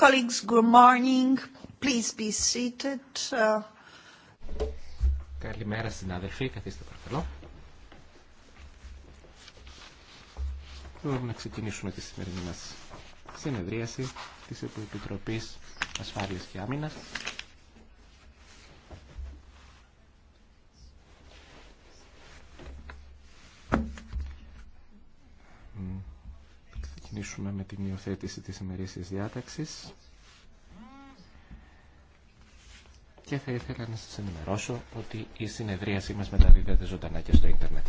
Colleagues, good morning. Please be seated. Uh, Καλημέρα συνάδελφοι, καθίστε παρακαλώ. Μπορούμε να ξεκινήσουμε τη σημερινή μας συνεδρίαση της Επιτροπής Ασφάλειας και Άμυνας. ξεκινήσουμε με την υιοθέτηση της ημερήσιας διάταξης και θα ήθελα να σας ενημερώσω ότι η συνεδρίασή μας μεταδίδεται ζωντανά και στο ίντερνετ.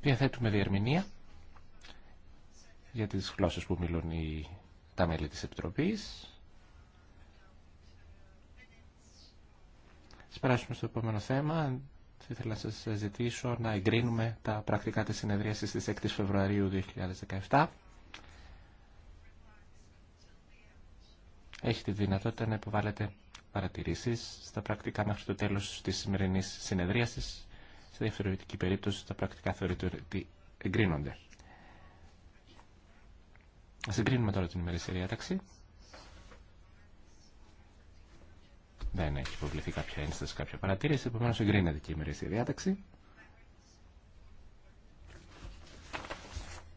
Διαθέτουμε διερμηνία για τις γλώσσες που μιλούν οι, τα μέλη της Επιτροπής. Ας περάσουμε στο επόμενο θέμα, θα ήθελα να σας ζητήσω να εγκρίνουμε τα πρακτικά της συνεδρίασης της 6 Φεβρουαρίου 2017. Έχετε δυνατότητα να υποβάλλετε παρατηρήσεις στα πρακτικά μέχρι το τέλος της σημερινής συνεδρίασης. Σε διαφορετική περίπτωση τα πρακτικά θεωρείται ότι εγκρίνονται. Ας εγκρίνουμε τώρα την ημερήσια διάταξη. Δεν έχει υποβληθεί κάποια ένσταση, κάποια παρατήρηση. Επομένω, εγκρίνεται και η ημερήσια διάταξη.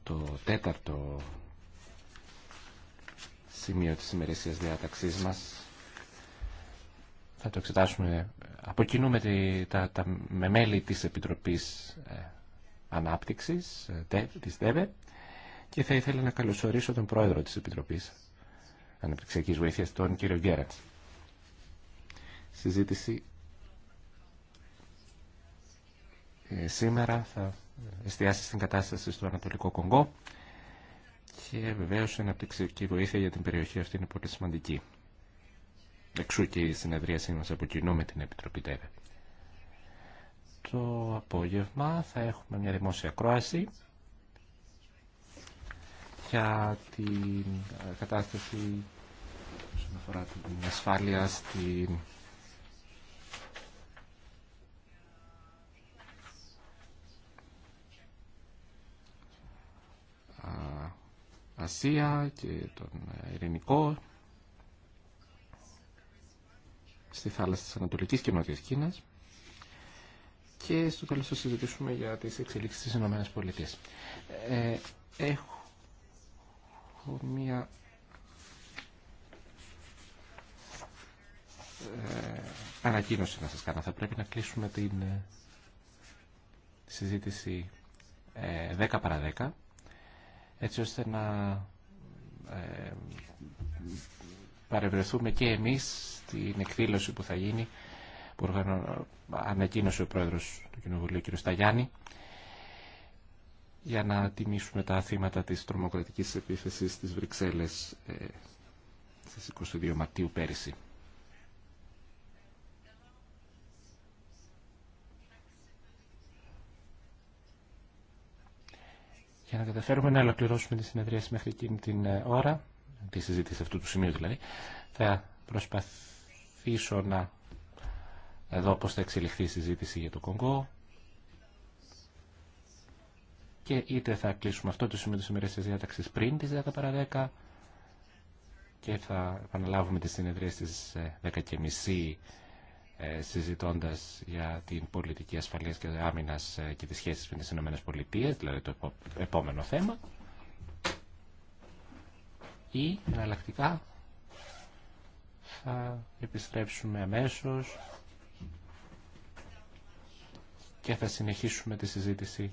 Το τέταρτο σημείο της ημερήσιας διάταξής μας θα το εξετάσουμε από με, τα, τα, μέλη της Επιτροπής ε, Ανάπτυξης ε, της ΔΕΒΕ και θα ήθελα να καλωσορίσω τον πρόεδρο της Επιτροπής Αναπτυξιακής Βοήθειας, τον κύριο Γκέρατς συζήτηση ε, σήμερα θα εστιάσει στην κατάσταση στο Ανατολικό Κονγκό και βεβαίω η αναπτυξιακή βοήθεια για την περιοχή αυτή είναι πολύ σημαντική. Εξού και η συνεδρίασή μα από κοινού με την Επιτροπή ΤΕΒΕ. Το απόγευμα θα έχουμε μια δημόσια κρόαση για την κατάσταση όσον αφορά την ασφάλεια στην Ασία και τον Ειρηνικό στη θάλασσα της Ανατολικής και Νότιας Κίνας και στο τέλος θα συζητήσουμε για τις εξελίξεις της Ηνωμένες Ε, έχω μία ε, ανακοίνωση να σας κάνω. Θα πρέπει να κλείσουμε την ε, συζήτηση ε, 10 παρα 10 έτσι ώστε να ε, παρευρεθούμε και εμείς στην εκδήλωση που θα γίνει που ανακοίνωσε ο πρόεδρος του Κοινοβουλίου κ. Σταγιάννη για να τιμήσουμε τα θύματα της τρομοκρατικής επίθεσης στις Βρυξέλλες ε, στις 22 Μαρτίου πέρυσι. για να καταφέρουμε να ολοκληρώσουμε τη συνεδρίαση μέχρι εκείνη την ε, ώρα, τη συζήτηση αυτού του σημείου δηλαδή, θα προσπαθήσω να δω πώς θα εξελιχθεί η συζήτηση για το Κονγκό και είτε θα κλείσουμε αυτό το σημείο της της διάταξης πριν τις 10 παρα 10 και θα επαναλάβουμε τις συνεδρίες στις 10.30 ε, ε, συζητώντας για την πολιτική ασφαλείας και άμυνας ε, και τις σχέσεις με τις ΗΠΑ, δηλαδή το επόμενο θέμα, ή εναλλακτικά θα επιστρέψουμε αμέσως και θα συνεχίσουμε τη συζήτηση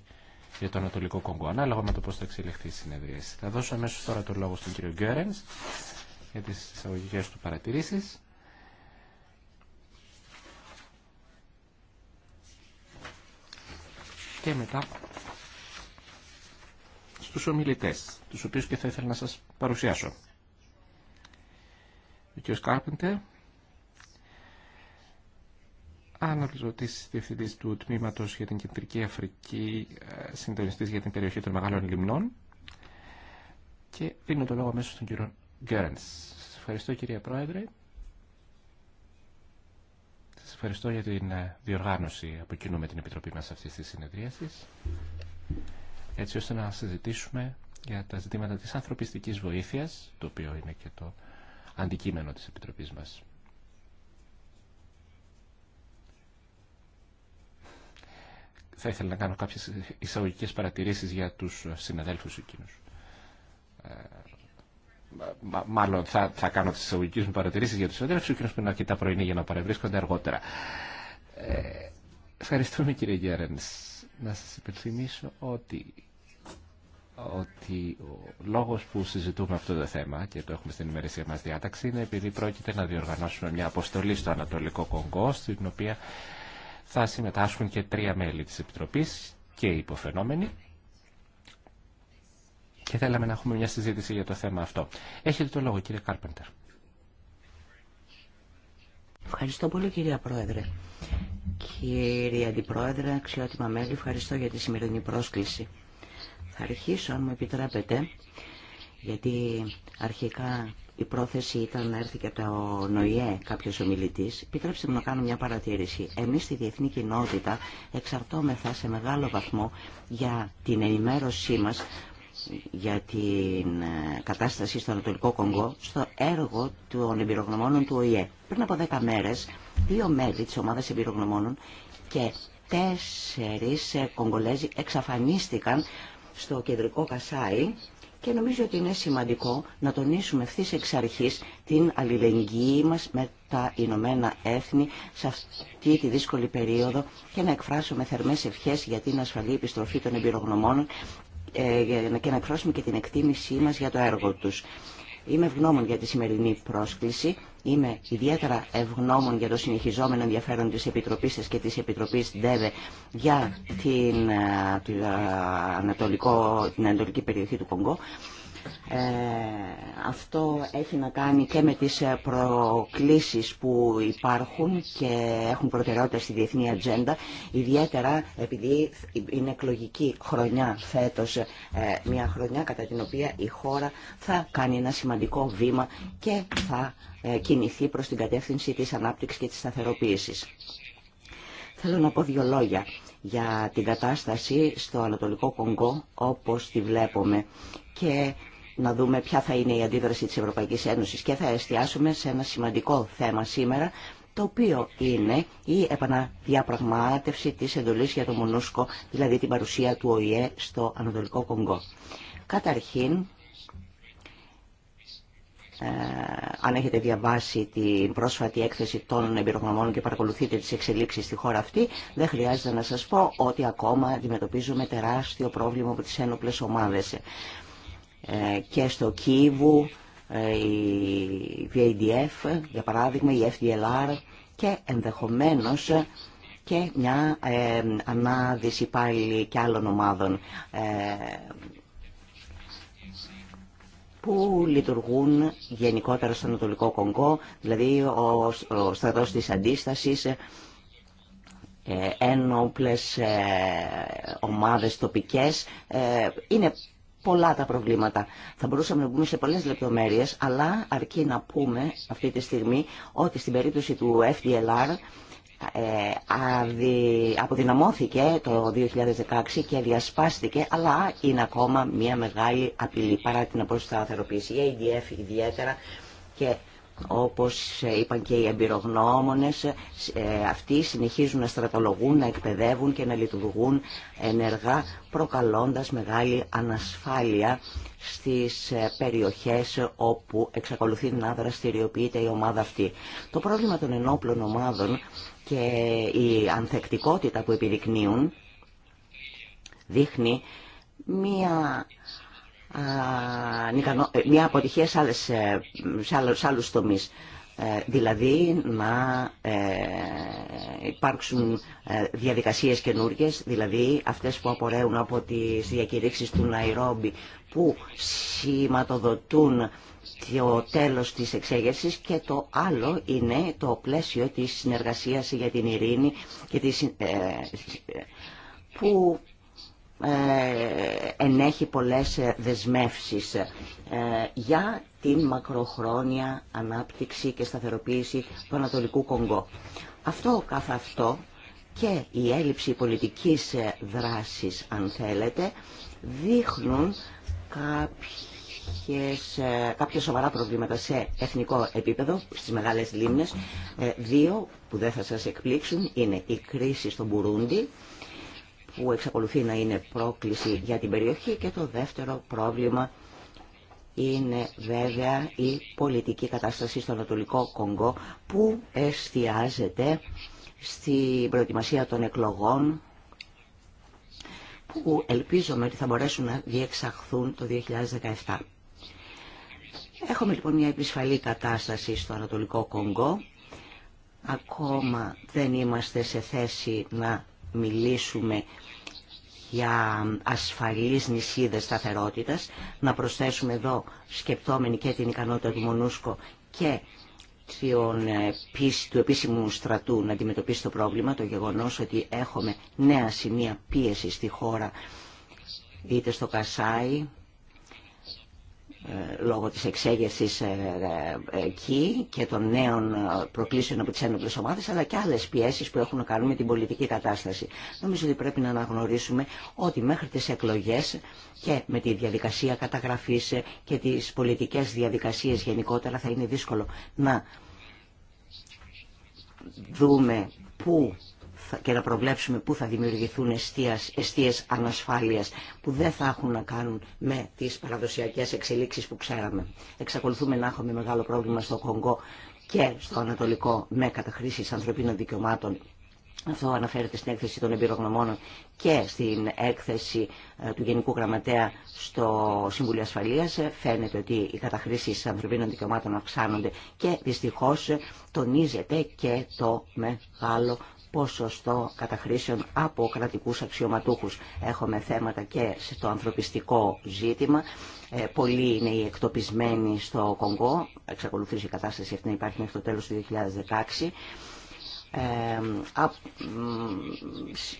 για το Ανατολικό Κόγκο, ανάλογα με το πώς θα εξελιχθεί η συνεδρίαση. Θα δώσω αμέσως τώρα το λόγο στον κύριο Γκέρενς για τις εισαγωγικές του παρατηρήσεις. και μετά στους ομιλητές, τους οποίους και θα ήθελα να σας παρουσιάσω. Ο κ. Κάρπεντερ, αναπληρωτής διευθυντής του Τμήματος για την Κεντρική Αφρική, ε, συντονιστής για την περιοχή των Μεγάλων Λιμνών και δίνω το λόγο αμέσως στον κ. Γκέρενς. Σας ευχαριστώ κυρία Πρόεδρε. Σας ευχαριστώ για την ε, διοργάνωση από κοινού με την Επιτροπή μας αυτής της συνεδρίασης, έτσι ώστε να συζητήσουμε για τα ζητήματα της ανθρωπιστικής βοήθειας, το οποίο είναι και το αντικείμενο της Επιτροπής μας. Θα ήθελα να κάνω κάποιες εισαγωγικές παρατηρήσεις για τους συναδέλφους εκείνους ε, μάλλον θα, θα κάνω τι εισαγωγικέ μου παρατηρήσει για του συναδέλφους, ο κ. που είναι αρκετά πρωινή για να παρευρίσκονται αργότερα. Ε, ευχαριστούμε κύριε Γκέρεν. Να σα υπενθυμίσω ότι ότι ο λόγο που συζητούμε αυτό το θέμα και το έχουμε στην ημερησία μα διάταξη είναι επειδή πρόκειται να διοργανώσουμε μια αποστολή στο Ανατολικό Κονγκό στην οποία θα συμμετάσχουν και τρία μέλη της Επιτροπής και υποφαινόμενοι και θέλαμε να έχουμε μια συζήτηση για το θέμα αυτό. Έχετε το λόγο κύριε Κάρπεντερ. Ευχαριστώ πολύ κυρία Πρόεδρε. Κύριε Αντιπρόεδρε, αξιότιμα μέλη, ευχαριστώ για τη σημερινή πρόσκληση. Θα αρχίσω, αν μου επιτρέπετε, γιατί αρχικά η πρόθεση ήταν να έρθει και από το ΝΟΙΕ κάποιο ομιλητή. Επιτρέψτε μου να κάνω μια παρατήρηση. Εμεί στη διεθνή κοινότητα εξαρτώμεθα σε μεγάλο βαθμό για την ενημέρωσή μα για την ε, κατάσταση στο Ανατολικό Κονγκό στο έργο των εμπειρογνωμόνων του ΟΗΕ. Πριν από δέκα μέρες, δύο μέλη της ομάδας εμπειρογνωμόνων και τέσσερις ε, Κογκολέζοι εξαφανίστηκαν στο κεντρικό Κασάι και νομίζω ότι είναι σημαντικό να τονίσουμε ευθύ εξ αρχής την αλληλεγγύη μας με τα Ηνωμένα Έθνη σε αυτή τη δύσκολη περίοδο και να εκφράσουμε θερμές ευχές για την ασφαλή επιστροφή των εμπειρογνωμόνων ε, και να εκφράσουμε και την εκτίμησή μας για το έργο τους. Είμαι ευγνώμων για τη σημερινή πρόσκληση. Είμαι ιδιαίτερα ευγνώμων για το συνεχιζόμενο ενδιαφέρον της Επιτροπής σας και της Επιτροπής ΔΕΒΕ για την, ε, ε, την ανατολική περιοχή του Κονγκό. Ε, αυτό έχει να κάνει και με τις ε, προκλήσεις που υπάρχουν και έχουν προτεραιότητα στη διεθνή ατζέντα, ιδιαίτερα επειδή είναι εκλογική χρονιά φέτος, ε, μια χρονιά κατά την οποία η χώρα θα κάνει ένα σημαντικό βήμα και θα κινηθεί προς την κατεύθυνση της ανάπτυξης και της σταθεροποίησης. Θέλω να πω δύο λόγια για την κατάσταση στο Ανατολικό Κονγκό όπως τη βλέπουμε και να δούμε ποια θα είναι η αντίδραση της Ευρωπαϊκής Ένωσης και θα εστιάσουμε σε ένα σημαντικό θέμα σήμερα το οποίο είναι η επαναδιαπραγμάτευση της εντολής για το Μονούσκο, δηλαδή την παρουσία του ΟΗΕ στο Ανατολικό Κονγκό. Καταρχήν, ε, αν έχετε διαβάσει την πρόσφατη έκθεση των εμπειρογνωμών και παρακολουθείτε τις εξελίξεις στη χώρα αυτή, δεν χρειάζεται να σας πω ότι ακόμα αντιμετωπίζουμε τεράστιο πρόβλημα από τις ένοπλες ομάδες. Ε, και στο Κίβου, ε, η VADF, για παράδειγμα, η FDLR και ενδεχομένως και μια ε, ανάδυση πάλι και άλλων ομάδων που λειτουργούν γενικότερα στο Ανατολικό Κονγκό, δηλαδή ο, ο στρατός της αντίστασης, ε, ένοπλες ε, ομάδες τοπικές. Ε, είναι πολλά τα προβλήματα. Θα μπορούσαμε να μπούμε σε πολλές λεπτομέρειες, αλλά αρκεί να πούμε αυτή τη στιγμή ότι στην περίπτωση του FDLR ε, αποδυναμώθηκε το 2016 και διασπάστηκε, αλλά είναι ακόμα μια μεγάλη απειλή παρά την αποσταθεροποίηση. Η ADF ιδιαίτερα και όπως είπαν και οι εμπειρογνώμονες, ε, αυτοί συνεχίζουν να στρατολογούν, να εκπαιδεύουν και να λειτουργούν ενεργά, προκαλώντας μεγάλη ανασφάλεια στις ε, περιοχές όπου εξακολουθεί να δραστηριοποιείται η ομάδα αυτή. Το πρόβλημα των ενόπλων ομάδων και η ανθεκτικότητα που επιδεικνύουν δείχνει μία μια ε, αποτυχία σε, άλλες, ε, σε, σε άλλους τομείς. Ε, δηλαδή να υπάρξουν διαδικασίες καινούργιες, δηλαδή αυτές που απορρέουν από τις διακηρύξεις του Ναϊρόμπι που σηματοδοτούν το τέλος της εξέγερσης και το άλλο είναι το πλαίσιο της συνεργασίας για την ειρήνη και της, ε, που ε, ενέχει πολλές δεσμεύσεις ε, για την μακροχρόνια ανάπτυξη και σταθεροποίηση του Ανατολικού Κονγκό. Αυτό καθ' αυτό και η έλλειψη πολιτικής δράσης, αν θέλετε, δείχνουν κάποιοι κάποιες, ε, κάποια σοβαρά προβλήματα σε εθνικό επίπεδο, στις μεγάλες λίμνες. Ε, δύο που δεν θα σας εκπλήξουν είναι η κρίση στο Μπουρούντι, που εξακολουθεί να είναι πρόκληση για την περιοχή και το δεύτερο πρόβλημα είναι βέβαια η πολιτική κατάσταση στο Ανατολικό Κονγκό που εστιάζεται στην προετοιμασία των εκλογών που ελπίζομαι ότι θα μπορέσουν να διεξαχθούν το 2017. Έχουμε λοιπόν μια επισφαλή κατάσταση στο Ανατολικό Κονγκό. Ακόμα δεν είμαστε σε θέση να μιλήσουμε για ασφαλείς νησίδες σταθερότητα. Να προσθέσουμε εδώ σκεπτόμενοι και την ικανότητα του Μονούσκο και ε, του επίσημου στρατού να αντιμετωπίσει το πρόβλημα, το γεγονός ότι έχουμε νέα σημεία πίεση στη χώρα είτε στο Κασάι ε, λόγω της εξέγερσης ε, ε, εκεί και των νέων προκλήσεων από τις ένοπλες ομάδες αλλά και άλλες πιέσεις που έχουν να κάνουν με την πολιτική κατάσταση. Νομίζω ότι πρέπει να αναγνωρίσουμε ότι μέχρι τις εκλογές και με τη διαδικασία καταγραφής και τις πολιτικές διαδικασίες γενικότερα θα είναι δύσκολο να δούμε πού και να προβλέψουμε πού θα δημιουργηθούν αιστείες, εστίες ανασφάλειας που δεν θα έχουν να κάνουν με τις παραδοσιακές εξελίξεις που ξέραμε. Εξακολουθούμε να έχουμε μεγάλο πρόβλημα στο Κονγκό και στο Ανατολικό με καταχρήσεις ανθρωπίνων δικαιωμάτων αυτό αναφέρεται στην έκθεση των εμπειρογνωμών και στην έκθεση ε, του Γενικού Γραμματέα στο Συμβουλίο Ασφαλείας. Φαίνεται ότι οι καταχρήσεις ανθρωπίνων δικαιωμάτων αυξάνονται και δυστυχώς τονίζεται και το μεγάλο ποσοστό καταχρήσεων από κρατικούς αξιωματούχους. Έχουμε θέματα και στο ανθρωπιστικό ζήτημα. Ε, πολλοί είναι οι εκτοπισμένοι στο Κονγκό. Εξακολουθήσει η κατάσταση αυτή να υπάρχει μέχρι το τέλος του 2016. Ε,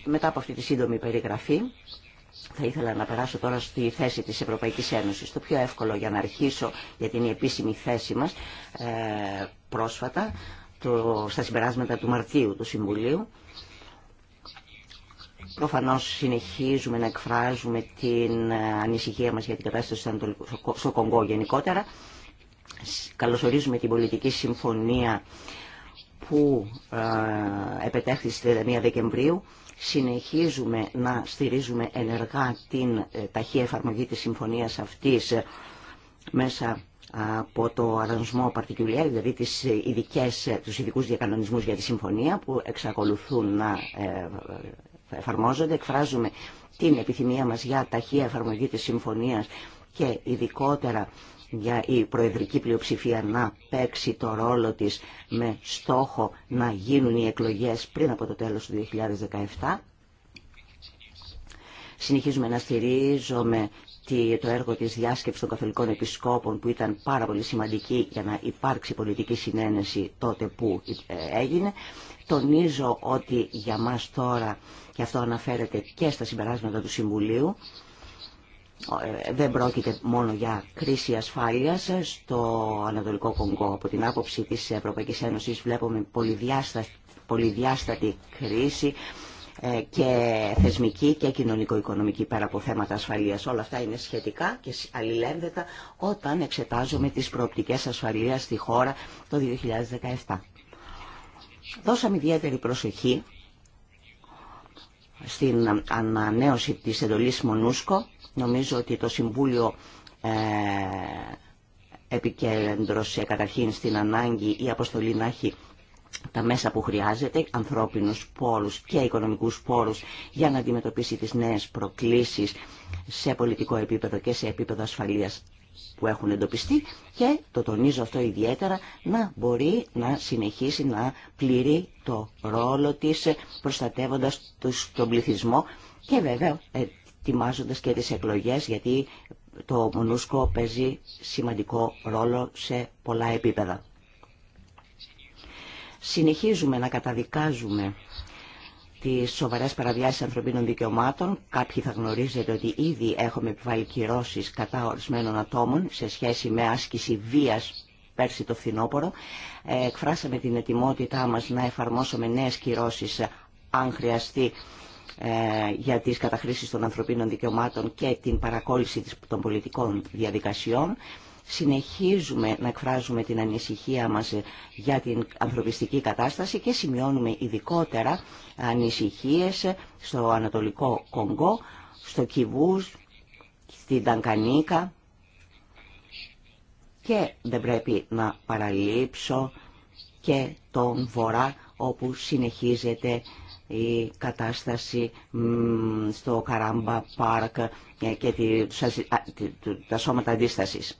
μετά από αυτή τη σύντομη περιγραφή θα ήθελα να περάσω τώρα στη θέση της Ευρωπαϊκής Ένωσης. Το πιο εύκολο για να αρχίσω, γιατί είναι η επίσημη θέση μας ε, πρόσφατα, το, στα συμπεράσματα του Μαρτίου του Συμβουλίου. Προφανώς συνεχίζουμε να εκφράζουμε την ανησυχία μας για την κατάσταση στο Κονγκό γενικότερα. Καλωσορίζουμε την πολιτική συμφωνία που επετέχθη στη 31 Δεκεμβρίου. Συνεχίζουμε να στηρίζουμε ενεργά την ε, ταχεία εφαρμογή της συμφωνίας αυτής ε, μέσα από το αρανσμό παρτικιουλία, δηλαδή τις ειδικές, τους ειδικούς διακανονισμούς για τη συμφωνία που εξακολουθούν να ε, εφαρμόζονται. Εκφράζουμε την επιθυμία μας για ταχεία εφαρμογή της συμφωνίας και ειδικότερα για η προεδρική πλειοψηφία να παίξει το ρόλο της με στόχο να γίνουν οι εκλογές πριν από το τέλος του 2017. Συνεχίζουμε να στηρίζουμε το έργο της διάσκεψης των καθολικών επισκόπων που ήταν πάρα πολύ σημαντική για να υπάρξει πολιτική συνένεση τότε που ε, έγινε. Τονίζω ότι για μας τώρα, και αυτό αναφέρεται και στα συμπεράσματα του Συμβουλίου, ε, δεν πρόκειται μόνο για κρίση ασφάλειας ε, στο Ανατολικό Κονγκό. Από την άποψη της Ευρωπαϊκής Ένωσης βλέπουμε πολυδιάστατη, πολυδιάστατη κρίση ε, και θεσμική και κοινωνικο-οικονομική πέρα από θέματα ασφαλείας. Όλα αυτά είναι σχετικά και αλληλένδετα όταν εξετάζουμε τις προοπτικές ασφαλείας στη χώρα το 2017. Δώσαμε ιδιαίτερη προσοχή στην ανανέωση της εντολής Μονούσκο. Νομίζω ότι το Συμβούλιο ε, επικέντρωσε καταρχήν στην ανάγκη η αποστολή να έχει τα μέσα που χρειάζεται, ανθρώπινους πόρους και οικονομικούς πόρους για να αντιμετωπίσει τις νέες προκλήσεις σε πολιτικό επίπεδο και σε επίπεδο ασφαλείας που έχουν εντοπιστεί και το τονίζω αυτό ιδιαίτερα να μπορεί να συνεχίσει να πληρεί το ρόλο της προστατεύοντας τον πληθυσμό και βέβαια ετοιμάζοντα και τις εκλογές γιατί το Μονούσκο παίζει σημαντικό ρόλο σε πολλά επίπεδα. Συνεχίζουμε να καταδικάζουμε τις σοβαρές παραβιάσεις ανθρωπίνων δικαιωμάτων. Κάποιοι θα γνωρίζετε ότι ήδη έχουμε επιβάλει κυρώσεις κατά ορισμένων ατόμων σε σχέση με άσκηση βίας πέρσι το φθινόπωρο. Ε, εκφράσαμε την ετοιμότητά μας να εφαρμόσουμε νέες κυρώσεις ε, αν χρειαστεί ε, για τις καταχρήσεις των ανθρωπίνων δικαιωμάτων και την παρακόλληση των πολιτικών διαδικασιών συνεχίζουμε να εκφράζουμε την ανησυχία μας για την ανθρωπιστική κατάσταση και σημειώνουμε ειδικότερα ανησυχίες στο Ανατολικό Κονγκό, στο Κιβούς, στην τανκανίκα και δεν πρέπει να παραλείψω και τον Βορρά όπου συνεχίζεται η κατάσταση στο Καράμπα Πάρκ και τα σώματα αντίστασης.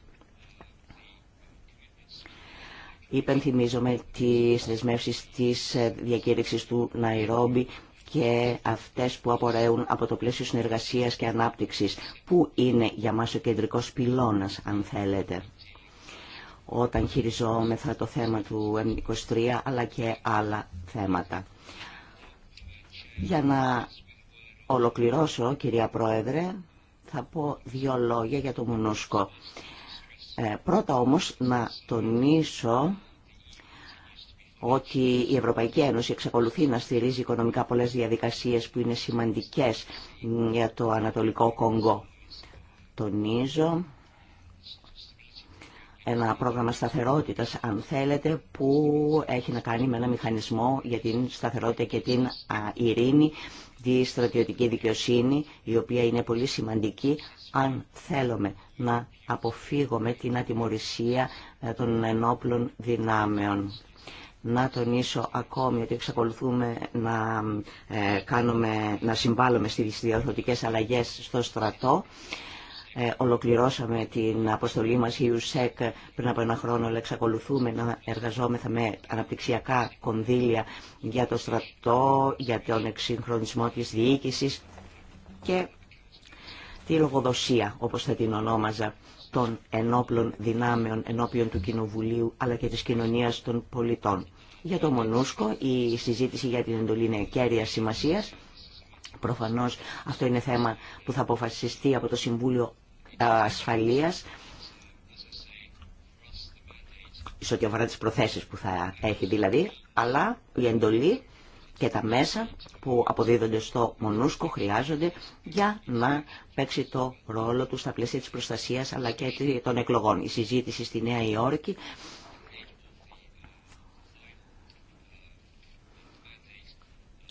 Υπενθυμίζομαι τις δεσμεύσεις της διακήρυξης του Ναϊρόμπι και αυτές που απορρέουν από το πλαίσιο συνεργασίας και ανάπτυξης, που είναι για μας ο κεντρικός πυλώνας, αν θέλετε όταν χειριζόμεθα το θέμα του M23 αλλά και άλλα θέματα. Για να ολοκληρώσω, κυρία Πρόεδρε, θα πω δύο λόγια για το Μουνούσκο. Ε, πρώτα όμως να τονίσω ότι η Ευρωπαϊκή Ένωση εξακολουθεί να στηρίζει οικονομικά πολλές διαδικασίες που είναι σημαντικές για το Ανατολικό Κονγκό. Τονίζω ένα πρόγραμμα σταθερότητας, αν θέλετε, που έχει να κάνει με ένα μηχανισμό για την σταθερότητα και την ειρήνη, τη στρατιωτική δικαιοσύνη, η οποία είναι πολύ σημαντική, αν θέλουμε να αποφύγουμε την ατιμορρησία ε, των ενόπλων δυνάμεων. Να τονίσω ακόμη ότι εξακολουθούμε να, ε, κάνουμε, να συμβάλλουμε στις διορθωτικές αλλαγές στο στρατό. Ε, ολοκληρώσαμε την αποστολή μας η πριν από ένα χρόνο, αλλά εξακολουθούμε να εργαζόμεθα με αναπτυξιακά κονδύλια για το στρατό, για τον εξυγχρονισμό της διοίκησης και τη λογοδοσία, όπως θα την ονόμαζα, των ενόπλων δυνάμεων ενώπιον του Κοινοβουλίου αλλά και της κοινωνίας των πολιτών. Για το Μονούσκο η συζήτηση για την εντολή είναι κέρια σημασίας. Προφανώς αυτό είναι θέμα που θα αποφασιστεί από το Συμβούλιο Ασφαλείας σε ό,τι αφορά τις προθέσεις που θα έχει δηλαδή, αλλά η εντολή και τα μέσα που αποδίδονται στο Μονούσκο χρειάζονται για να παίξει το ρόλο του στα πλαίσια της προστασίας αλλά και των εκλογών. Η συζήτηση στη Νέα Υόρκη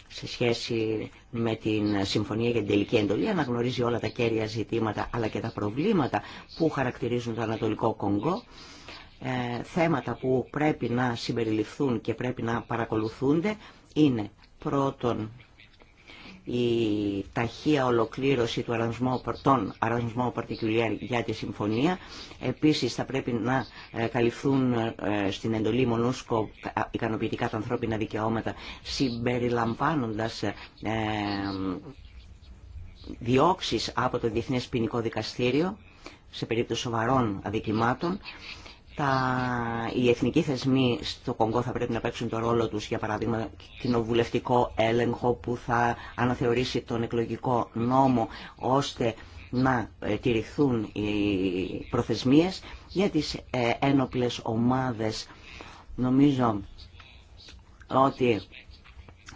σε σχέση με την Συμφωνία για την Τελική Εντολή αναγνωρίζει όλα τα κέρια ζητήματα αλλά και τα προβλήματα που χαρακτηρίζουν το Ανατολικό Κονγκό ε, θέματα που πρέπει να συμπεριληφθούν και πρέπει να παρακολουθούνται είναι Πρώτον, η ταχεία ολοκλήρωση του αρασμό των παρτικούλια για τη συμφωνία. Επίσης θα πρέπει να ε, καλυφθούν ε, στην εντολή Μονούσκο ικανοποιητικά τα ανθρώπινα δικαιώματα συμπεριλαμβάνοντας ε, διώξεις από το Διεθνές Ποινικό Δικαστήριο σε περίπτωση σοβαρών αδικημάτων τα, οι εθνικοί θεσμοί στο Κονγκό θα πρέπει να παίξουν το ρόλο τους, για παράδειγμα κοινοβουλευτικό έλεγχο που θα αναθεωρήσει τον εκλογικό νόμο, ώστε να ε, τηρηθούν οι προθεσμίες για τις ε, ένοπλες ομάδες. Νομίζω ότι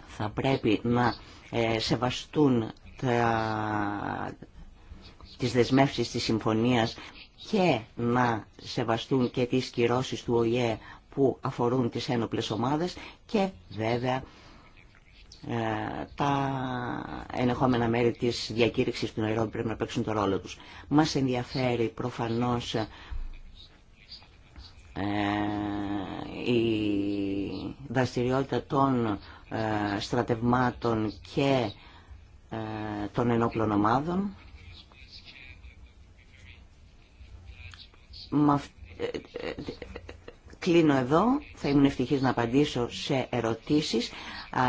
θα πρέπει να ε, σεβαστούν τα, τις δεσμεύσεις της συμφωνίας και να σεβαστούν και τις κυρώσεις του ΟΗΕ που αφορούν τις ένοπλες ομάδες και βέβαια ε, τα ενεχόμενα μέρη της διακήρυξης του νερό πρέπει να παίξουν το ρόλο τους. Μας ενδιαφέρει προφανώς ε, η δραστηριότητα των ε, στρατευμάτων και των ενόπλων ομάδων Ε, ε, κλείνω εδώ, θα ήμουν ευτυχής να απαντήσω σε ερωτήσεις.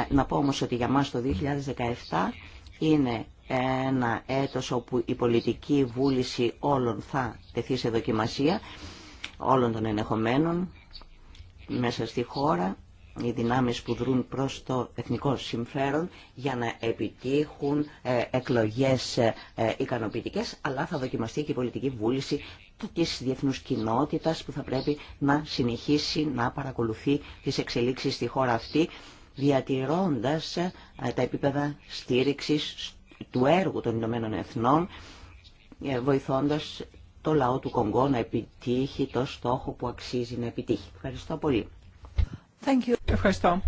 Να πω όμως ότι για μας το 2017 είναι ένα έτος όπου η πολιτική βούληση όλων θα τεθεί σε δοκιμασία, όλων των ενεχομένων μέσα στη χώρα, οι δυνάμεις που δρούν προς το εθνικό συμφέρον για να επιτύχουν ε, εκλογές ικανοποιητικές, αλλά θα δοκιμαστεί και η πολιτική βούληση της διεθνούς κοινότητας που θα πρέπει να συνεχίσει να παρακολουθεί τις εξελίξεις στη χώρα αυτή διατηρώντας ε, τα επίπεδα στήριξης του έργου των Ηνωμένων Εθνών ε, βοηθώντας το λαό του Κονγκό να επιτύχει το στόχο που αξίζει να επιτύχει. Ευχαριστώ πολύ. Thank you. Ευχαριστώ.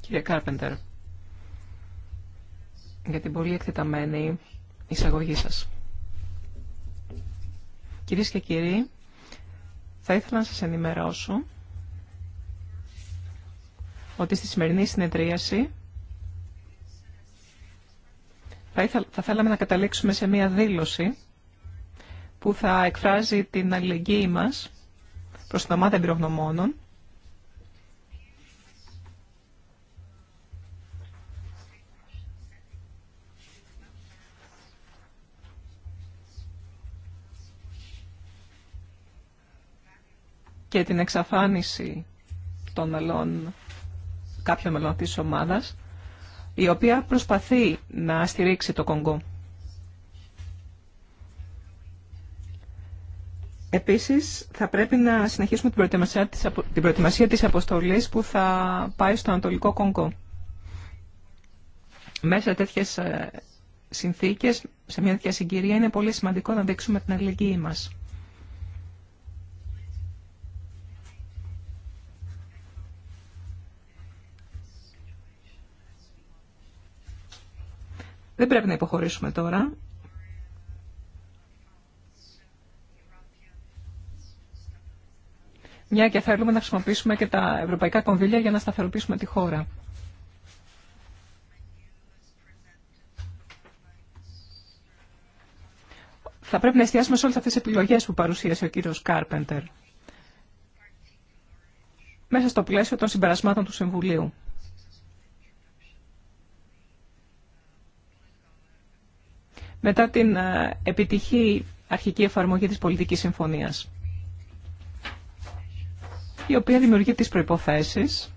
Κύριε Κάρπεντερ, για την πολύ εκτεταμένη εισαγωγή σας. Κυρίε και κύριοι, θα ήθελα να σας ενημερώσω ότι στη σημερινή συνεδρίαση θα, θέλαμε να καταλήξουμε σε μία δήλωση που θα εκφράζει την αλληλεγγύη μας προς την ομάδα εμπειρογνωμόνων και την εξαφάνιση των μελών, κάποιων μελών της ομάδας, η οποία προσπαθεί να στηρίξει το Κονγκό. Επίσης, θα πρέπει να συνεχίσουμε την προετοιμασία της, την της αποστολής που θα πάει στο Ανατολικό Κονγκό. Μέσα σε τέτοιες ε, συνθήκες, σε μια τέτοια συγκυρία, είναι πολύ σημαντικό να δείξουμε την αλληλεγγύη μας. Δεν πρέπει να υποχωρήσουμε τώρα. Μια και θέλουμε να χρησιμοποιήσουμε και τα ευρωπαϊκά κονδύλια για να σταθεροποιήσουμε τη χώρα. Θα πρέπει να εστιάσουμε σε όλες αυτές τις επιλογές που παρουσίασε ο κύριος Κάρπεντερ μέσα στο πλαίσιο των συμπερασμάτων του Συμβουλίου. μετά την ε, επιτυχή αρχική εφαρμογή της πολιτικής συμφωνίας, η οποία δημιουργεί τις προϋποθέσεις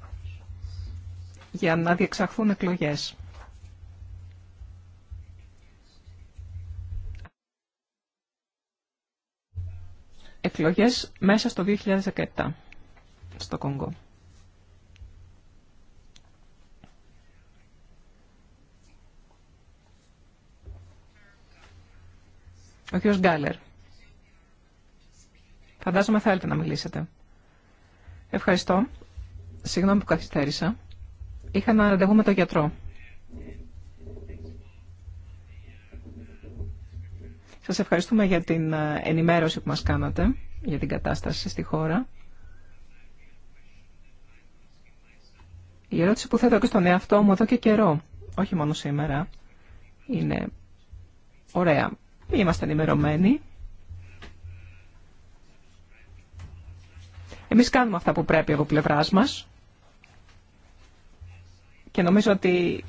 για να διεξαχθούν εκλογές. Εκλογές μέσα στο 2017 στο Κονγκό. Ο κύριος Γκάλερ. Φαντάζομαι θέλετε να μιλήσετε. Ευχαριστώ. Συγγνώμη που καθυστέρησα. Είχα ένα ραντεβού με τον γιατρό. Σας ευχαριστούμε για την ε, ενημέρωση που μας κάνατε για την κατάσταση στη χώρα. Η ερώτηση που θέτω και στον εαυτό μου εδώ και καιρό, όχι μόνο σήμερα, είναι ωραία. Μη είμαστε ενημερωμένοι. Εμείς κάνουμε αυτά που πρέπει από πλευράς μας και νομίζω ότι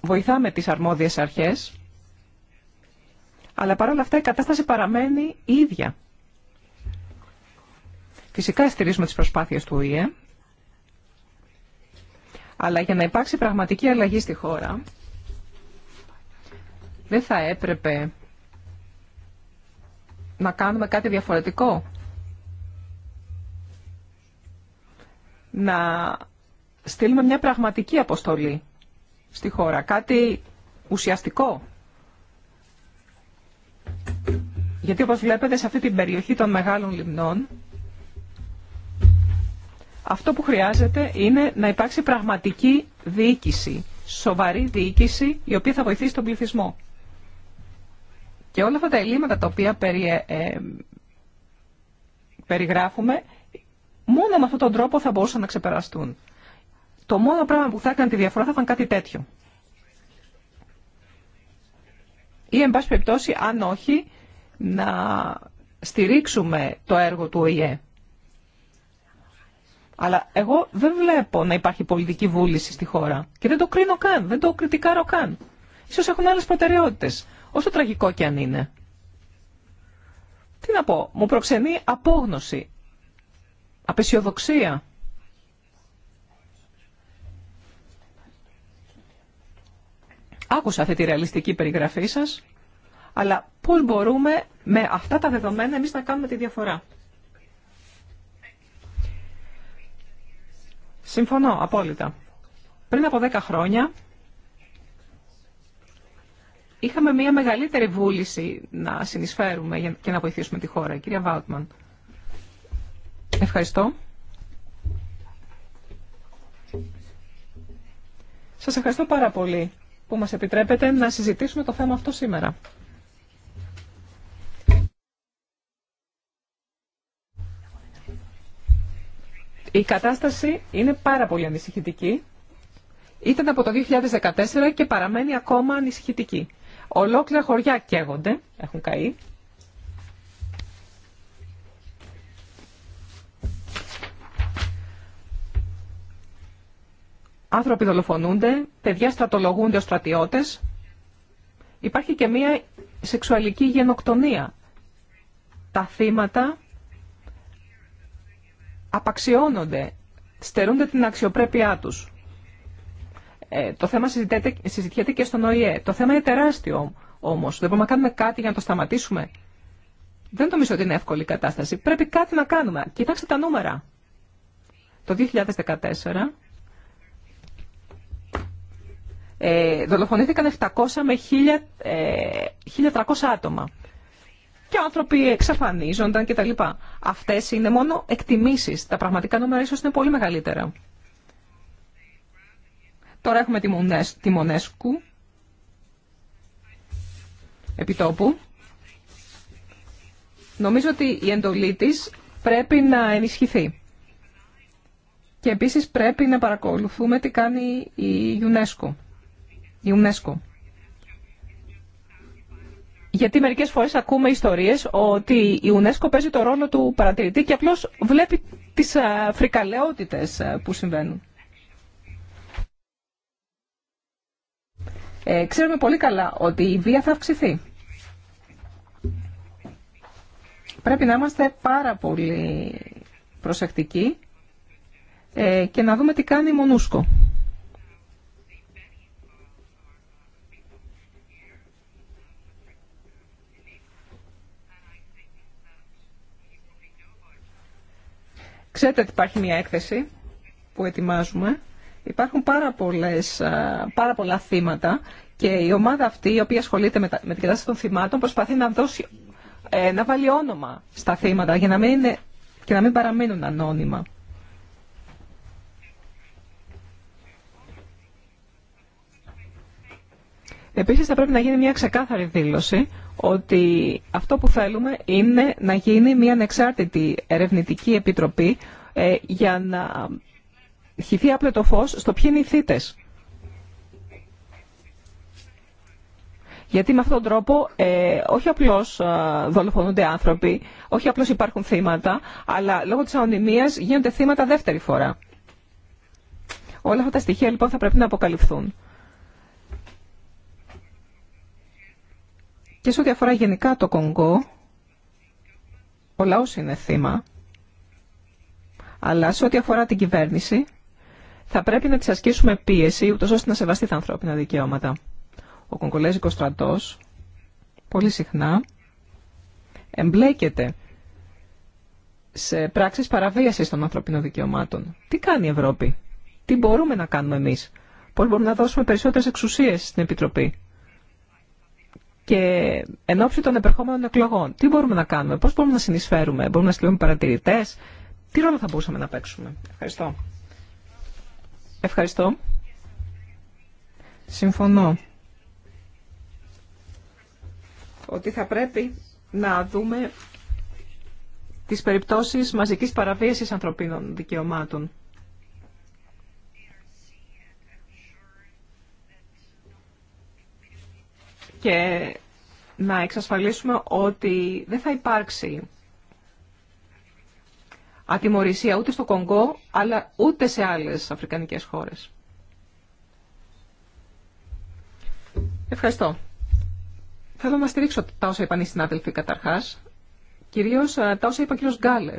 βοηθάμε τις αρμόδιες αρχές, αλλά παρόλα αυτά η κατάσταση παραμένει η ίδια. Φυσικά στηρίζουμε τις προσπάθειες του ΟΗΕ, αλλά για να υπάρξει πραγματική αλλαγή στη χώρα, δεν θα έπρεπε να κάνουμε κάτι διαφορετικό. Να στείλουμε μια πραγματική αποστολή στη χώρα, κάτι ουσιαστικό. Γιατί όπως βλέπετε σε αυτή την περιοχή των μεγάλων λιμνών, αυτό που χρειάζεται είναι να υπάρξει πραγματική διοίκηση, σοβαρή διοίκηση, η οποία θα βοηθήσει τον πληθυσμό. Και όλα αυτά τα ελλείμματα τα οποία περι, ε, ε, περιγράφουμε, μόνο με αυτόν τον τρόπο θα μπορούσαν να ξεπεραστούν. Το μόνο πράγμα που θα έκανε τη διαφορά θα ήταν κάτι τέτοιο. Ή, εν πάση περιπτώσει, αν όχι, να στηρίξουμε το έργο του ΟΗΕ. Αλλά εγώ δεν βλέπω να υπάρχει πολιτική βούληση στη χώρα. Και δεν το κρίνω καν, δεν το κριτικάρω καν. Ίσως έχουν άλλες προτεραιότητες όσο τραγικό και αν είναι. Τι να πω, μου προξενεί απόγνωση, απεσιοδοξία. Άκουσα αυτή τη ρεαλιστική περιγραφή σας, αλλά πώς μπορούμε με αυτά τα δεδομένα εμείς να κάνουμε τη διαφορά. Συμφωνώ απόλυτα. Πριν από 10 χρόνια είχαμε μια μεγαλύτερη βούληση να συνεισφέρουμε και να βοηθήσουμε τη χώρα. Κυρία Βάουτμαν. Ευχαριστώ. Σας ευχαριστώ πάρα πολύ που μας επιτρέπετε να συζητήσουμε το θέμα αυτό σήμερα. Η κατάσταση είναι πάρα πολύ ανησυχητική. Ήταν από το 2014 και παραμένει ακόμα ανησυχητική. Ολόκληρα χωριά καίγονται, έχουν καεί. Άνθρωποι δολοφονούνται, παιδιά στρατολογούνται ως στρατιώτες. Υπάρχει και μία σεξουαλική γενοκτονία. Τα θύματα απαξιώνονται, στερούνται την αξιοπρέπειά τους. Ε, το θέμα συζητιέται και στον ΟΗΕ. Το θέμα είναι τεράστιο όμω. Δεν μπορούμε να κάνουμε κάτι για να το σταματήσουμε. Δεν νομίζω ότι είναι εύκολη η κατάσταση. Πρέπει κάτι να κάνουμε. Κοιτάξτε τα νούμερα. Το 2014 ε, δολοφονήθηκαν 700 με 1000, ε, 1.300 άτομα. Και άνθρωποι εξαφανίζονταν κτλ. Αυτές είναι μόνο εκτιμήσεις. Τα πραγματικά νούμερα ίσως είναι πολύ μεγαλύτερα. Τώρα έχουμε τη Μονέσκου επιτόπου. Νομίζω ότι η εντολή της πρέπει να ενισχυθεί. Και επίσης πρέπει να παρακολουθούμε τι κάνει η UNESCO. Η UNESCO. Γιατί μερικές φορές ακούμε ιστορίες ότι η UNESCO παίζει το ρόλο του παρατηρητή και απλώς βλέπει τις φρικαλαιότητες που συμβαίνουν. Ε, ξέρουμε πολύ καλά ότι η βία θα αυξηθεί. Πρέπει να είμαστε πάρα πολύ προσεκτικοί ε, και να δούμε τι κάνει η Μονούσκο. Ξέρετε ότι υπάρχει μια έκθεση που ετοιμάζουμε Υπάρχουν πάρα, πολλές, πάρα πολλά θύματα και η ομάδα αυτή η οποία ασχολείται με, την κατάσταση των θυμάτων προσπαθεί να, δώσει, ε, να βάλει όνομα στα θύματα για να μην είναι, και να μην παραμείνουν ανώνυμα. Επίσης θα πρέπει να γίνει μια ξεκάθαρη δήλωση ότι αυτό που θέλουμε είναι να γίνει μια ανεξάρτητη ερευνητική επιτροπή ε, για να χυθεί απλό το φως στο ποιοι είναι οι Γιατί με αυτόν τον τρόπο ε, όχι απλώς ε, δολοφονούνται άνθρωποι, όχι απλώς υπάρχουν θύματα, αλλά λόγω της ανωνυμίας γίνονται θύματα δεύτερη φορά. Όλα αυτά τα στοιχεία λοιπόν θα πρέπει να αποκαλυφθούν. Και σε ό,τι αφορά γενικά το Κονγκό, ο λαός είναι θύμα, αλλά σε ό,τι αφορά την κυβέρνηση, θα πρέπει να τη ασκήσουμε πίεση, ούτω ώστε να σεβαστεί τα ανθρώπινα δικαιώματα. Ο Κογκολέζικο στρατό, πολύ συχνά εμπλέκεται σε πράξει παραβίαση των ανθρωπίνων δικαιωμάτων. Τι κάνει η Ευρώπη, τι μπορούμε να κάνουμε εμεί. Πώ μπορούμε να δώσουμε περισσότερε εξουσίε στην Επιτροπή και εν ώψη των επερχόμενων εκλογών. Τι μπορούμε να κάνουμε, πώς μπορούμε να συνεισφέρουμε, μπορούμε να στείλουμε παρατηρητές, τι ρόλο θα μπορούσαμε να παίξουμε. Ευχαριστώ. Ευχαριστώ. Συμφωνώ ότι θα πρέπει να δούμε τις περιπτώσεις μαζικής παραβίασης ανθρωπίνων δικαιωμάτων. Και να εξασφαλίσουμε ότι δεν θα υπάρξει ατιμορρησία ούτε στο Κονγκό, αλλά ούτε σε άλλες αφρικανικές χώρες. Ευχαριστώ. Θέλω να στηρίξω τα όσα είπαν οι συνάδελφοι καταρχάς, κυρίως ε, τα όσα είπε ο κύριος Γκάλερ.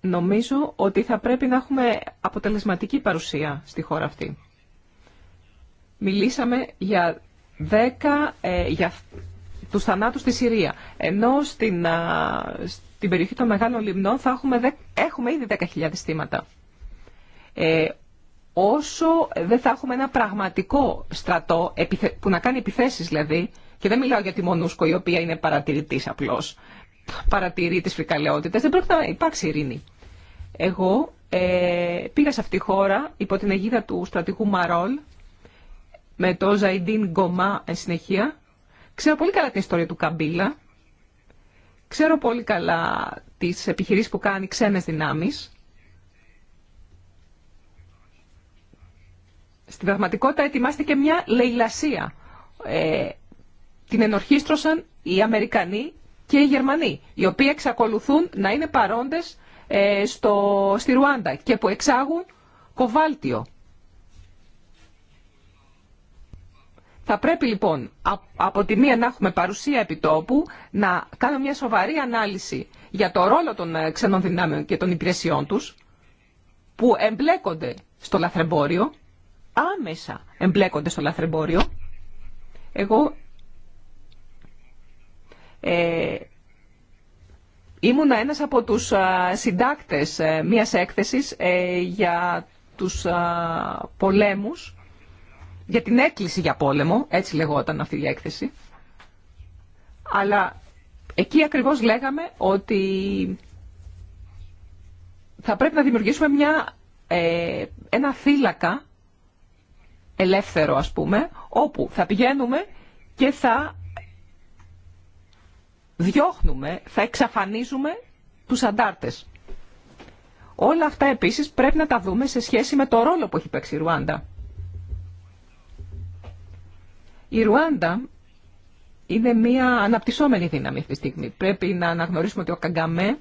Νομίζω ότι θα πρέπει να έχουμε αποτελεσματική παρουσία στη χώρα αυτή. Μιλήσαμε για 10 ε, για τους θανάτους στη Συρία, ενώ στην, την περιοχή των μεγάλων λιμνών θα έχουμε, έχουμε ήδη 10.000 θύματα. Ε, όσο δεν θα έχουμε ένα πραγματικό στρατό που να κάνει επιθέσεις δηλαδή, και δεν μιλάω για τη Μονούσκο η οποία είναι παρατηρητής απλώς, παρατηρεί τις φρικαλαιότητες, δεν πρόκειται να υπάρξει ειρήνη. Εγώ ε, πήγα σε αυτή τη χώρα υπό την αιγίδα του στρατηγού Μαρόλ με το Ζαϊντίν Γκομά εν συνεχεία. Ξέρω πολύ καλά την ιστορία του Καμπίλα, Ξέρω πολύ καλά τις επιχειρήσεις που κάνει ξένες δυνάμεις. Στην πραγματικότητα ετοιμάστηκε μια λαιλασία. Ε, την ενορχίστρωσαν οι Αμερικανοί και οι Γερμανοί, οι οποίοι εξακολουθούν να είναι παρόντες ε, στο, στη Ρουάντα και που εξάγουν κοβάλτιο Θα πρέπει λοιπόν από τη μία να έχουμε παρουσία επιτόπου, να κάνουμε μια σοβαρή ανάλυση για το ρόλο των ε, ξένων δυνάμεων και των υπηρεσιών τους, που εμπλέκονται στο λαθρεμπόριο, άμεσα εμπλέκονται στο λαθρεμπόριο. Εγώ ε, ήμουνα ένας από τους ε, συντάκτες ε, μιας έκθεσης για τους πολέμους για την έκκληση για πόλεμο, έτσι λεγόταν αυτή η έκθεση. Αλλά εκεί ακριβώς λέγαμε ότι θα πρέπει να δημιουργήσουμε μια, ε, ένα θύλακα ελεύθερο ας πούμε, όπου θα πηγαίνουμε και θα διώχνουμε, θα εξαφανίζουμε τους αντάρτες. Όλα αυτά επίσης πρέπει να τα δούμε σε σχέση με το ρόλο που έχει παίξει η Ρουάντα η Ρουάντα είναι μια αναπτυσσόμενη δύναμη αυτή τη στιγμή. Πρέπει να αναγνωρίσουμε ότι ο Καγκαμέ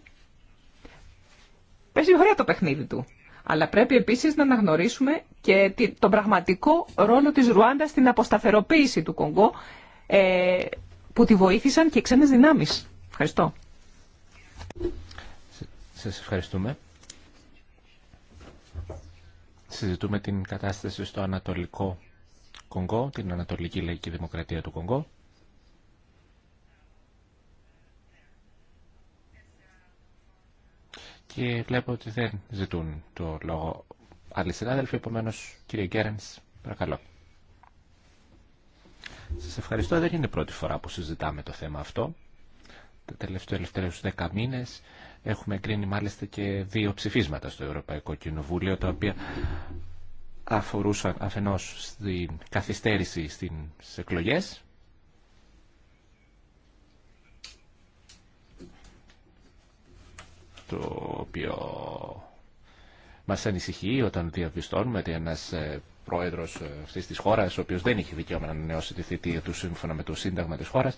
παίζει ωραία το παιχνίδι του. Αλλά πρέπει επίσης να αναγνωρίσουμε και τον πραγματικό ρόλο της Ρουάντα στην αποσταθεροποίηση του Κονγκό ε, που τη βοήθησαν και οι ξένες δυνάμεις. Ευχαριστώ. Σας ευχαριστούμε. Συζητούμε την κατάσταση στο Ανατολικό Κονγκό, την Ανατολική Λαϊκή Δημοκρατία του Κονγκό. Και βλέπω ότι δεν ζητούν το λόγο άλλοι συνάδελφοι, επομένω κύριε Γκέρενς, παρακαλώ. Σας ευχαριστώ, δεν είναι πρώτη φορά που συζητάμε το θέμα αυτό. Τα τελευταίους δέκα μήνες έχουμε κρίνει μάλιστα και δύο ψηφίσματα στο Ευρωπαϊκό Κοινοβούλιο, τα οποία αφορούσαν αφενός στην καθυστέρηση στις εκλογές το οποίο μας ανησυχεί όταν διαπιστώνουμε ότι ένας ε, πρόεδρος ε, αυτής της χώρας, ο οποίος δεν είχε δικαίωμα να ανανεώσει τη θητεία του σύμφωνα με το σύνταγμα της χώρας,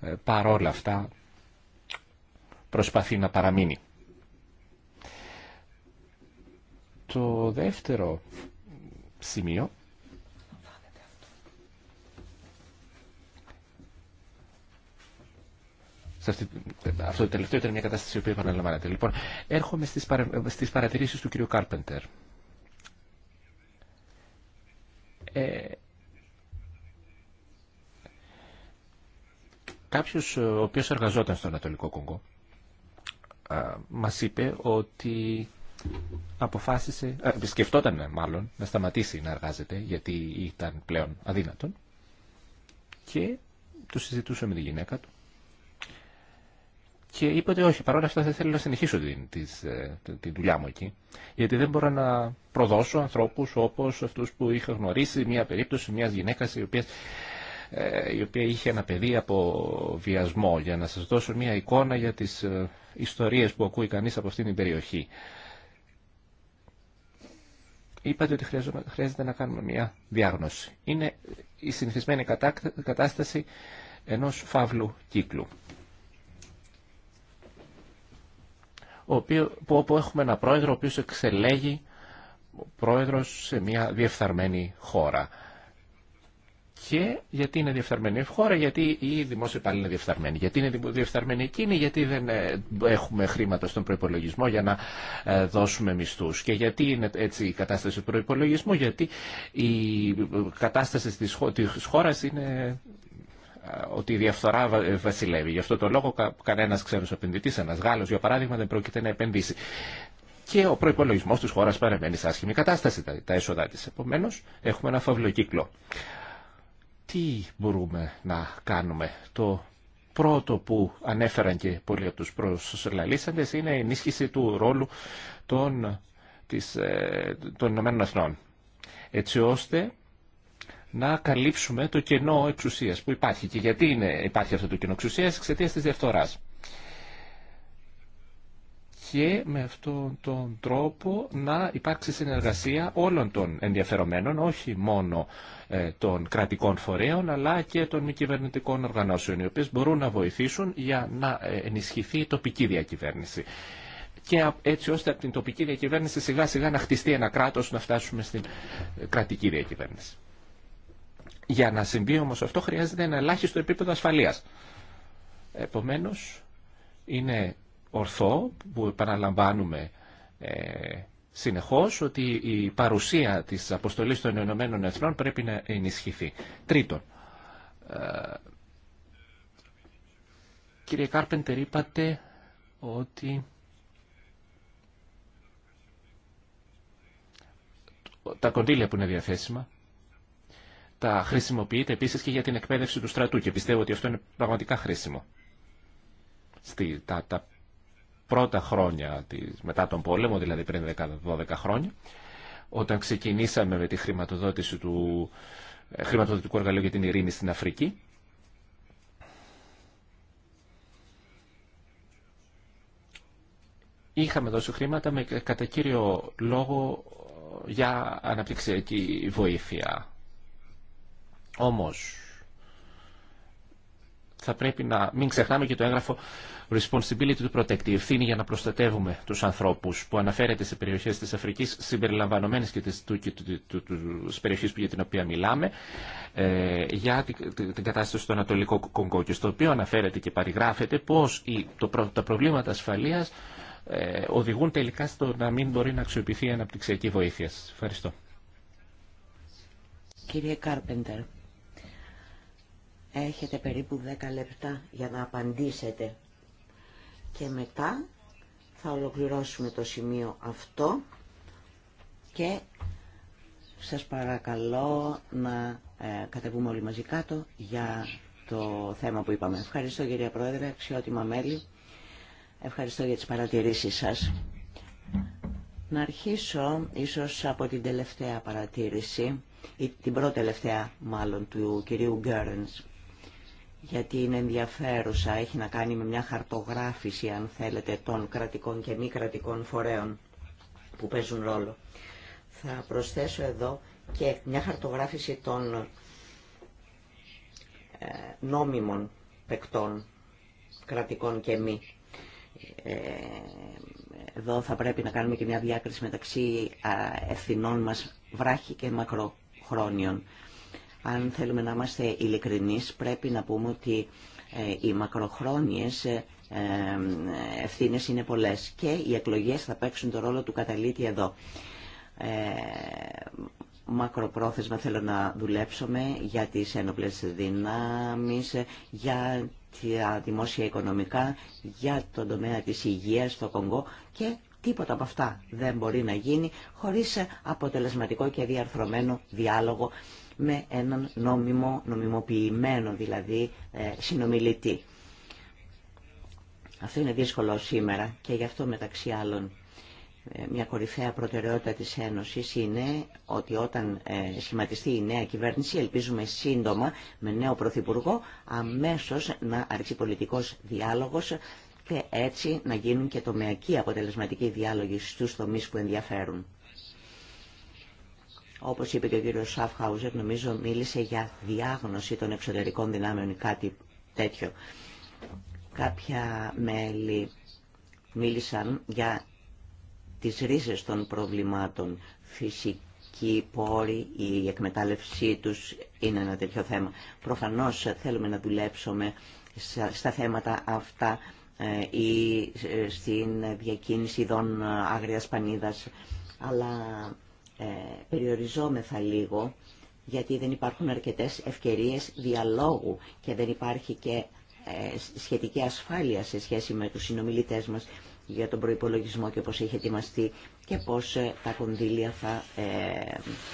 ε, παρόλα αυτά προσπαθεί να παραμείνει. Το δεύτερο σημείο. Αυτή, αυτό το τελευταίο ήταν μια κατάσταση η οποία επαναλαμβάνεται. Λοιπόν, έρχομαι στις, παρα, στις παρατηρήσεις του κυρίου Κάρπεντερ. Ε, κάποιος ο οποίος εργαζόταν στο Ανατολικό Κόγκο μας είπε ότι αποφάσισε, ε, σκεφτόταν μάλλον να σταματήσει να εργάζεται γιατί ήταν πλέον αδύνατον και το συζητούσε με τη γυναίκα του και είπε ότι όχι, παρόλα αυτά θα θέλω να συνεχίσω την, ε, δουλειά μου εκεί γιατί δεν μπορώ να προδώσω ανθρώπους όπως αυτούς που είχα γνωρίσει μια περίπτωση μιας γυναίκας η οποία ε, η οποία είχε ένα παιδί από βιασμό για να σας δώσω μια εικόνα για τις ιστορίες που ακούει κανείς από αυτήν την περιοχή είπατε ότι χρειάζεται να κάνουμε μια διάγνωση. Είναι η συνηθισμένη κατάσταση ενός φαύλου κύκλου. όπου έχουμε ένα πρόεδρο ο οποίος εξελέγει πρόεδρος σε μια διεφθαρμένη χώρα και γιατί είναι διεφθαρμένη η χώρα, γιατί η δημόσια πάλι είναι διεφθαρμένοι. Γιατί είναι διεφθαρμένη εκείνη, γιατί δεν ε, έχουμε χρήματα στον προπολογισμό για να ε, δώσουμε μισθού. Και γιατί είναι έτσι η κατάσταση του προπολογισμού, γιατί η κατάσταση τη χώρα είναι ε, ότι η διαφθορά βασιλεύει. Γι' αυτό το λόγο κανένα ξένο επενδυτή, ένα Γάλλο για παράδειγμα, δεν πρόκειται να επενδύσει. Και ο προπολογισμό τη χώρα παραμένει σε άσχημη κατάσταση, τα έσοδα τη. Επομένω, έχουμε ένα φαυλο κύκλο τι μπορούμε να κάνουμε. Το πρώτο που ανέφεραν και πολλοί από τους προσλαλήσαντες είναι η ενίσχυση του ρόλου των, της, ε, των Ηνωμένων Εθνών. Έτσι ώστε να καλύψουμε το κενό εξουσίας που υπάρχει. Και γιατί είναι, υπάρχει αυτό το κενό εξουσίας εξαιτίας της διαφθοράς και με αυτόν τον τρόπο να υπάρξει συνεργασία όλων των ενδιαφερομένων, όχι μόνο ε, των κρατικών φορέων, αλλά και των μη κυβερνητικών οργανώσεων, οι οποίες μπορούν να βοηθήσουν για να ε, ενισχυθεί η τοπική διακυβέρνηση. Και έτσι ώστε από την τοπική διακυβέρνηση σιγά σιγά να χτιστεί ένα κράτος, να φτάσουμε στην ε, κρατική διακυβέρνηση. Για να συμβεί όμως αυτό χρειάζεται ένα ελάχιστο επίπεδο ασφαλείας. Επομένως, είναι ορθό που επαναλαμβάνουμε ε, συνεχώς ότι η παρουσία της αποστολής των Ηνωμένων Εθνών πρέπει να ενισχυθεί. Τρίτον, ε, κύριε Κάρπεντερ είπατε ότι τα κοντήλια που είναι διαθέσιμα τα χρησιμοποιείται επίσης και για την εκπαίδευση του στρατού και πιστεύω ότι αυτό είναι πραγματικά χρήσιμο. Στη, τα, τα πρώτα χρόνια της, μετά τον πόλεμο, δηλαδή πριν 12 χρόνια, όταν ξεκινήσαμε με τη χρηματοδότηση του ε, χρηματοδοτικού εργαλείου για την ειρήνη στην Αφρική. Είχαμε δώσει χρήματα με κατά κύριο λόγο ε, για αναπτυξιακή βοήθεια. Όμως, θα πρέπει να μην ξεχνάμε και το έγγραφο Responsibility to Protect, η ευθύνη για να προστατεύουμε τους ανθρώπους που αναφέρεται σε περιοχές της Αφρικής, συμπεριλαμβανομένες και της, του, του, του, περιοχής για την οποία μιλάμε, ε, για την, κατάσταση στο Ανατολικό Κονγκό και στο οποίο αναφέρεται και παριγράφεται πώς η, το, τα προβλήματα ασφαλείας ε, οδηγούν τελικά στο να μην μπορεί να αξιοποιηθεί η αναπτυξιακή βοήθεια. ευχαριστώ. Κύριε Κάρπεντερ, Έχετε περίπου 10 λεπτά για να απαντήσετε. Και μετά θα ολοκληρώσουμε το σημείο αυτό και σας παρακαλώ να ε, κατεβούμε όλοι μαζί κάτω για το θέμα που είπαμε. Ευχαριστώ κυρία Πρόεδρε, αξιότιμα μέλη. Ευχαριστώ για τις παρατηρήσεις σας. Να αρχίσω ίσως από την τελευταία παρατήρηση, ή την πρώτη τελευταία μάλλον του κυρίου Γκέρνς γιατί είναι ενδιαφέρουσα, έχει να κάνει με μια χαρτογράφηση, αν θέλετε, των κρατικών και μη κρατικών φορέων που παίζουν ρόλο. Θα προσθέσω εδώ και μια χαρτογράφηση των ε, νόμιμων παικτών, κρατικών και μη. Ε, εδώ θα πρέπει να κάνουμε και μια διάκριση μεταξύ ευθυνών μας βράχη και μακροχρόνιων. Αν θέλουμε να είμαστε ειλικρινείς πρέπει να πούμε ότι ε, οι μακροχρόνιες ε, ε, ευθύνες είναι πολλές και οι εκλογές θα παίξουν το ρόλο του καταλήτη εδώ. μακροπρόθεσμα θέλω να δουλέψουμε για τις ένοπλες δυνάμεις, για τα δημόσια οικονομικά, για τον τομέα της υγείας στο Κονγκό και τίποτα από αυτά δεν μπορεί να γίνει χωρίς αποτελεσματικό και διαρθρωμένο διάλογο με έναν νόμιμο, νομιμοποιημένο δηλαδή ε, συνομιλητή. Αυτό είναι δύσκολο σήμερα και γι' αυτό μεταξύ άλλων ε, μια κορυφαία προτεραιότητα της Ένωσης είναι ότι όταν ε, σχηματιστεί η νέα κυβέρνηση, ελπίζουμε σύντομα με νέο Πρωθυπουργό, αμέσως να αρχίσει πολιτικός διάλογος και έτσι να γίνουν και τομεακοί αποτελεσματικοί διάλογοι στους τομείς που ενδιαφέρουν. Όπως είπε και ο κύριος Σαφχάουζερ, νομίζω μίλησε για διάγνωση των εξωτερικών δυνάμεων ή κάτι τέτοιο. Κάποια μέλη μίλησαν για τις ρίζες των προβλημάτων. Φυσική πόρη, η εκμετάλλευσή τους είναι ένα τέτοιο θέμα. Προφανώς θέλουμε να δουλέψουμε στα θέματα αυτά ε, ή ε, στην διακίνηση ειδών ε, άγριας πανίδας, αλλά ε, περιοριζόμεθα λίγο γιατί δεν υπάρχουν αρκετές ευκαιρίες διαλόγου και δεν υπάρχει και ε, σχετική ασφάλεια σε σχέση με τους συνομιλητές μας για τον προϋπολογισμό και πώς έχει ετοιμαστεί και πώς ε, τα κονδύλια θα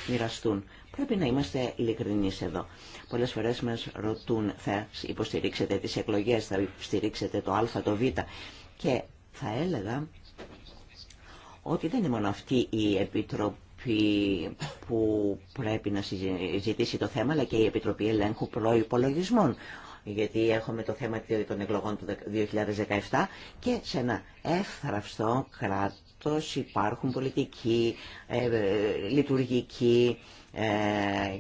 μοιραστούν. Πρέπει να είμαστε ειλικρινείς εδώ. Πολλές φορές μας ρωτούν θα υποστηρίξετε τις εκλογές, θα υποστηρίξετε το α, το β και θα έλεγα ότι δεν είναι μόνο αυτή η επιτροπή που πρέπει να συζητήσει το θέμα, αλλά και η Επιτροπή Ελέγχου Προϋπολογισμών γιατί έχουμε το θέμα των εκλογών του 2017 και σε ένα εύθραυστο κράτος υπάρχουν πολιτικοί, ε, λειτουργικοί ε,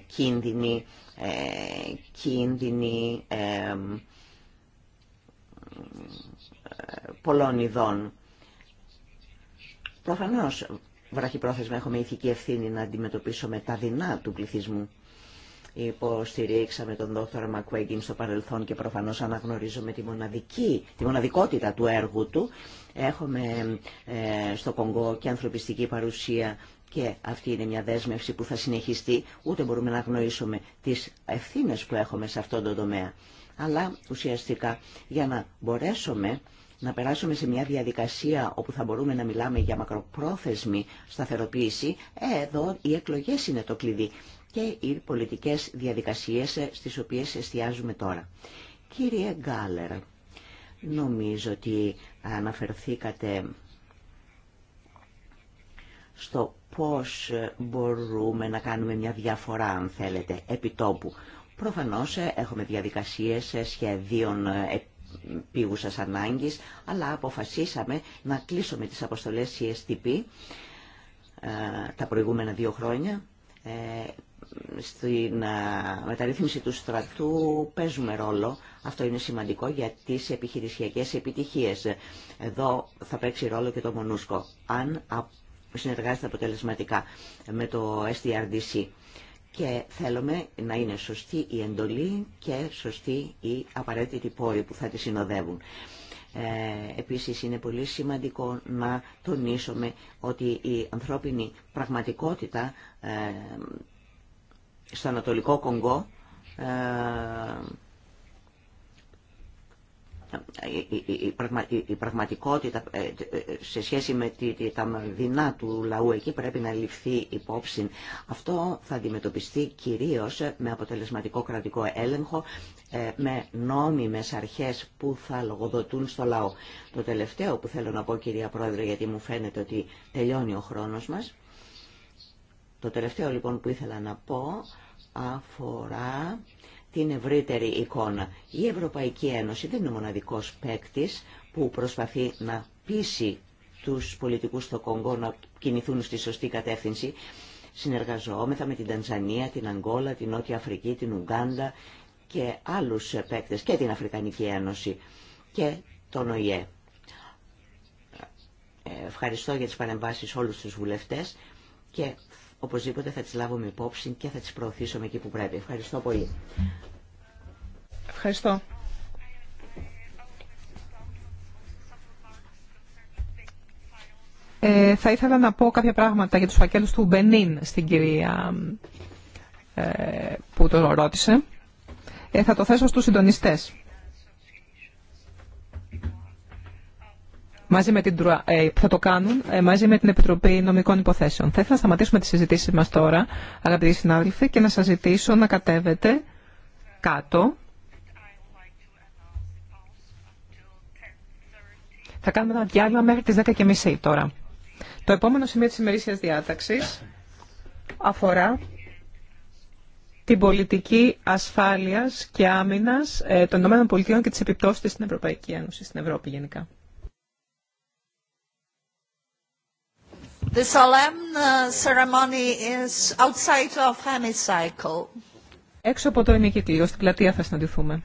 κίνδυνοι, ε, κίνδυνοι πολλών ειδών. Προφανώς βραχυπρόθεσμα έχουμε ηθική ευθύνη να αντιμετωπίσουμε τα δεινά του πληθυσμού. Υποστηρίξαμε τον δόκτωρα Μακουέγγιν στο παρελθόν και προφανώς αναγνωρίζουμε τη, μοναδική, τη μοναδικότητα του έργου του. Έχουμε ε, στο Κονγκό και ανθρωπιστική παρουσία και αυτή είναι μια δέσμευση που θα συνεχιστεί. Ούτε μπορούμε να γνωρίσουμε τις ευθύνες που έχουμε σε αυτόν τον τομέα. Αλλά ουσιαστικά για να μπορέσουμε να περάσουμε σε μια διαδικασία όπου θα μπορούμε να μιλάμε για μακροπρόθεσμη σταθεροποίηση, ε, εδώ οι εκλογές είναι το κλειδί και οι πολιτικές διαδικασίες ε, στις οποίες εστιάζουμε τώρα. Κύριε Γκάλερ, νομίζω ότι αναφερθήκατε στο πώς μπορούμε να κάνουμε μια διαφορά, αν θέλετε, επιτόπου. Προφανώς ε, έχουμε διαδικασίες σχεδίων πήγουσας ανάγκης, αλλά αποφασίσαμε να κλείσουμε τις αποστολές CSTP ε, τα προηγούμενα δύο χρόνια. Ε, στην ε, μεταρρύθμιση του στρατού παίζουμε ρόλο. Αυτό είναι σημαντικό για τις επιχειρησιακές επιτυχίες. Εδώ θα παίξει ρόλο και το Μονούσκο, αν συνεργάζεται αποτελεσματικά με το SDRDC και θέλουμε να είναι σωστή η εντολή και σωστή η απαραίτητη πόρη που θα τη συνοδεύουν. Ε, επίσης είναι πολύ σημαντικό να τονίσουμε ότι η ανθρώπινη πραγματικότητα ε, στο Ανατολικό Κονγκό ε, η πραγματικότητα ε, σε σχέση με τα δεινά του λαού εκεί πρέπει να ληφθεί υπόψη. Αυτό θα αντιμετωπιστεί κυρίως με αποτελεσματικό κρατικό έλεγχο, ε, με νόμιμες αρχές που θα λογοδοτούν στο λαό. Το τελευταίο που θέλω να πω κυρία Πρόεδρε γιατί μου φαίνεται ότι τελειώνει ο χρόνος μας. Το τελευταίο λοιπόν που ήθελα να πω αφορά την ευρύτερη εικόνα. Η Ευρωπαϊκή Ένωση δεν είναι ο μοναδικός παίκτη που προσπαθεί να πείσει τους πολιτικούς στο Κονγκό να κινηθούν στη σωστή κατεύθυνση. Συνεργαζόμεθα με την Τανζανία, την Αγγόλα, την Νότια Αφρική, την Ουγγάντα και άλλους παίκτες και την Αφρικανική Ένωση και τον ΟΗΕ. Ε, ευχαριστώ για τις παρεμβάσεις όλους τους βουλευτές και οπωσδήποτε θα τις λάβουμε υπόψη και θα τις προωθήσουμε εκεί που πρέπει. Ευχαριστώ πολύ. Ευχαριστώ. Ε, θα ήθελα να πω κάποια πράγματα για τους φακέλους του Μπενίν στην κυρία ε, που το ρώτησε. Ε, θα το θέσω στους συντονιστές. μαζί με την, ε, που θα το κάνουν ε, μαζί με την Επιτροπή Νομικών Υποθέσεων. Θα ήθελα να σταματήσουμε τις συζητήσεις μας τώρα, αγαπητοί συνάδελφοι, και να σας ζητήσω να κατέβετε κάτω. Θα κάνουμε ένα διάλειμμα μέχρι τις 10.30 τώρα. Το επόμενο σημείο της ημερήσιας διάταξης αφορά την πολιτική ασφάλειας και άμυνας ε, των ΗΠΑ και τις επιπτώσεις της στην Ευρωπαϊκή Ένωση, στην Ευρώπη γενικά. Uh, outside of hemicycle. Έξω από το ημικύκλιο, στην πλατεία θα συναντηθούμε.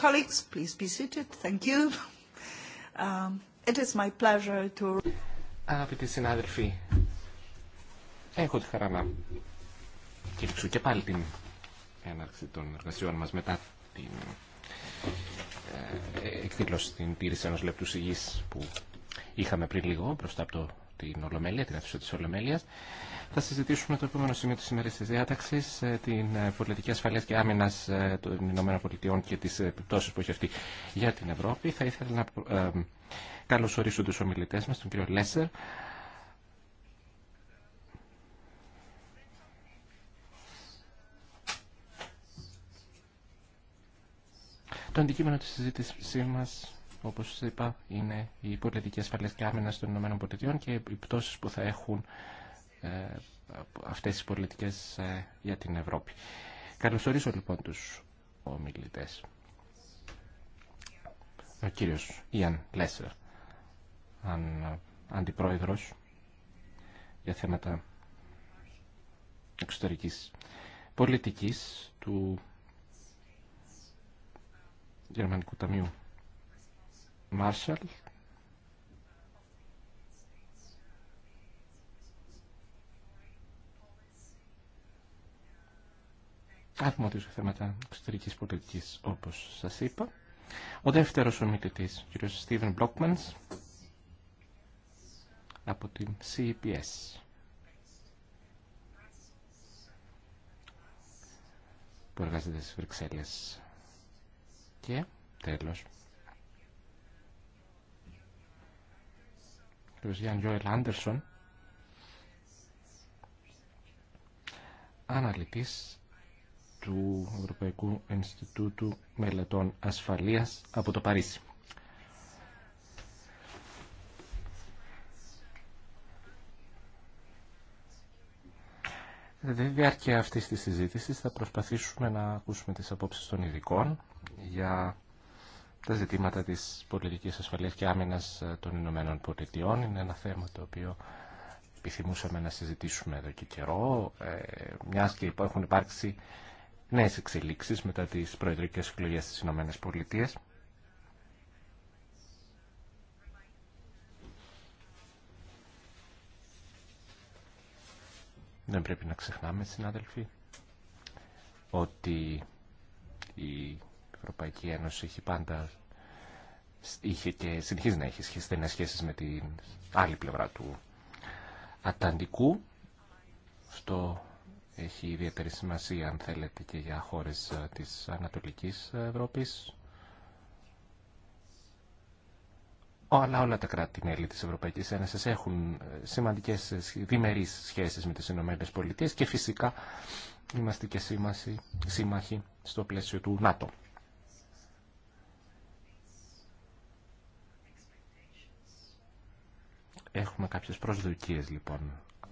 Colleagues, please be seated. Thank you. Um, it is my pleasure to... Αγαπητοί συνάδελφοι, έχω τη χαρά να κηρύξω και πάλι την έναρξη των εργασιών μας μετά την ε, εκδήλωση την τήρηση ενός λεπτού σιγής που είχαμε πριν λίγο μπροστά από το την Ολομέλεια, την αίθουσα της Ολομέλειας. Θα συζητήσουμε το επόμενο σημείο τη ημέρα τη διάταξη, ε, την ε, πολιτική ασφαλείας και άμυνας ε, των Ηνωμένων Πολιτειών και τις επιπτώσεις που έχει αυτή για την Ευρώπη. Θα ήθελα να καλωσορίσω τους ομιλητές μας, τον κύριο Λέσσερ, Το αντικείμενο της συζήτησής μας όπως είπα, είναι οι πολιτικές ασφαλές και άμυνας των Ηνωμένων και οι πτώσεις που θα έχουν ε, αυτές τις πολιτικές ε, για την Ευρώπη. Καλωσορίζω λοιπόν τους ομιλητές. Ο κύριος Ιαν Λέσσερ, αν, ε, αντιπρόεδρος για θέματα εξωτερικής πολιτικής του Γερμανικού Ταμείου Μάρσαλ. αρμόδιους θέματα εξωτερική πολιτικής, όπως σας είπα. Ο δεύτερος ομιλητής, ο κ. Στίβεν Μπλόκμανς, από την CEPS. που εργάζεται στις Βρυξέλλες. Και τέλος, ο Γιάνν Γιόελ Άντερσον, αναλυτής του Ευρωπαϊκού Ινστιτούτου Μελετών Ασφαλείας από το Παρίσι. είναι διάρκεια αυτής της συζήτησης θα προσπαθήσουμε να ακούσουμε τις απόψεις των ειδικών για τα ζητήματα της πολιτικής ασφαλείας και άμυνας ε, των Ηνωμένων Πολιτειών είναι ένα θέμα το οποίο επιθυμούσαμε να συζητήσουμε εδώ και καιρό, ε, μιας και έχουν υπάρξει νέες εξελίξεις μετά τις προεδρικές εκλογές στις Ηνωμένες Πολιτείες. Δεν πρέπει να ξεχνάμε, συνάδελφοι, ότι η Ευρωπαϊκή Ένωση έχει πάντα είχε και συνεχίζει να έχει στενέ σχέσεις με την άλλη πλευρά του Ατλαντικού. Αυτό έχει ιδιαίτερη σημασία αν θέλετε και για χώρες ε, της Ανατολικής Ευρώπης. Αλλά όλα τα κράτη-μέλη της Ευρωπαϊκής Ένωσης έχουν ε, σημαντικές ε, διμερείς σχέσεις με τις Ηνωμένες Πολιτείες και φυσικά είμαστε και σύμμαχοι στο πλαίσιο του ΝΑΤΟ. Έχουμε κάποιες προσδοκίες λοιπόν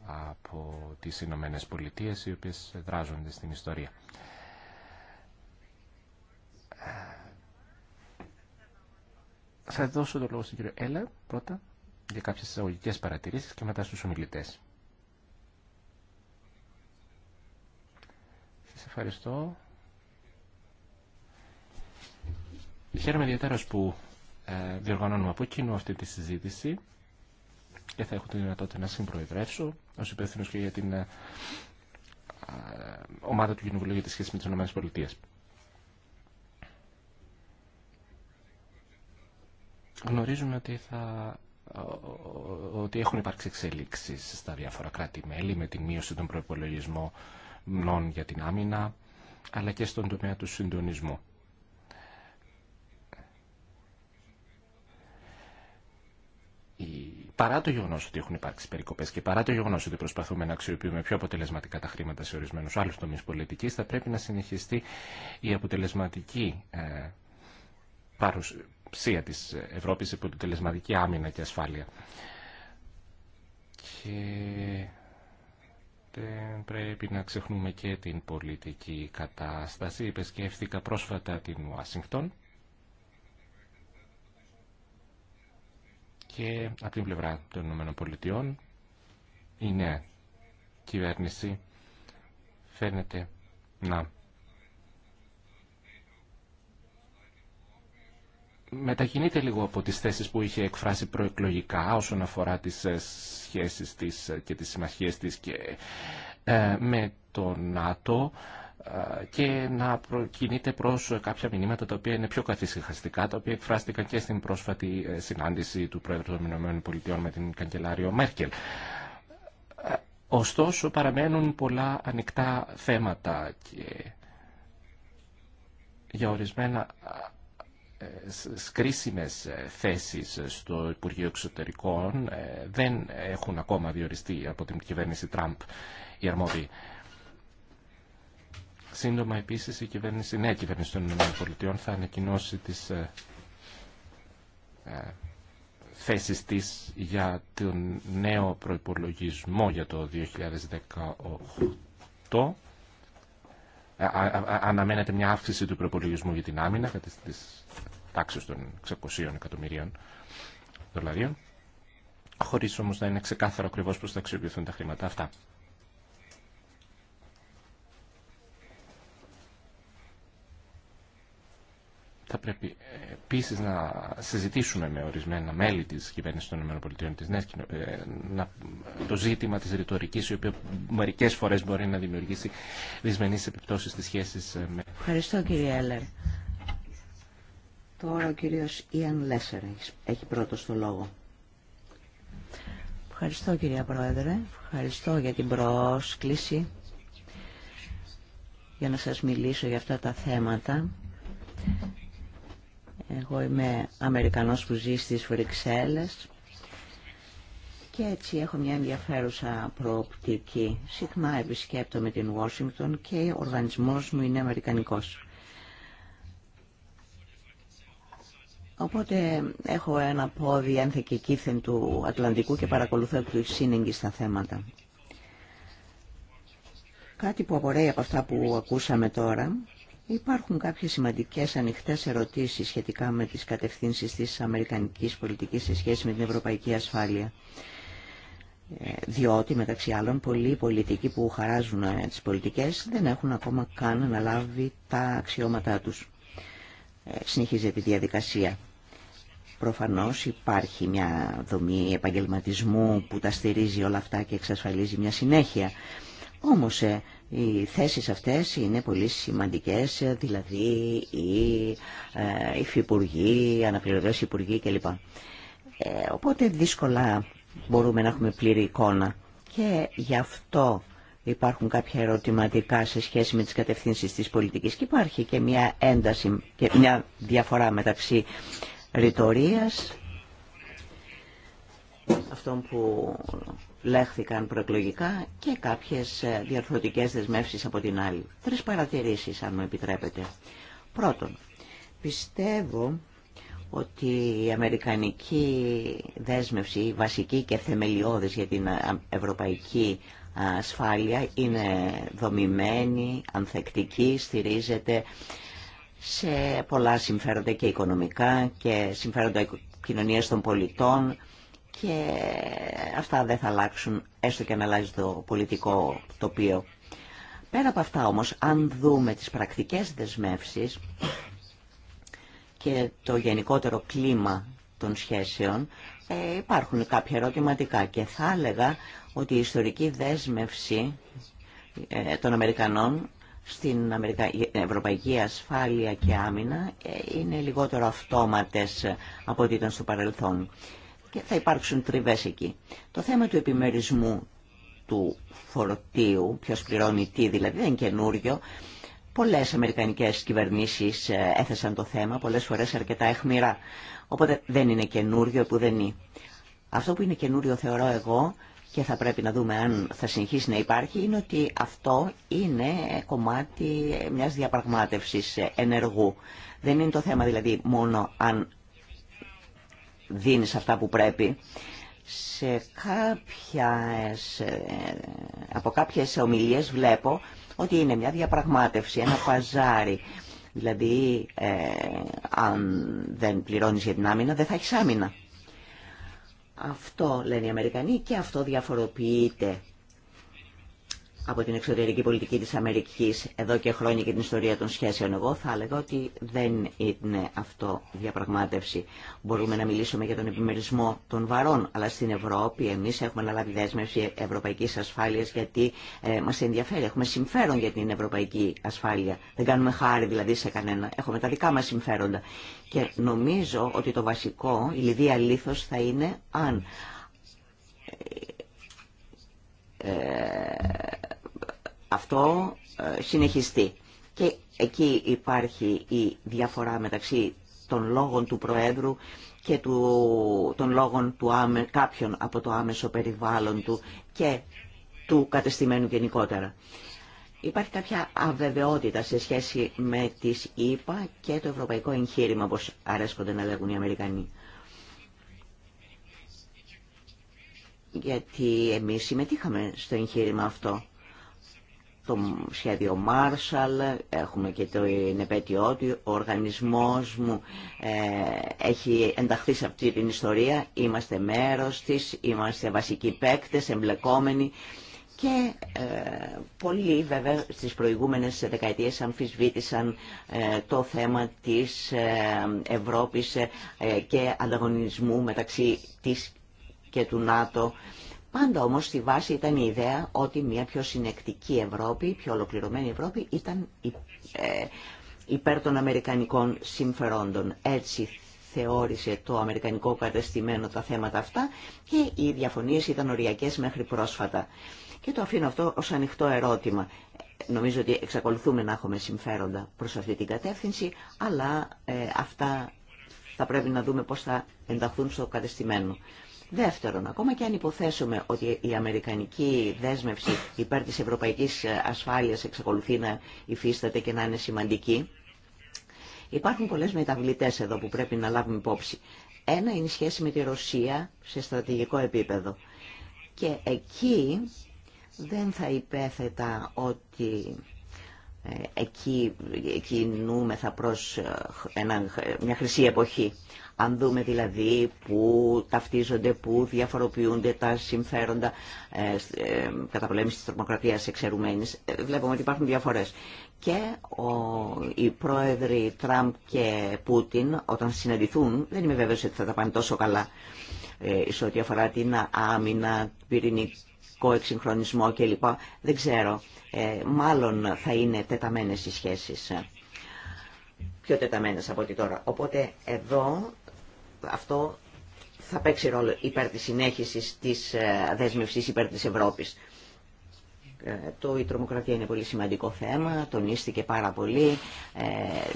από τις Ηνωμένε Πολιτείε οι οποίες δράζονται στην ιστορία. Θα δώσω το λόγο στον κύριο Έλα πρώτα για κάποιες εισαγωγικέ παρατηρήσεις και μετά στους ομιλητές. Σας ευχαριστώ. Χαίρομαι ιδιαίτερα που ε, διοργανώνουμε από κοινού αυτή τη συζήτηση και θα έχω τη δυνατότητα να συμπροεδρεύσω ω υπεύθυνο και για την ε, ε, ομάδα του Κοινοβουλίου για τη σχέση με τι ΗΠΑ. Γνωρίζουμε ότι, θα, ότι έχουν υπάρξει εξελίξει στα διάφορα κράτη-μέλη με τη μείωση των προπολογισμών για την άμυνα αλλά και στον τομέα του συντονισμού. παρά το γεγονό ότι έχουν υπάρξει περικοπέ και παρά το γεγονό ότι προσπαθούμε να αξιοποιούμε πιο αποτελεσματικά τα χρήματα σε ορισμένου άλλου τομεί πολιτική, θα πρέπει να συνεχιστεί η αποτελεσματική ε, παρουσία τη Ευρώπη, η αποτελεσματική άμυνα και ασφάλεια. Και δεν πρέπει να ξεχνούμε και την πολιτική κατάσταση. Επισκέφθηκα πρόσφατα την Ουάσιγκτον και από την πλευρά των ΗΠΑ η νέα κυβέρνηση φαίνεται να μετακινείται λίγο από τις θέσεις που είχε εκφράσει προεκλογικά όσον αφορά τις ε, σχέσεις της ε, και τις συμμαχίες της και ε, με το ΝΑΤΟ και να προκινείται προς κάποια μηνύματα τα οποία είναι πιο καθυσυχαστικά, τα οποία εκφράστηκαν και στην πρόσφατη ε, συνάντηση του Πρόεδρου των Πολιτειών με την καγκελάριο Μέρκελ. Ε, ωστόσο παραμένουν πολλά ανοιχτά θέματα και για ορισμένα ε, σκρίσιμες θέσεις στο Υπουργείο Εξωτερικών δεν έχουν ακόμα διοριστεί από την κυβέρνηση Τραμπ οι αρμόδιοι Σύντομα επίση η, κυβέρνηση, η νέα κυβέρνηση των ΗΠΑ θα ανακοινώσει τι ε, ε, θέσεις της για τον νέο προπολογισμό για το 2018. Ε, α, αναμένεται μια αύξηση του προπολογισμού για την άμυνα κατά τη τάξη των 600 εκατομμυρίων δολαρίων χωρίς όμως να είναι ξεκάθαρο ακριβώ πώς θα αξιοποιηθούν τα χρήματα αυτά. Θα πρέπει ε, επίση να συζητήσουμε με ορισμένα μέλη τη κυβέρνηση των ΗΠΑ της νέας, ε, το ζήτημα τη ρητορική, η οποία μερικέ φορέ μπορεί να δημιουργήσει δυσμενεί επιπτώσει στι σχέσει ε, με. Ευχαριστώ κύριε Έλερ. Τώρα ο κύριο Ιαν Λέσσερ έχει πρώτος το λόγο. Ευχαριστώ κυρία Πρόεδρε, ευχαριστώ για την πρόσκληση για να σας μιλήσω για αυτά τα θέματα εγώ είμαι Αμερικανός που ζει στις Βρυξέλλες και έτσι έχω μια ενδιαφέρουσα προοπτική. Συχνά επισκέπτομαι την Ουάσιγκτον και ο οργανισμός μου είναι Αμερικανικός. Οπότε έχω ένα πόδι και κύθεν του Ατλαντικού και παρακολουθώ του σύνεγγι στα θέματα. Κάτι που απορρέει από αυτά που ακούσαμε τώρα Υπάρχουν κάποιες σημαντικές ανοιχτές ερωτήσεις σχετικά με τις κατευθύνσεις της αμερικανικής πολιτικής σε σχέση με την ευρωπαϊκή ασφάλεια. Ε, διότι, μεταξύ άλλων, πολλοί πολιτικοί που χαράζουν ε, τις πολιτικές δεν έχουν ακόμα καν αναλάβει τα αξιώματά τους. Ε, συνεχίζεται η διαδικασία. Προφανώς υπάρχει μια δομή επαγγελματισμού που τα στηρίζει όλα αυτά και εξασφαλίζει μια συνέχεια. Όμως, οι θέσεις αυτές είναι πολύ σημαντικές, δηλαδή η ε, υφυπουργοί, αναπληρωτές υπουργοί κλπ. Ε, οπότε δύσκολα μπορούμε να έχουμε πλήρη εικόνα και γι' αυτό υπάρχουν κάποια ερωτηματικά σε σχέση με τις κατευθύνσεις της πολιτικής και υπάρχει και μια ένταση και μια διαφορά μεταξύ ρητορίας αυτών που λέχθηκαν προεκλογικά και κάποιες ε, διαρθρωτικές δεσμεύσεις από την άλλη. Τρεις παρατηρήσεις, αν μου επιτρέπετε. Πρώτον, πιστεύω ότι η αμερικανική δέσμευση, η βασική και θεμελιώδης για την ε, ευρωπαϊκή ασφάλεια, είναι δομημένη, ανθεκτική, στηρίζεται σε πολλά συμφέροντα και οικονομικά και συμφέροντα κοινωνίας των πολιτών, και αυτά δεν θα αλλάξουν έστω και αν αλλάζει το πολιτικό τοπίο. Πέρα από αυτά όμως, αν δούμε τις πρακτικές δεσμεύσεις και το γενικότερο κλίμα των σχέσεων, ε, υπάρχουν κάποια ερωτηματικά και θα έλεγα ότι η ιστορική δέσμευση ε, των Αμερικανών στην Ευρωπαϊκή Ασφάλεια και Άμυνα ε, είναι λιγότερο αυτόματες από ό,τι ήταν στο παρελθόν και θα υπάρξουν τριβές εκεί. Το θέμα του επιμερισμού του φορτίου, ποιος πληρώνει τι δηλαδή, δεν είναι καινούριο. Πολλές αμερικανικές κυβερνήσεις ε, έθεσαν το θέμα, πολλές φορές αρκετά αιχμηρά. Οπότε δεν είναι καινούριο που δεν είναι. Αυτό που είναι καινούριο θεωρώ εγώ και θα πρέπει να δούμε αν θα συνεχίσει να υπάρχει είναι ότι αυτό είναι κομμάτι μιας διαπραγμάτευσης ενεργού. Δεν είναι το θέμα δηλαδή μόνο αν δίνεις αυτά που πρέπει. Σε κάποιες, ε, από κάποιες ομιλίες βλέπω ότι είναι μια διαπραγμάτευση, ένα παζάρι. Δηλαδή, ε, αν δεν πληρώνεις για την άμυνα, δεν θα έχεις άμυνα. Αυτό λένε οι Αμερικανοί και αυτό διαφοροποιείται από την εξωτερική πολιτική της Αμερικής εδώ και χρόνια και την ιστορία των σχέσεων. Εγώ θα έλεγα ότι δεν είναι αυτό διαπραγμάτευση. Μπορούμε να μιλήσουμε για τον επιμερισμό των βαρών, αλλά στην Ευρώπη εμείς έχουμε αναλάβει δέσμευση ευρωπαϊκής ασφάλειας γιατί ε, μας ενδιαφέρει, έχουμε συμφέρον για την ευρωπαϊκή ασφάλεια. Δεν κάνουμε χάρη δηλαδή σε κανένα, έχουμε τα δικά μας συμφέροντα. Και νομίζω ότι το βασικό, η λιδία λήθος θα είναι αν... ε, ε αυτό ε, συνεχιστεί. Και εκεί υπάρχει η διαφορά μεταξύ των λόγων του Προέδρου και του, των λόγων του άμε, κάποιων από το άμεσο περιβάλλον του και του κατεστημένου γενικότερα. Υπάρχει κάποια αβεβαιότητα σε σχέση με τις ΗΠΑ και το ευρωπαϊκό εγχείρημα, όπως αρέσκονται να λέγουν οι Αμερικανοί. Γιατί εμείς συμμετείχαμε στο εγχείρημα αυτό το σχέδιο Μάρσαλ, έχουμε και το επέτειό του, ο οργανισμός μου ε, έχει ενταχθεί σε αυτή την ιστορία, είμαστε μέρος της, είμαστε βασικοί παίκτες, εμπλεκόμενοι και ε, πολλοί βέβαια στις προηγούμενες δεκαετίες αμφισβήτησαν ε, το θέμα της Ευρώπης και ανταγωνισμού μεταξύ της και του ΝΑΤΟ Πάντα όμως στη βάση ήταν η ιδέα ότι μια πιο συνεκτική Ευρώπη, πιο ολοκληρωμένη Ευρώπη ήταν ε, υπέρ των Αμερικανικών συμφερόντων. Έτσι θεώρησε το Αμερικανικό κατεστημένο τα θέματα αυτά και οι διαφωνίες ήταν οριακές μέχρι πρόσφατα. Και το αφήνω αυτό ως ανοιχτό ερώτημα. Νομίζω ότι εξακολουθούμε να έχουμε συμφέροντα προς αυτή την κατεύθυνση, αλλά ε, αυτά θα πρέπει να δούμε πώς θα ενταχθούν στο κατεστημένο. Δεύτερον, ακόμα και αν υποθέσουμε ότι η αμερικανική δέσμευση υπέρ της ευρωπαϊκής ασφάλειας εξακολουθεί να υφίσταται και να είναι σημαντική, υπάρχουν πολλές μεταβλητές εδώ που πρέπει να λάβουμε υπόψη. Ένα είναι η σχέση με τη Ρωσία σε στρατηγικό επίπεδο. Και εκεί δεν θα υπέθετα ότι ε, εκεί κινούμεθα προς ε, μια χρυσή εποχή. Αν δούμε δηλαδή που ταυτίζονται, που διαφοροποιούνται τα συμφέροντα ε, ε, καταπολέμησης της τρομοκρατίας εξαιρουμένης, ε, βλέπουμε ότι υπάρχουν διαφορές. Και ο, οι πρόεδροι Τραμπ και Πούτιν όταν συναντηθούν, δεν είμαι βέβαιος ότι θα τα πάνε τόσο καλά ε, σε ό,τι αφορά την άμυνα, πυρηνικό εξυγχρονισμό κλπ. Δεν ξέρω. Ε, μάλλον θα είναι τεταμένες οι σχέσεις. Ε, πιο τεταμένες από ό,τι τώρα. Οπότε εδώ αυτό θα παίξει ρόλο υπέρ της συνέχισης της ε, δέσμευσης υπέρ της Ευρώπης. Το, η τρομοκρατία είναι πολύ σημαντικό θέμα, τονίστηκε πάρα πολύ,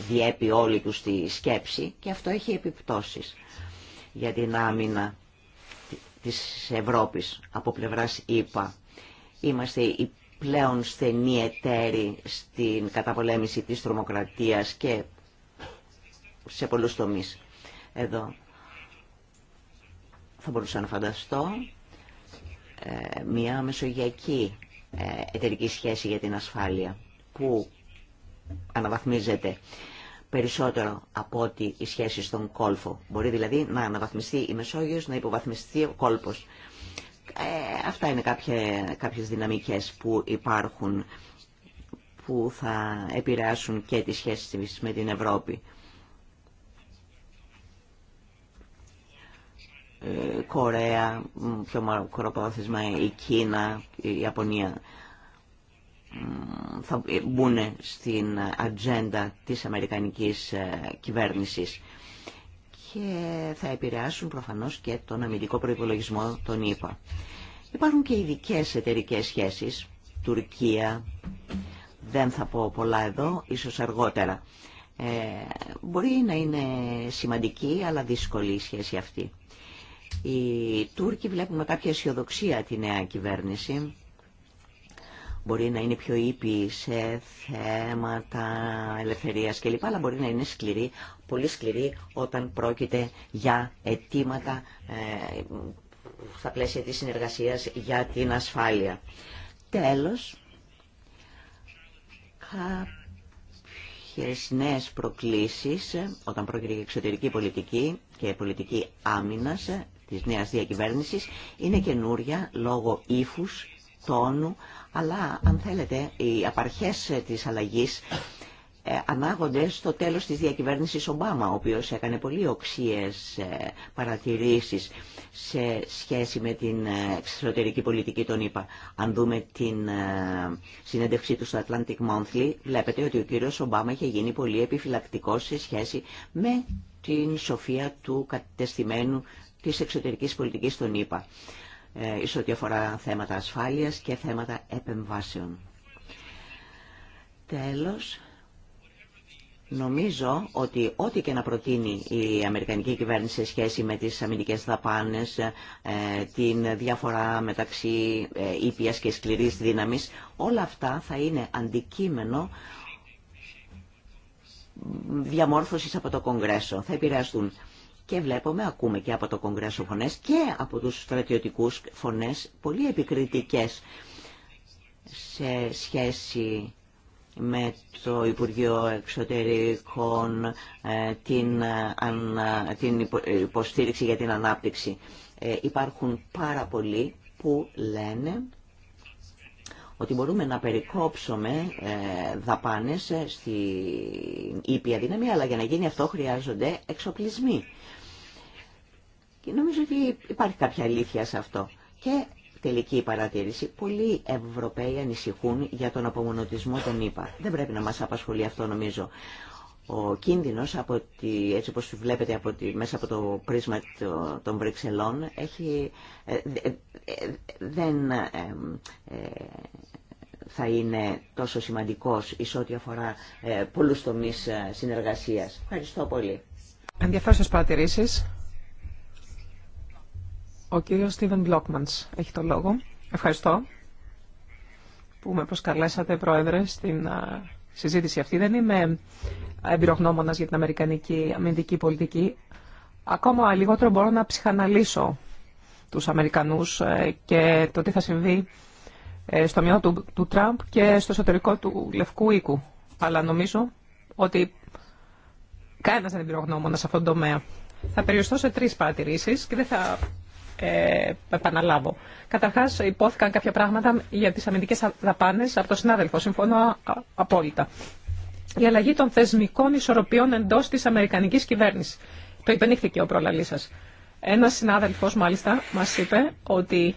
διέπει όλη τους τη σκέψη και αυτό έχει επιπτώσεις για την άμυνα της Ευρώπης από πλευράς ΙΠΑ. Είμαστε η πλέον στενή εταίρη στην καταπολέμηση της τρομοκρατίας και σε πολλούς τομείς. Εδώ θα μπορούσα να φανταστώ ε, μια μεσογειακή ε, εταιρική σχέση για την ασφάλεια που αναβαθμίζεται περισσότερο από ότι η σχέση στον κόλφο. Μπορεί δηλαδή να αναβαθμιστεί η Μεσόγειος, να υποβαθμιστεί ο κόλπος. Ε, αυτά είναι κάποιε κάποιες δυναμικές που υπάρχουν που θα επηρεάσουν και τις σχέσεις με την Ευρώπη. Ε, Κορέα, πιο μακροπρόθεσμα η Κίνα, η Ιαπωνία θα μπουν στην ατζέντα της Αμερικανικής ε, κυβέρνησης και θα επηρεάσουν προφανώς και τον αμυντικό προϋπολογισμό των ΗΠΑ. Υπάρχουν και ειδικέ εταιρικέ σχέσεις, Τουρκία, δεν θα πω πολλά εδώ, ίσως αργότερα. Ε, μπορεί να είναι σημαντική αλλά δύσκολη η σχέση αυτή. Οι Τούρκοι με κάποια αισιοδοξία τη νέα κυβέρνηση. Μπορεί να είναι πιο ήπιοι σε θέματα ελευθερίας κλπ. Αλλά μπορεί να είναι σκληροί πολύ σκληρή όταν πρόκειται για αιτήματα ε, στα πλαίσια της συνεργασίας για την ασφάλεια. Τέλος, κάποιες νέες προκλήσεις ε, όταν πρόκειται για εξωτερική πολιτική και πολιτική άμυνας ε, της νέας διακυβέρνησης είναι καινούρια λόγω ύφους, τόνου, αλλά αν θέλετε οι απαρχές της αλλαγής ε, ανάγονται στο τέλος της διακυβέρνησης Ομπάμα, ο οποίος έκανε πολύ οξύες ε, παρατηρήσεις σε σχέση με την ε, εξωτερική πολιτική των ΗΠΑ. Αν δούμε την συνέντευξή του στο Atlantic Monthly, βλέπετε ότι ο κύριος Ομπάμα είχε γίνει πολύ επιφυλακτικός σε σχέση με την σοφία του κατεστημένου της εξωτερικής πολιτικής των ΗΠΑ, εις ό,τι αφορά θέματα ασφάλειας και θέματα επεμβάσεων. Τέλος, Νομίζω ότι ό,τι και να προτείνει η Αμερικανική κυβέρνηση σε σχέση με τις αμυντικές δαπάνες, ε, την διαφορά μεταξύ ε, ήπιας και σκληρής δύναμης, όλα αυτά θα είναι αντικείμενο διαμόρφωσης από το Κογκρέσο. Θα επηρεαστούν. Και βλέπουμε, ακούμε και από το Κογκρέσο φωνές και από τους στρατιωτικούς φωνές πολύ επικριτικές σε σχέση με το Υπουργείο Εξωτερικών ε, την, ε, ε, την υποστήριξη για την ανάπτυξη. Υπάρχουν πάρα πολλοί που λένε ότι μπορούμε να περικόψουμε δαπάνες στην ήπια δύναμη, αλλά για να γίνει αυτό χρειάζονται εξοπλισμοί. Και νομίζω ότι υπάρχει κάποια αλήθεια σε αυτό. Και Τελική παρατήρηση. Πολλοί Ευρωπαίοι ανησυχούν για τον απομονωτισμό των ΗΠΑ. Δεν πρέπει να μας απασχολεί αυτό νομίζω. Ο κίνδυνος, έτσι όπως βλέπετε από τη, μέσα από το πρίσμα των Βρυξελών, έχει, ε, ε, ε, δεν θα είναι τόσο σημαντικός εις ό,τι αφορά πολλούς τομείς συνεργασίας. Ευχαριστώ πολύ. Ενδιαφέρουσες παρατηρήσεις. Ο κύριος Στίβεν Μπλόκμαντς έχει το λόγο. Ευχαριστώ που με προσκαλέσατε, Πρόεδρε, στην συζήτηση αυτή. Δεν είμαι εμπειρογνώμονας για την αμερικανική αμυντική πολιτική. Ακόμα λιγότερο μπορώ να ψυχαναλύσω τους Αμερικανούς ε, και το τι θα συμβεί ε, στο μυαλό του, του Τραμπ και στο εσωτερικό του Λευκού Οίκου. Αλλά νομίζω ότι κανένας δεν είναι σε αυτόν τον τομέα. Θα περιοριστώ σε τρει παρατηρήσει και δεν θα ε, επαναλάβω. Καταρχάς, υπόθηκαν κάποια πράγματα για τις αμυντικέ δαπάνε από τον συνάδελφο. Συμφωνώ απόλυτα. Η αλλαγή των θεσμικών ισορροπιών εντός της Αμερικανικής κυβέρνησης. Το υπενήχθηκε ο προλαλή σα. Ένας συνάδελφος, μάλιστα, μας είπε ότι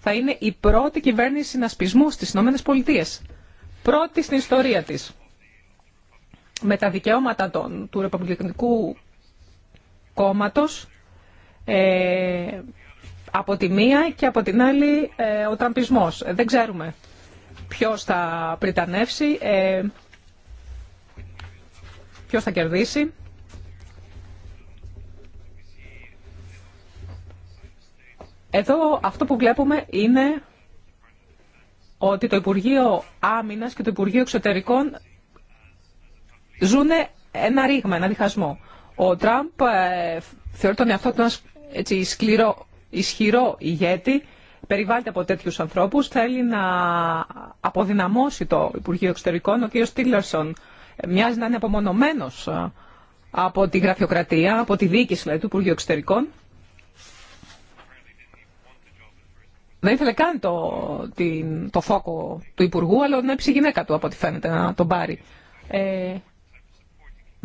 θα είναι η πρώτη κυβέρνηση συνασπισμού στι ΗΠΑ. Πρώτη στην ιστορία τη. Με τα δικαιώματα των, του Ρεπομπλικανικού κόμματο. ε, από τη μία και από την άλλη ε, ο τραμπισμός. Ε, δεν ξέρουμε ποιος θα πριτανεύσει, ε, ποιος θα κερδίσει. Εδώ αυτό που βλέπουμε είναι ότι το Υπουργείο Άμυνας και το Υπουργείο Εξωτερικών ζουν ένα ρήγμα, ένα διχασμό. Ο Τραμπ θεωρεί τον εαυτό του ένα σκληρό ισχυρό ηγέτη, περιβάλλεται από τέτοιου ανθρώπου, θέλει να αποδυναμώσει το Υπουργείο Εξωτερικών. Ο κ. Τίλερσον μοιάζει να είναι απομονωμένο ε, από τη γραφειοκρατία, από τη διοίκηση δηλαδή, του Υπουργείου Εξωτερικών. Δεν ήθελε καν το, την, το φόκο του Υπουργού, αλλά να η γυναίκα του από ό,τι φαίνεται να τον πάρει. Ε,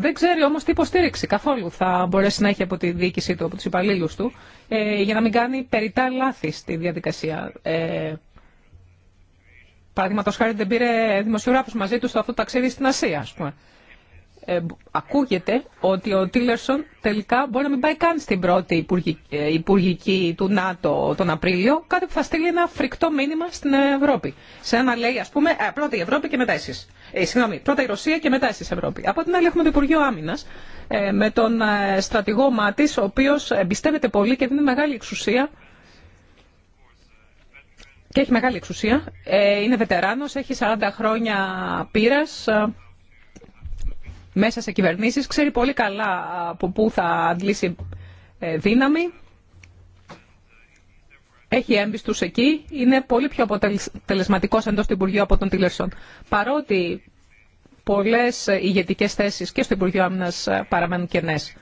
δεν ξέρει όμω τι υποστήριξη καθόλου θα μπορέσει να έχει από τη διοίκησή του, από του υπαλλήλου του, ε, για να μην κάνει περιτά λάθη στη διαδικασία. Ε, Παραδείγματο χάρη δεν πήρε δημοσιογράφου μαζί του στο αυτό το ταξίδι στην Ασία, α πούμε ε, ακούγεται ότι ο Τίλερσον τελικά μπορεί να μην πάει καν στην πρώτη ε, υπουργική, του ΝΑΤΟ τον Απρίλιο, κάτι που θα στείλει ένα φρικτό μήνυμα στην Ευρώπη. Σε να λέει, α πούμε, ε, πρώτα η Ευρώπη και μετά εσεί. Ε, συγγνώμη, πρώτα η Ρωσία και μετά εσείς Ευρώπη. Από την άλλη έχουμε το Υπουργείο Άμυνα ε, με τον στρατηγό Μάτη, ο οποίο εμπιστεύεται πολύ και δίνει μεγάλη εξουσία και έχει μεγάλη εξουσία. είναι βετεράνος, έχει 40 χρόνια πείρας μέσα σε κυβερνήσεις ξέρει πολύ καλά από πού θα αντλήσει ε, δύναμη. Έχει έμπιστους εκεί, είναι πολύ πιο αποτελεσματικός εντός του Υπουργείου από τον Τίλερσον. Παρότι πολλές ηγετικές θέσεις και στο Υπουργείο Άμυνας ε, παραμένουν κενές.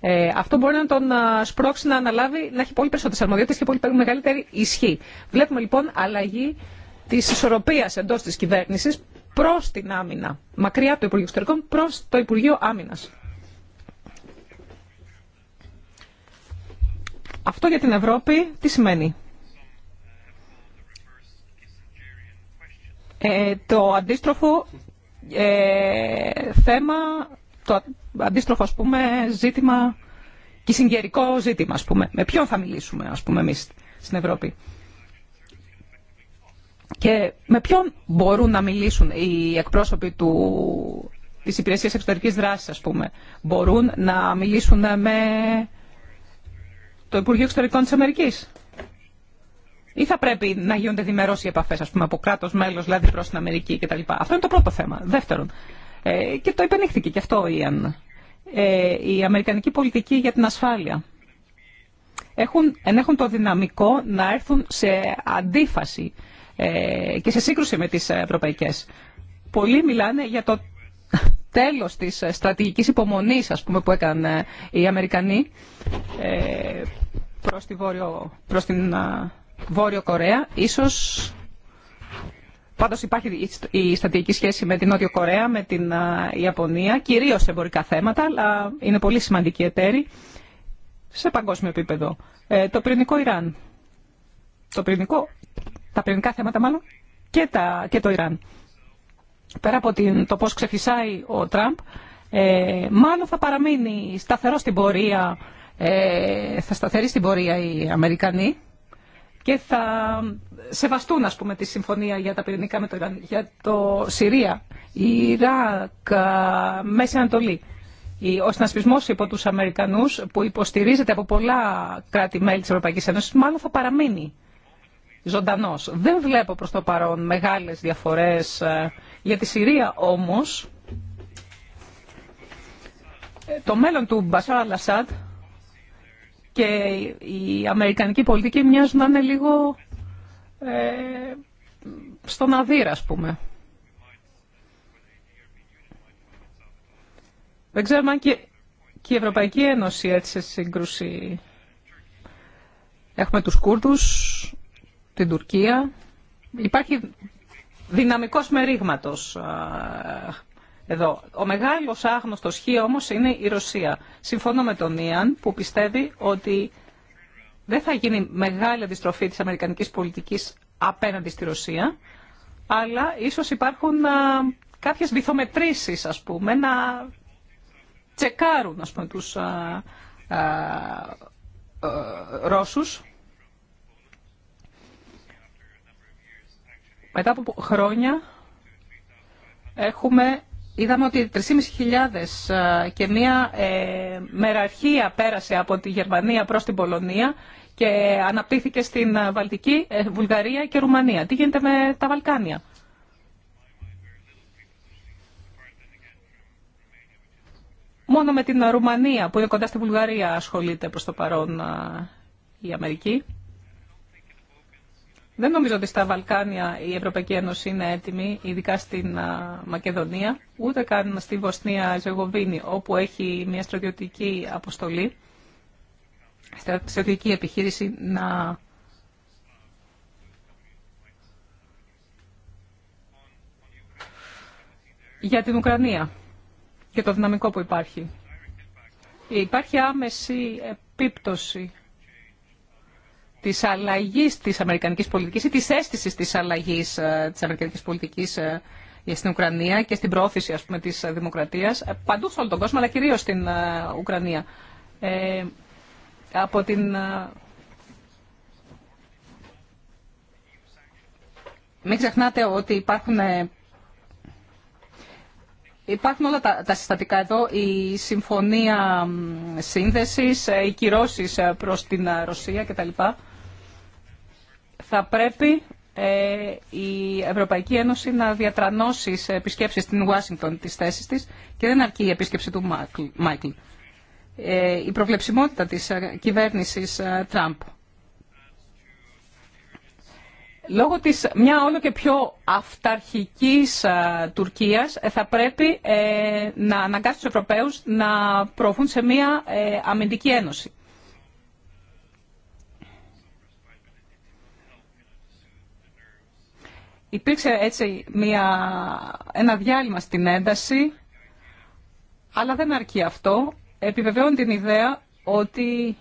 Ε, αυτό μπορεί να τον ε, σπρώξει να αναλάβει, να έχει πολύ περισσότερες αρμοδιότητε και πολύ μεγαλύτερη ισχύ. Βλέπουμε λοιπόν αλλαγή τη ισορροπία εντό τη κυβέρνηση προς την άμυνα, μακριά από το Υπουργείο Εξωτερικών, προς το Υπουργείο Άμυνα. Αυτό για την Ευρώπη τι σημαίνει. Ε, το αντίστροφο ε, θέμα, το αντίστροφο ας πούμε ζήτημα, συγκειρικό ζήτημα ας πούμε. Με ποιον θα μιλήσουμε ας πούμε εμείς στην Ευρώπη. Και με ποιον μπορούν να μιλήσουν οι εκπρόσωποι του, της υπηρεσίας εξωτερικής δράσης, ας πούμε. Μπορούν να μιλήσουν με το Υπουργείο Εξωτερικών της Αμερικής. Ή θα πρέπει να γίνονται δημερώσεις οι επαφές, ας πούμε, από κράτος μέλος, δηλαδή προς την Αμερική κτλ. Αυτό είναι το πρώτο θέμα. Δεύτερον, ε, και το υπενήχθηκε και αυτό η Ιαν, ε, η Αμερικανική πολιτική για την ασφάλεια. Έχουν, το δυναμικό να έρθουν σε αντίφαση ε, και σε σύγκρουση με τις ευρωπαϊκές. Πολλοί μιλάνε για το τέλος της στρατηγικής υπομονής ας πούμε, που έκαναν ε, οι Αμερικανοί ε, προς, τη βόρειο, προς την Βόρειο Κορέα. Ίσως πάντως υπάρχει η στρατηγική σχέση με την Νότιο Κορέα, με την Ιαπωνία, κυρίως σε εμπορικά θέματα, αλλά είναι πολύ σημαντική εταίρη σε παγκόσμιο επίπεδο. το πυρηνικό Ιράν. Το πυρηνικό τα πυρηνικά θέματα μάλλον, και, τα, το Ιράν. Πέρα από την, το πώς ξεφυσάει ο Τραμπ, ε, μάλλον θα παραμείνει σταθερό στην πορεία, ε, θα σταθερεί στην πορεία οι Αμερικανοί και θα σεβαστούν, ας πούμε, τη συμφωνία για τα πυρηνικά με το Ιράν, για το Συρία, Ιράκ, Μέση Ανατολή. Ο συνασπισμό υπό του Αμερικανού, που υποστηρίζεται από πολλά κράτη-μέλη τη Ευρωπαϊκή Ένωση, μάλλον θα παραμείνει δεν βλέπω προς το παρόν μεγάλες διαφορές. Ε, για τη Συρία όμως, ε, το μέλλον του Μπασάρα Λασάντ και η αμερικανική πολιτική μοιάζουν να είναι λίγο ε, στον αδύρα, ας πούμε. Δεν ξέρουμε αν και, η Ευρωπαϊκή Ένωση έτσι σε σύγκρουση. Έχουμε τους Κούρδους, την Τουρκία. Υπάρχει δυναμικός μερίγματος εδώ. Ο μεγάλος άγνωστος χ όμως είναι η Ρωσία. Συμφωνώ με τον Ιαν που πιστεύει ότι δεν θα γίνει μεγάλη αντιστροφή της αμερικανικής πολιτικής απέναντι στη Ρωσία, αλλά ίσως υπάρχουν α, κάποιες βυθομετρήσεις, ας πούμε, να τσεκάρουν, ας πούμε, τους ε, Ρώσους Μετά από χρόνια έχουμε, είδαμε ότι 3.500 ε, και μία ε, μεραρχία πέρασε από τη Γερμανία προς την Πολωνία και αναπτύχθηκε στην ε, Βαλτική, Βουλγαρία και Ρουμανία. Τι γίνεται με τα Βαλκάνια. Μόνο με την Ρουμανία που είναι κοντά στη Βουλγαρία ασχολείται προς το παρόν η Αμερική. Δεν νομίζω ότι στα Βαλκάνια η Ευρωπαϊκή Ένωση είναι έτοιμη, ειδικά στην Μακεδονία, ούτε καν στη Βοσνία Ζεγοβίνη, όπου έχει μια στρατιωτική αποστολή, στρατιωτική επιχείρηση να για την Ουκρανία και το δυναμικό που υπάρχει. Υπάρχει άμεση επίπτωση της αλλαγής της αμερικανικής πολιτικής ή της αίσθησης της αλλαγής ε, της αμερικανικής πολιτικής ε, στην Ουκρανία και στην προώθηση ας πούμε, της δημοκρατίας ε, παντού σε όλο τον κόσμο αλλά κυρίως στην Ουκρανία. Ε, από την... Μην ξεχνάτε ότι υπάρχουν, υπάρχουν όλα τα, τα συστατικά εδώ, η συμφωνία σύνδεσης, οι κυρώσεις προς την Ρωσία κτλ θα πρέπει ε, η Ευρωπαϊκή Ένωση να διατρανώσει σε επισκέψεις στην Ουάσιγκτον τις θέσεις της και δεν αρκεί η επίσκεψη του Μάικλ. Ε, η προβλεψιμότητα της ε, κυβέρνησης Τραμπ. Λόγω της μια όλο και πιο αυταρχικής Τουρκίας θα πρέπει να αναγκάσει τους Ευρωπαίους να προωθούν σε μια αμυντική ένωση. Υπήρξε έτσι μια, ένα διάλειμμα στην ένταση, αλλά δεν αρκεί αυτό. Επιβεβαιώνει την ιδέα ότι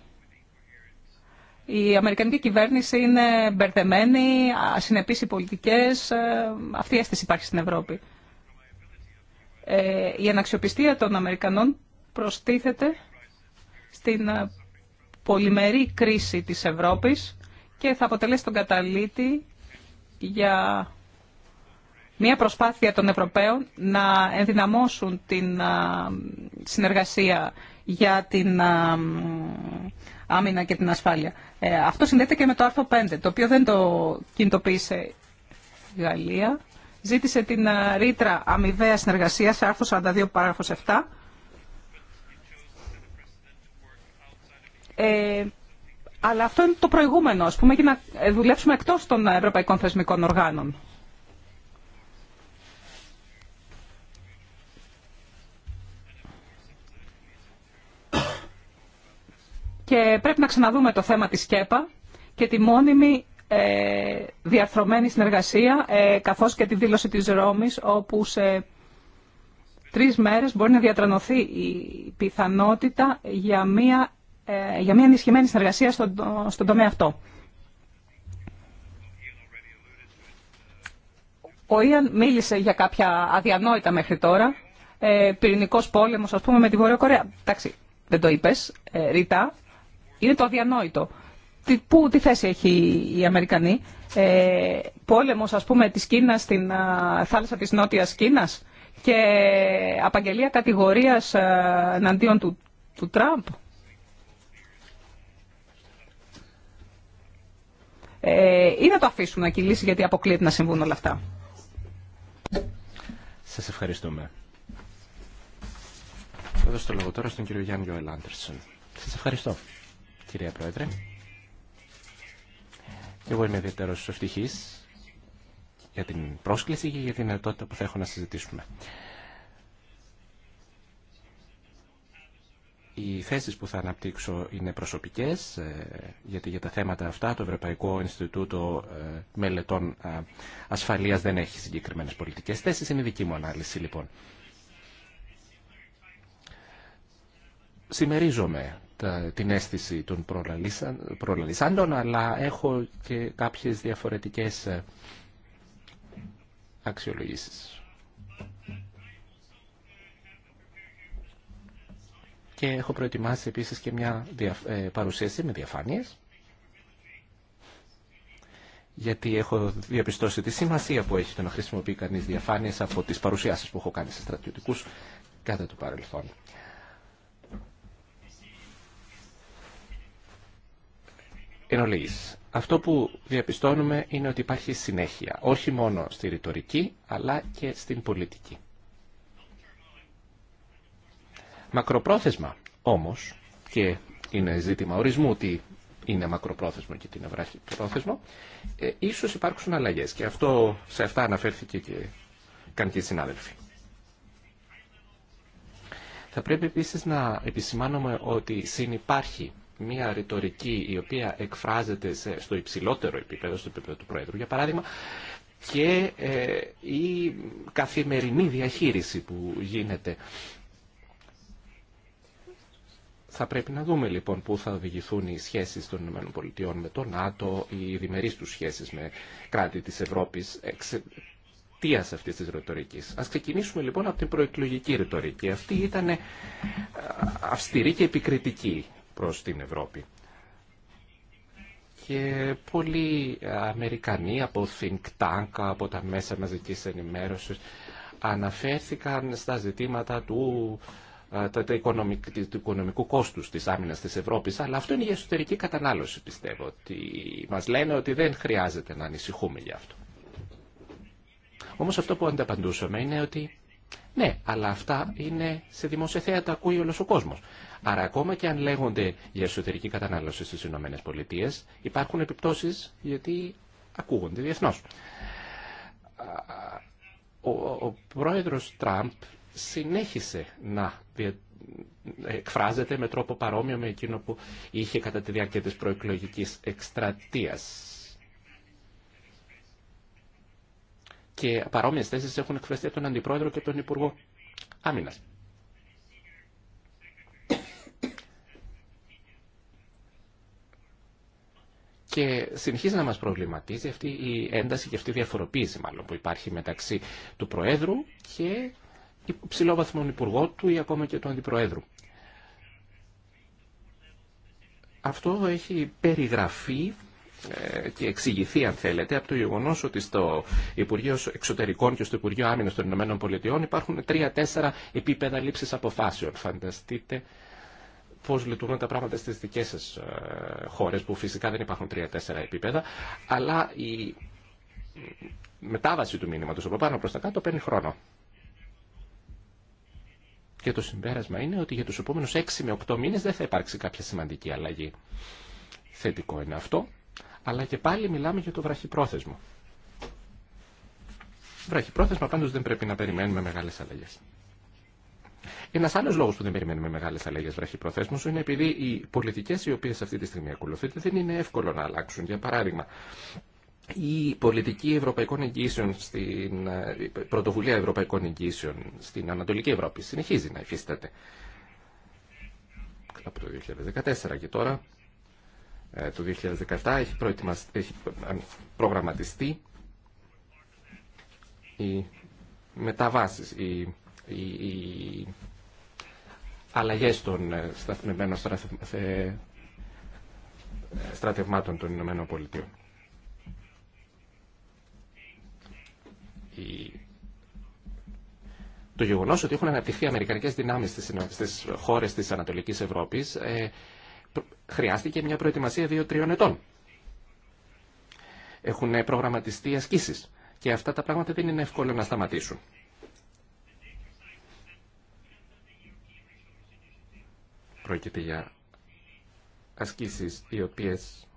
η Αμερικανική κυβέρνηση είναι μπερδεμένη, ασυνεπείς οι πολιτικές, ε, αυτή η αίσθηση υπάρχει στην Ευρώπη. Ε, η αναξιοπιστία των Αμερικανών προστίθεται στην ε, πολυμερή κρίση της Ευρώπης και θα αποτελέσει τον καταλήτη για μια προσπάθεια των Ευρωπαίων να ενδυναμώσουν την συνεργασία για την άμυνα και την ασφάλεια. Ε, αυτό συνδέεται και με το άρθρο 5, το οποίο δεν το κινητοποίησε η Γαλλία. Ζήτησε την ρήτρα αμοιβαία συνεργασία σε άρθρο 42 παράγραφος 7. Ε, αλλά αυτό είναι το προηγούμενο, ας πούμε, για να δουλέψουμε εκτός των ευρωπαϊκών θεσμικών οργάνων. Και πρέπει να ξαναδούμε το θέμα της ΚΕΠΑ και τη μόνιμη ε, διαρθρωμένη συνεργασία, ε, καθώς και τη δήλωση της Ρώμης, όπου σε τρεις μέρες μπορεί να διατρανωθεί η πιθανότητα για μια, ε, για μια ενισχυμένη συνεργασία στον, στον τομέα αυτό. Ο Ιαν μίλησε για κάποια αδιανόητα μέχρι τώρα. Ε, πυρηνικός πόλεμος, ας πούμε, με τη Βόρεια Εντάξει, δεν το είπες, ε, είναι το αδιανόητο. Τι, πού, τι θέση έχει η Αμερικανή Ε, πόλεμος, ας πούμε, της Κίνας στην θάλασσα της Νότιας Κίνας και απαγγελία κατηγορίας εναντίον του, του Τραμπ. Ε, ή να το αφήσουμε να κυλήσει γιατί αποκλείεται να συμβούν όλα αυτά. Σας ευχαριστούμε. Θα δώσω το λόγο τώρα στον κύριο Γιάννη Ιωελ Άντερσον. Σας ευχαριστώ κυρία Πρόεδρε. Εγώ είμαι ιδιαίτερο ευτυχή για την πρόσκληση και για την δυνατότητα που θα έχω να συζητήσουμε. Οι θέσεις που θα αναπτύξω είναι προσωπικές, ε, γιατί για τα θέματα αυτά το Ευρωπαϊκό Ινστιτούτο ε, Μελετών ε, Ασφαλείας δεν έχει συγκεκριμένες πολιτικές θέσεις. Είναι δική μου ανάλυση λοιπόν. Σημερίζομαι την αίσθηση των προλαλήσαντων, αλλά έχω και κάποιες διαφορετικές ε, αξιολογήσεις. Και έχω προετοιμάσει επίσης και μια ε, παρουσίαση με διαφάνειες, γιατί έχω διαπιστώσει τη σημασία που έχει το να χρησιμοποιεί κανείς διαφάνειες από τις παρουσιάσεις που έχω κάνει σε στρατιωτικούς κάθε το παρελθόν. Εν ολίγης, αυτό που διαπιστώνουμε είναι ότι υπάρχει συνέχεια, όχι μόνο στη ρητορική, αλλά και στην πολιτική. Μακροπρόθεσμα, όμως, και είναι ζήτημα ορισμού ότι είναι μακροπρόθεσμο και την είναι πρόθεσμο. ε, ίσως υπάρχουν αλλαγές. Και αυτό, σε αυτά αναφέρθηκε και κανείς και συνάδελφοι. Θα πρέπει επίσης να επισημάνουμε ότι συνυπάρχει μια ρητορική η οποία εκφράζεται στο υψηλότερο επίπεδο, στο επίπεδο του Πρόεδρου, για παράδειγμα, και ε, η καθημερινή διαχείριση που γίνεται. Θα πρέπει να δούμε λοιπόν πού θα οδηγηθούν οι σχέσεις των ΗΠΑ με το ΝΑΤΟ, οι διμερείς τους σχέσεις με κράτη της Ευρώπης εξαιτίας αυτής της ρητορική. Ας ξεκινήσουμε λοιπόν από την προεκλογική ρητορική. Αυτή ήταν ε, αυστηρή και επικριτική προς την Ευρώπη. Και πολλοί Αμερικανοί από think tank, από τα μέσα μαζικής ενημέρωσης, αναφέρθηκαν στα ζητήματα του, ε, του του οικονομικού κόστου τη άμυνα τη Ευρώπη, αλλά αυτό είναι για εσωτερική κατανάλωση, πιστεύω. Ότι μας λένε ότι δεν χρειάζεται να ανησυχούμε για αυτό. Όμω αυτό που ανταπαντούσαμε είναι ότι ναι, αλλά αυτά είναι σε δημοσιοθέα, τα ακούει όλο ο κόσμο. Άρα ακόμα και αν λέγονται για εσωτερική κατανάλωση στις ΗΠΑ, Πολιτείες, υπάρχουν επιπτώσεις γιατί ακούγονται διεθνώς. Ο, ο πρόεδρος Τραμπ συνέχισε να εκφράζεται με τρόπο παρόμοιο με εκείνο που είχε κατά τη διάρκεια της προεκλογικής εκστρατείας. Και παρόμοιες θέσεις έχουν εκφραστεί τον Αντιπρόεδρο και τον Υπουργό Άμυνα. και συνεχίζει να μας προβληματίζει αυτή η ένταση και αυτή η διαφοροποίηση μάλλον που υπάρχει μεταξύ του Προέδρου και υψηλόβαθμων υπουργό του ή ακόμα και του Αντιπροέδρου. Αυτό έχει περιγραφεί ε, και εξηγηθεί αν θέλετε από το γεγονό ότι στο Υπουργείο Εξωτερικών και στο Υπουργείο Άμυνα των Ηνωμένων Πολιτειών υπάρχουν τρία-τέσσερα επίπεδα λήψη αποφάσεων. Φανταστείτε Πώ λειτουργούν τα πράγματα στις δικέ σας ε, χώρε, που φυσικά δεν υπάρχουν τρία-τέσσερα επίπεδα, αλλά η μετάβαση του μήνυματο από πάνω προ τα κάτω παίρνει χρόνο. Και το συμπέρασμα είναι ότι για του επόμενου 6 με 8 μήνε δεν θα υπάρξει κάποια σημαντική αλλαγή. Θετικό είναι αυτό, αλλά και πάλι μιλάμε για το βραχυπρόθεσμο. Βραχυπρόθεσμα πάντως δεν πρέπει να περιμένουμε μεγάλες αλλαγές. Ένα άλλο λόγο που δεν περιμένουμε μεγάλε αλλαγέ βραχυπροθέσμου είναι επειδή οι πολιτικέ οι οποίε αυτή τη στιγμή ακολουθείται δεν είναι εύκολο να αλλάξουν. Για παράδειγμα, η πολιτική ευρωπαϊκών εγγύσεων, στην πρωτοβουλία ευρωπαϊκών εγγύσεων στην Ανατολική Ευρώπη συνεχίζει να υφίσταται από το 2014 και τώρα ε, το 2017 έχει, έχει ε, προγραμματιστεί η μεταβάσεις, η οι αλλαγές των ε, σταθμιμένων ε, στρατευμάτων των Ηνωμένων Πολιτείων. Το γεγονό ότι έχουν αναπτυχθεί αμερικανικέ δυνάμει στι χώρε τη Ανατολική Ευρώπη ε, χρειάστηκε μια προετοιμασία δύο-τριών ετών. Έχουν προγραμματιστεί ασκήσει και αυτά τα πράγματα δεν είναι εύκολο να σταματήσουν. Πρόκειται για ασκήσεις οι οποίες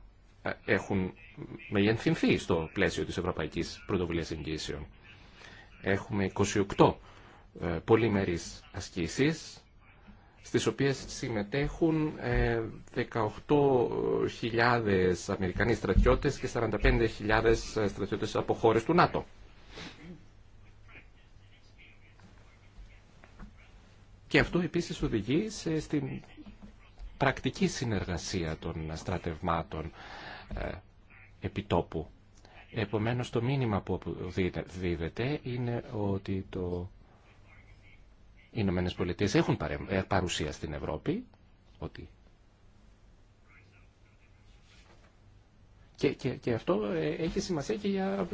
ε, έχουν μεγενθυνθεί στο πλαίσιο της Ευρωπαϊκής Πρωτοβουλίας Εγγύσεων. Έχουμε 28 ε, πολυμερείς ασκήσεις, στις οποίες συμμετέχουν 18.000 ε, Αμερικανοί στρατιώτες και 45.000 στρατιώτες από χώρες του ΝΑΤΟ. Και αυτό επίσης οδηγεί σε, στην πρακτική συνεργασία των στρατευμάτων ε, επιτόπου. Επομένως το μήνυμα που δίδεται είναι ότι το... οι Ηνωμένες Πολιτείες έχουν ε, παρουσία στην Ευρώπη ότι... και, και αυτό ε, έχει σημασία και για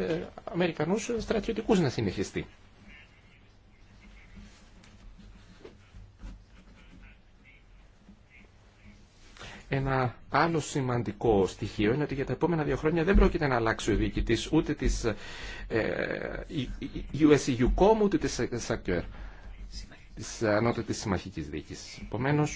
Αμερικανούς στρατιωτικούς να συνεχιστεί. Ένα άλλο σημαντικό στοιχείο είναι ότι για τα επόμενα δύο χρόνια δεν πρόκειται να αλλάξει ο διοικητή ούτε τη ε, USEUCOM ούτε τη SACUR, τη ανώτατη συμμαχική διοίκηση. Επομένω,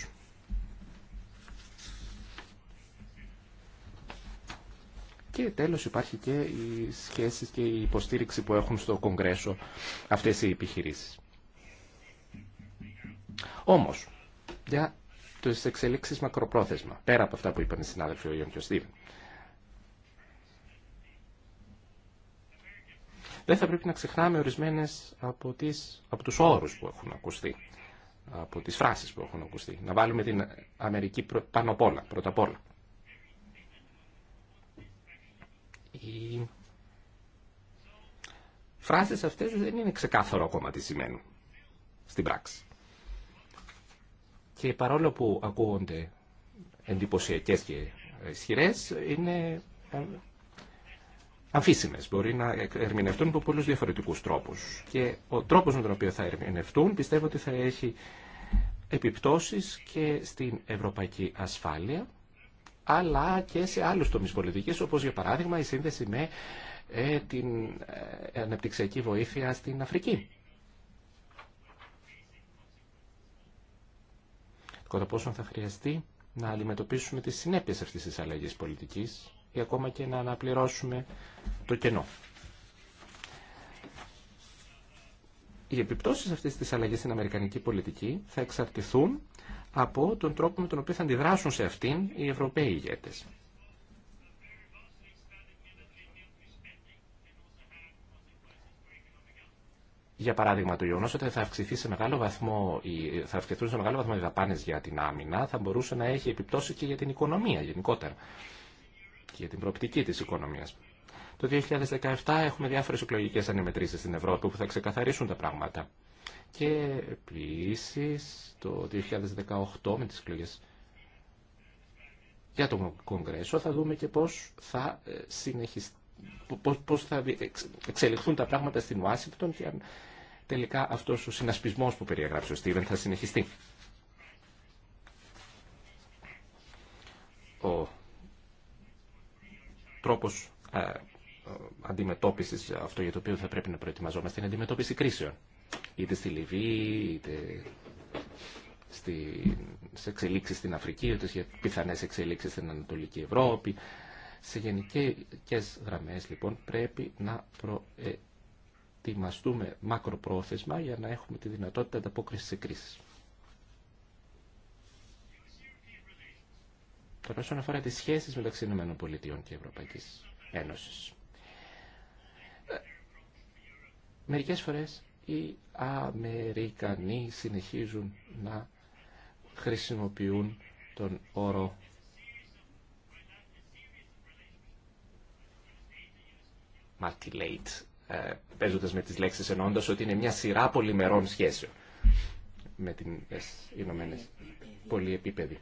Και τέλο υπάρχει και οι σχέσει και η υποστήριξη που έχουν στο Κογκρέσο αυτέ οι επιχειρήσει. Όμως, για τι εξελίξει μακροπρόθεσμα, πέρα από αυτά που είπαν οι συνάδελφοι ο Ιωάννη και ο Στίβεν. Δεν θα πρέπει να ξεχνάμε ορισμένες από, τις, από τους όρους που έχουν ακουστεί, από τις φράσεις που έχουν ακουστεί. Να βάλουμε την Αμερική πάνω απ' όλα, πρώτα απ' όλα. Οι φράσεις αυτές δεν είναι ξεκάθαρο ακόμα τι σημαίνουν στην πράξη. Και παρόλο που ακούγονται εντυπωσιακέ και ισχυρέ, είναι ε, αμφίσιμες. Μπορεί να ερμηνευτούν από πολλούς διαφορετικούς τρόπους. Και ο τρόπος με τον οποίο θα ερμηνευτούν πιστεύω ότι θα έχει επιπτώσεις και στην ευρωπαϊκή ασφάλεια, αλλά και σε άλλους τομείς πολιτικής, όπως για παράδειγμα η σύνδεση με ε, την ε, αναπτυξιακή βοήθεια στην Αφρική. κατά πόσον θα χρειαστεί να αντιμετωπίσουμε τις συνέπειες αυτής της αλλαγής πολιτικής ή ακόμα και να αναπληρώσουμε το κενό. Οι επιπτώσεις αυτής της αλλαγής στην αμερικανική πολιτική θα εξαρτηθούν από τον τρόπο με τον οποίο θα αντιδράσουν σε αυτήν οι Ευρωπαίοι ηγέτες. Για παράδειγμα, το γεγονό ότι θα, αυξηθεί σε μεγάλο βαθμό, θα αυξηθούν σε μεγάλο βαθμό οι δαπάνε για την άμυνα θα μπορούσε να έχει επιπτώσει και για την οικονομία γενικότερα και για την προοπτική τη οικονομία. Το 2017 έχουμε διάφορε εκλογικέ ανεμετρήσει στην Ευρώπη που θα ξεκαθαρίσουν τα πράγματα. Και επίση το 2018 με τι εκλογέ για το Κογκρέσο θα δούμε και πώ θα συνεχιστεί πώς, θα ε, εξελιχθούν τα πράγματα στην Ουάσιγκτον και αν τελικά αυτός ο συνασπισμός που περιέγραψε ο Στίβεν θα συνεχιστεί. Ο τρόπος αντιμετώπιση αντιμετώπισης, αυτό για το οποίο θα πρέπει να προετοιμαζόμαστε, είναι αντιμετώπιση κρίσεων. Είτε στη Λιβύη, είτε στι εξελίξεις στην Αφρική, είτε σε πιθανές εξελίξεις στην Ανατολική Ευρώπη. Σε γενικές γραμμές, λοιπόν, πρέπει να προετοιμαζόμαστε ετοιμαστούμε μακροπρόθεσμα για να έχουμε τη δυνατότητα ανταπόκριση σε κρίσεις. Τώρα όσον αφορά τις σχέσεις μεταξύ ΗΠΑ και Ευρωπαϊκής Ένωσης. Ε, μερικές φορές οι Αμερικανοί συνεχίζουν να χρησιμοποιούν τον όρο Multilate ε, Παίζοντα με τις λέξεις εννοώντα ότι είναι μια σειρά πολυμερών σχέσεων με τι Ηνωμένε Πολυεπίπεδη.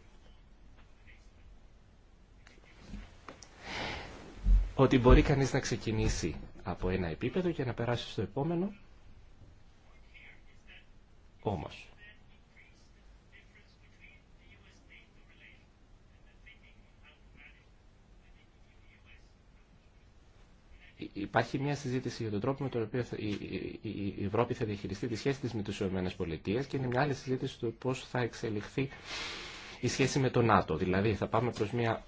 Ότι μπορεί κανείς να ξεκινήσει από ένα επίπεδο και να περάσει στο επόμενο. Όμως, Υπάρχει μια συζήτηση για τον τρόπο με τον οποίο η Ευρώπη θα διαχειριστεί τη σχέση της με τις ΗΠΑ Πολιτείες και είναι μια άλλη συζήτηση του πώς θα εξελιχθεί η σχέση με τον ΝΑΤΟ. Δηλαδή θα πάμε προς μια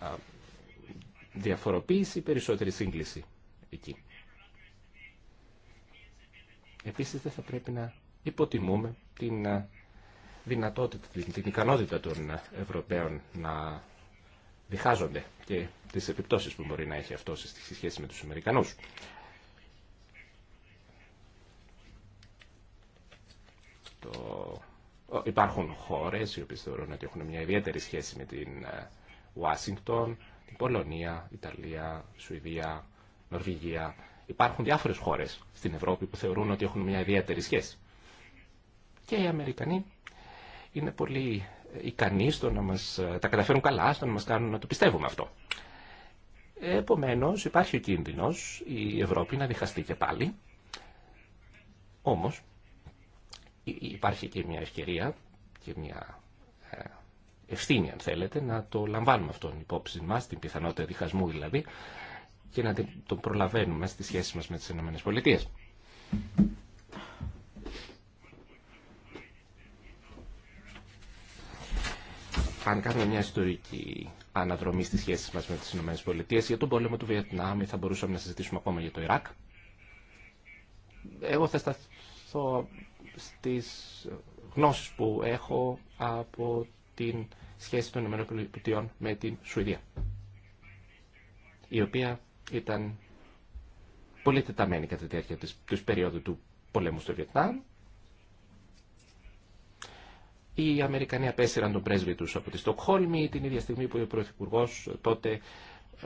διαφοροποίηση, περισσότερη σύγκληση εκεί. Επίσης δεν θα πρέπει να υποτιμούμε την δυνατότητα, την ικανότητα των Ευρωπαίων να διχάζονται και τις επιπτώσεις που μπορεί να έχει αυτό στη σχέση με τους Αμερικανούς. Το... Υπάρχουν χώρες οι οποίες θεωρούν ότι έχουν μια ιδιαίτερη σχέση με την ε, Ουάσιγκτον, την Πολωνία, Ιταλία, Σουηδία, Νορβηγία. Υπάρχουν διάφορες χώρες στην Ευρώπη που θεωρούν ότι έχουν μια ιδιαίτερη σχέση. Και οι Αμερικανοί είναι πολύ ικανοί στο να μας ε, τα καταφέρουν καλά, στο να μας κάνουν να το πιστεύουμε αυτό. Επομένως υπάρχει ο κίνδυνος η Ευρώπη να διχαστεί και πάλι. Όμως υπάρχει και μια ευκαιρία και μια ε, ευθύνη αν θέλετε να το λαμβάνουμε αυτόν υπόψη μας, την πιθανότητα διχασμού δηλαδή και να το προλαβαίνουμε στη σχέση μας με τις ΗΠΑ. αν κάνουμε μια ιστορική αναδρομή στις σχέσεις μας με τις ΗΠΑ για τον πόλεμο του Βιετνάμ ή θα μπορούσαμε να συζητήσουμε ακόμα για το Ιράκ. Εγώ θα σταθώ στις γνώσεις που έχω από την σχέση των ΗΠΑ με την Σουηδία, η οποία ήταν πολύ τεταμένη κατά τη διάρκεια της, της περίοδου του πολέμου στο Βιετνάμ οι Αμερικανοί απέσυραν τον πρέσβη του από τη Στοκχόλμη την ίδια στιγμή που ο Πρωθυπουργό τότε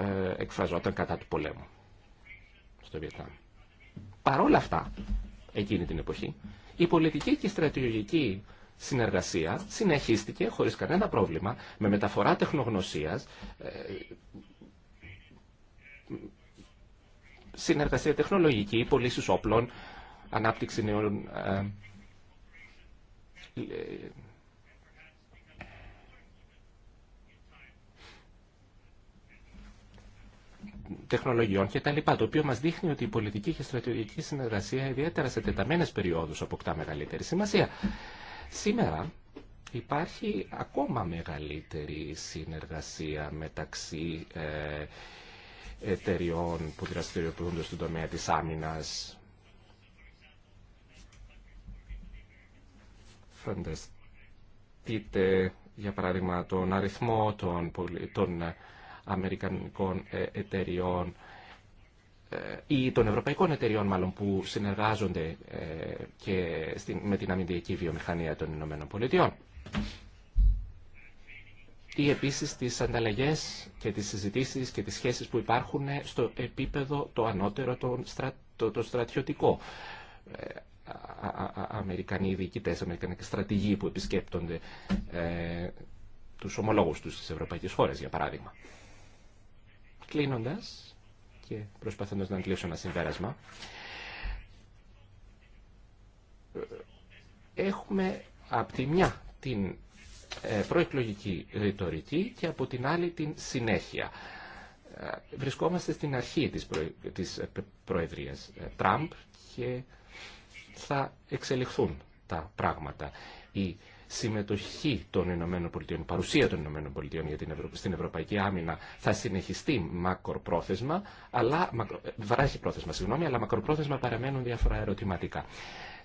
ε, εκφραζόταν κατά του πολέμου στο Βιετνάμ. Παρόλα αυτά, εκείνη την εποχή, η πολιτική και η στρατηγική συνεργασία συνεχίστηκε χωρίς κανένα πρόβλημα με μεταφορά τεχνογνωσίας, ε, συνεργασία τεχνολογική, πωλήσει όπλων, ανάπτυξη νέων ε, τεχνολογιών κτλ. Το οποίο μας δείχνει ότι η πολιτική και η στρατιωτική συνεργασία, ιδιαίτερα σε τεταμένες περιόδους, αποκτά μεγαλύτερη σημασία. Σήμερα υπάρχει ακόμα μεγαλύτερη συνεργασία μεταξύ ε, εταιριών που δραστηριοποιούνται στον τομέα της άμυνας. Φανταστείτε, για παράδειγμα, τον αριθμό των, των αμερικανικών ε, εταιριών ε, ή των ευρωπαϊκών εταιριών μάλλον που συνεργάζονται ε, και με την αμυντική βιομηχανία των Ηνωμένων Πολιτειών. Ή επίσης τις ανταλλαγές και τις συζητήσεις και τις σχέσεις που υπάρχουν στο επίπεδο το ανώτερο, το, στρα, το, το στρατιωτικό. Αμερικανοί διοικητέ, Αμερικανοί στρατηγοί που επισκέπτονται ε, τους ομολόγους τους στις ευρωπαϊκές χώρες, για παράδειγμα. Κλείνοντας και προσπαθώντας να κλείσω ένα συμπέρασμα, έχουμε από τη μια την ε, προεκλογική ρητορική και από την άλλη την συνέχεια. Ε, βρισκόμαστε στην αρχή της, της ε, Προεδρίας Τραμπ και θα εξελιχθούν τα πράγματα συμμετοχή των Ηνωμένων Πολιτειών, παρουσία των Ηνωμένων Πολιτειών για την στην Ευρωπαϊκή Άμυνα θα συνεχιστεί μακροπρόθεσμα, αλλά, ε, βράχη πρόθεσμα, συγγνώμη, αλλά μακροπρόθεσμα παραμένουν διάφορα ερωτηματικά.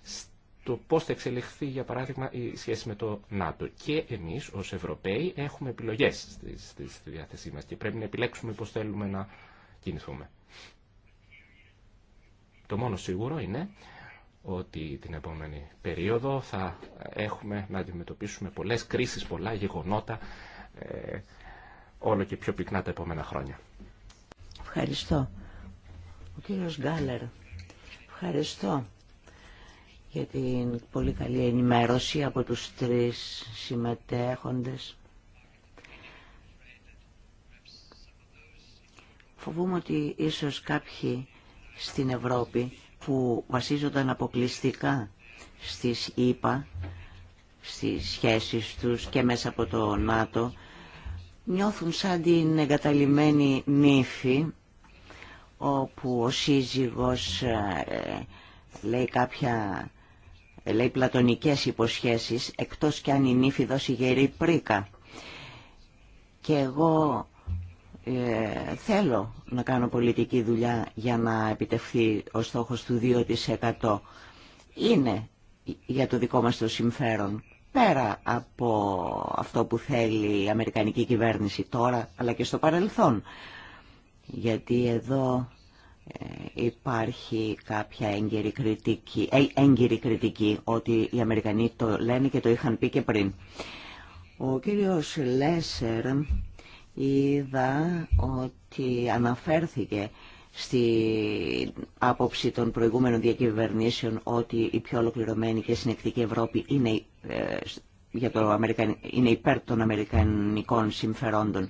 Στο πώ θα εξελιχθεί, για παράδειγμα, η σχέση με το ΝΑΤΟ. Και εμεί, ω Ευρωπαίοι έχουμε επιλογέ στη, στη, στη διάθεσή μας και πρέπει να επιλέξουμε πώ θέλουμε να κινηθούμε. Το μόνο σίγουρο είναι ότι την επόμενη περίοδο θα έχουμε να αντιμετωπίσουμε πολλές κρίσεις, πολλά γεγονότα, ε, όλο και πιο πυκνά τα επόμενα χρόνια. Ευχαριστώ. Ο κύριος Γκάλερ, ευχαριστώ για την πολύ καλή ενημέρωση από τους τρεις συμμετέχοντες. Φοβούμαι ότι ίσως κάποιοι στην Ευρώπη που βασίζονταν αποκλειστικά στις ΗΠΑ, στις σχέσεις τους και μέσα από το ΝΑΤΟ, νιώθουν σαν την εγκαταλειμμένη νύφη, όπου ο σύζυγος ε, λέει κάποια λέει πλατωνικές υποσχέσεις, εκτός κι αν η νύφη δώσει γερή πρίκα. Και εγώ ε, θέλω να κάνω πολιτική δουλειά για να επιτευχθεί ο στόχος του 2%. Είναι για το δικό μας το συμφέρον, πέρα από αυτό που θέλει η Αμερικανική κυβέρνηση τώρα, αλλά και στο παρελθόν. Γιατί εδώ ε, υπάρχει κάποια έγκυρη κριτική, ε, έγκυρη κριτική ότι οι Αμερικανοί το λένε και το είχαν πει και πριν. Ο κύριος Λέσερ είδα ότι αναφέρθηκε στην άποψη των προηγούμενων διακυβερνήσεων ότι η πιο ολοκληρωμένη και συνεκτική Ευρώπη είναι, ε, για το είναι υπέρ των αμερικανικών συμφερόντων.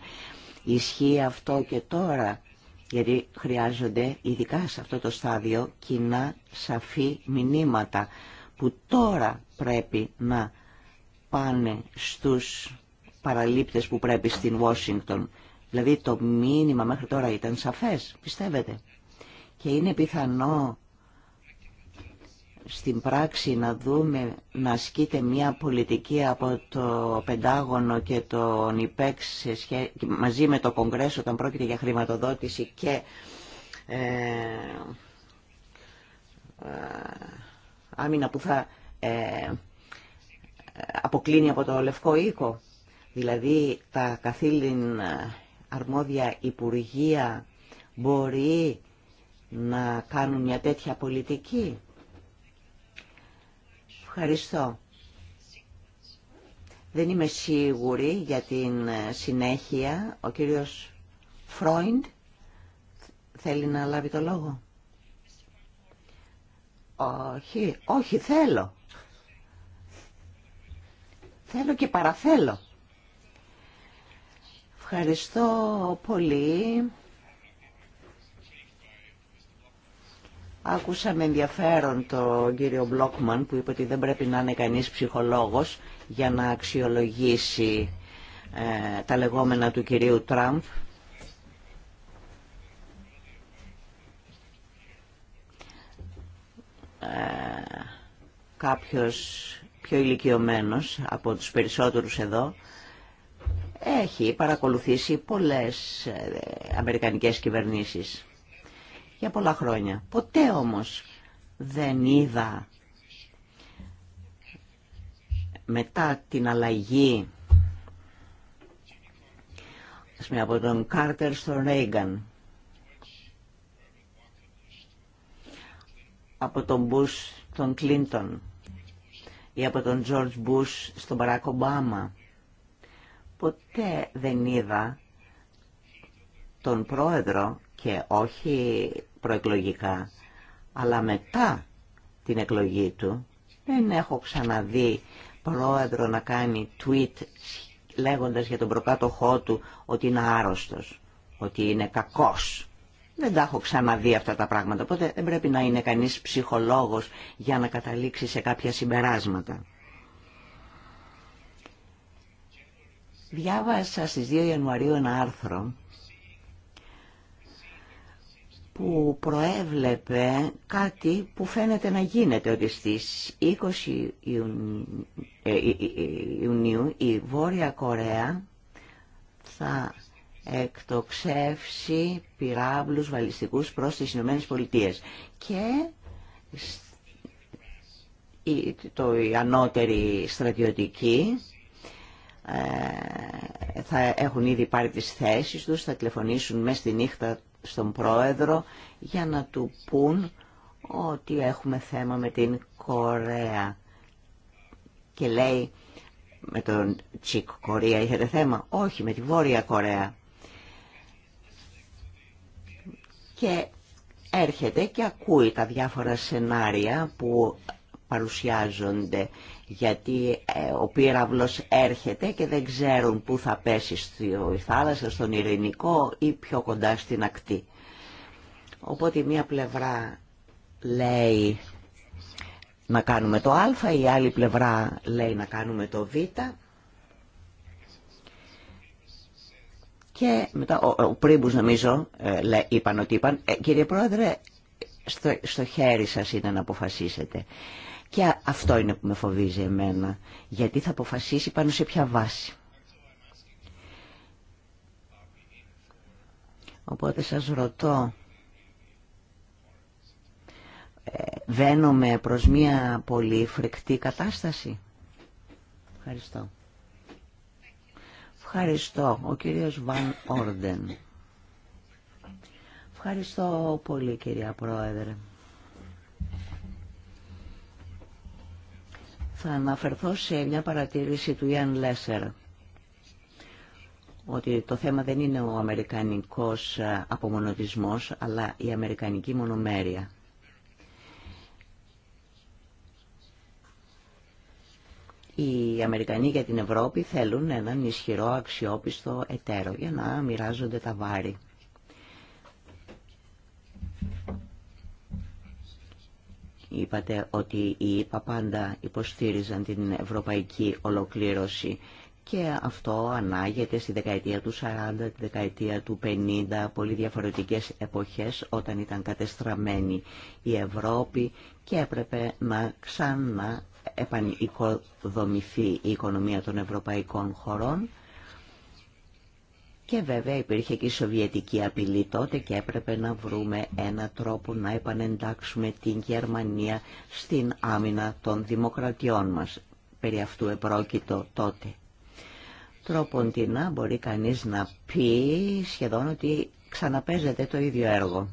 Ισχύει αυτό και τώρα, γιατί χρειάζονται ειδικά σε αυτό το στάδιο κοινά σαφή μηνύματα που τώρα πρέπει να πάνε στους παραλήπτες που πρέπει στην Ουάσιγκτον. Δηλαδή το μήνυμα μέχρι τώρα ήταν σαφές, πιστεύετε. Και είναι πιθανό στην πράξη να δούμε να ασκείται μια πολιτική από το Πεντάγωνο και τον ΙΠΕΞ μαζί με το Κογκρέσο όταν πρόκειται για χρηματοδότηση και ε... ε άμυνα που θα ε... αποκλίνει από το Λευκό Οίκο. Δηλαδή τα καθήλυν ε, αρμόδια υπουργεία μπορεί να κάνουν μια τέτοια πολιτική. Ευχαριστώ. Δεν είμαι σίγουρη για την ε, συνέχεια. Ο κύριος Φρόιντ θέλει να λάβει το λόγο. Όχι, όχι θέλω. Θέλω και παραθέλω. Ευχαριστώ πολύ. Άκουσα με ενδιαφέρον τον κύριο Μπλόκμαν που είπε ότι δεν πρέπει να είναι κανείς ψυχολόγος για να αξιολογήσει ε, τα λεγόμενα του κυρίου Τραμπ. Ε, κάποιος πιο ηλικιωμένος από τους περισσότερους εδώ έχει παρακολουθήσει πολλές ε, αμερικανικές κυβερνήσεις για πολλά χρόνια. Ποτέ όμως δεν είδα μετά την αλλαγή από τον Κάρτερ στον Ρέιγαν, από τον Μπούς στον Κλίντον ή από τον Τζορτζ Μπούς στον Μπαράκ Ομπάμα Ποτέ δεν είδα τον πρόεδρο και όχι προεκλογικά, αλλά μετά την εκλογή του δεν έχω ξαναδεί πρόεδρο να κάνει tweet λέγοντας για τον προκάτοχό του ότι είναι άρρωστος, ότι είναι κακός. Δεν τα έχω ξαναδεί αυτά τα πράγματα, οπότε δεν πρέπει να είναι κανείς ψυχολόγος για να καταλήξει σε κάποια συμπεράσματα. Διάβασα στις 2 Ιανουαρίου ένα άρθρο που προέβλεπε κάτι που φαίνεται να γίνεται ότι στις 20 ε, ε, ε, Ιουνίου η Βόρεια Κορέα θα εκτοξεύσει πυράβλους βαλιστικούς προς τις Ηνωμένες Πολιτείες και το, η στρατιωτική... Ε, θα έχουν ήδη πάρει τις θέσεις τους, θα τηλεφωνήσουν μέσα στη νύχτα στον πρόεδρο για να του πούν ότι έχουμε θέμα με την Κορέα. Και λέει με τον Τσικ Κορέα είχατε θέμα. Όχι, με τη Βόρεια Κορέα. Και έρχεται και ακούει τα διάφορα σενάρια που παρουσιάζονται γιατί ε, ο πύραυλος έρχεται και δεν ξέρουν πού θα πέσει στη θάλασσα, στον ειρηνικό ή πιο κοντά στην ακτή. Οπότε η μία ακτη οποτε λέει να κάνουμε το α, η άλλη πλευρά λέει να κάνουμε το β. Και μετά ο, ο πρίμπους νομίζω ε, λέ, είπαν ότι είπαν, ε, κύριε πρόεδρε, στο, στο χέρι σας είναι να αποφασίσετε. Και αυτό είναι που με φοβίζει εμένα, γιατί θα αποφασίσει πάνω σε ποια βάση. Οπότε σας ρωτώ, ε, βαίνομαι προς μία πολύ φρικτή κατάσταση. Ευχαριστώ. Ευχαριστώ, ο κύριος Βαν Όρντεν. Ευχαριστώ πολύ κυρία Πρόεδρε. θα αναφερθώ σε μια παρατήρηση του Ιαν Λέσσερ ότι το θέμα δεν είναι ο αμερικανικός ε, απομονωτισμός, αλλά η αμερικανική μονομέρεια. Οι Αμερικανοί για την Ευρώπη θέλουν έναν ισχυρό αξιόπιστο εταίρο για να μοιράζονται τα βάρη. Είπατε ότι οι ΙΠΑ πάντα υποστήριζαν την ευρωπαϊκή ολοκλήρωση και αυτό ανάγεται στη δεκαετία του 40, τη δεκαετία του 50, πολύ διαφορετικές εποχές όταν ήταν κατεστραμμένη η Ευρώπη και έπρεπε να ξανά επανοικοδομηθεί η οικονομία των ευρωπαϊκών χωρών και βέβαια υπήρχε και η σοβιετική απειλή τότε και έπρεπε να βρούμε ένα τρόπο να επανεντάξουμε την Γερμανία στην άμυνα των δημοκρατιών μας. Περί αυτού επρόκειτο τότε. Τρόποντινά μπορεί κανείς να πει σχεδόν ότι ξαναπέζεται το ίδιο έργο.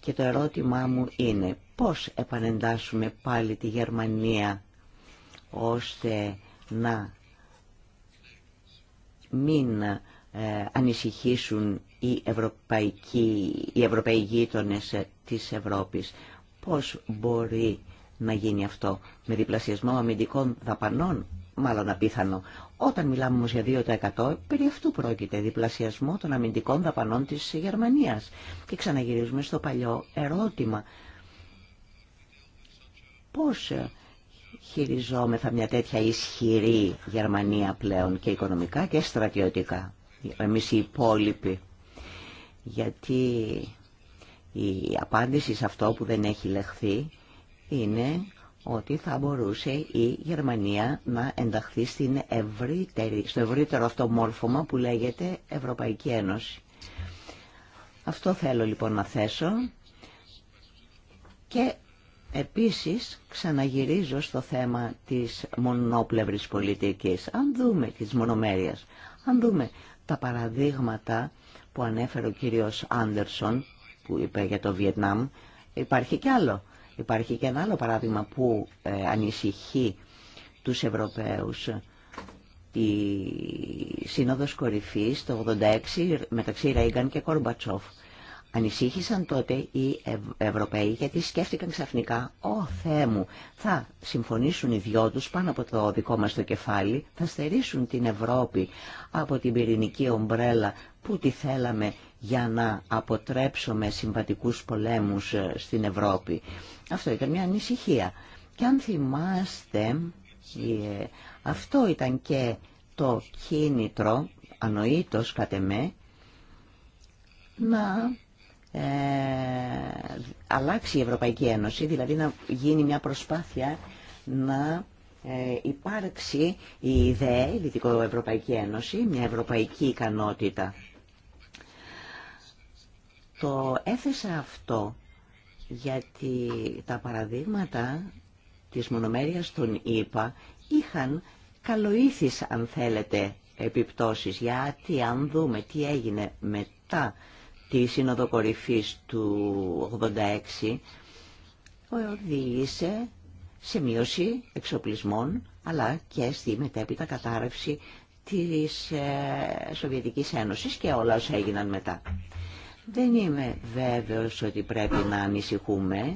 Και το ερώτημά μου είναι πώς επανεντάσουμε πάλι τη Γερμανία ώστε να μην ε, ανησυχήσουν οι, ευρωπαϊκοί, οι ευρωπαίοι γείτονες ε, της Ευρώπης. Πώς μπορεί να γίνει αυτό με διπλασιασμό αμυντικών δαπανών, μάλλον απίθανο. Όταν μιλάμε όμως για 2% περί αυτού πρόκειται διπλασιασμό των αμυντικών δαπανών της Γερμανίας. Και ξαναγυρίζουμε στο παλιό ερώτημα. Πώς ε, χειριζόμεθα μια τέτοια ισχυρή Γερμανία πλέον και οικονομικά και στρατιωτικά. Εμείς οι υπόλοιποι. Γιατί η απάντηση σε αυτό που δεν έχει λεχθεί είναι ότι θα μπορούσε η Γερμανία να ενταχθεί στην ευρύτερη, στο ευρύτερο αυτό μόρφωμα που λέγεται Ευρωπαϊκή Ένωση. Αυτό θέλω λοιπόν να θέσω και Επίσης, ξαναγυρίζω στο θέμα της μονοπλευρης πολιτικής. Αν δούμε τις μονομέρειες, αν δούμε τα παραδείγματα που ανέφερε ο κύριος Άντερσον, που είπε για το Βιετνάμ, υπάρχει και άλλο. Υπάρχει και ένα άλλο παράδειγμα που ε, ανησυχεί τους Ευρωπαίους. η Σύνοδος Κορυφής το 86 μεταξύ Ρέιγκαν και Κορμπατσόφ. Ανησύχησαν τότε οι Ευρωπαίοι γιατί σκέφτηκαν ξαφνικά «Ω Θεέ μου, θα συμφωνήσουν οι δυο τους πάνω από το δικό μας το κεφάλι, θα στερήσουν την Ευρώπη από την πυρηνική ομπρέλα που τη θέλαμε για να αποτρέψουμε συμβατικούς πολέμους ε, στην Ευρώπη». Αυτό ήταν μια ανησυχία. Και αν θυμάστε, ε, αυτό ήταν και το κίνητρο, ανοήτως κατ' να ε, αλλάξει η Ευρωπαϊκή Ένωση, δηλαδή να γίνει μια προσπάθεια να ε, υπάρξει η ιδέα, η Ευρωπαϊκή Ένωση, μια ευρωπαϊκή ικανότητα. Το έθεσα αυτό γιατί τα παραδείγματα της μονομέρειας των ΙΠΑ είχαν καλοήθης αν θέλετε επιπτώσεις γιατί αν δούμε τι έγινε μετά τη Σύνοδο Κορυφής του 86 οδήγησε σε μείωση εξοπλισμών αλλά και στη μετέπειτα κατάρρευση της ε, Σοβιετικής Ένωσης και όλα όσα έγιναν μετά. Δεν είμαι βέβαιος ότι πρέπει να ανησυχούμε ε,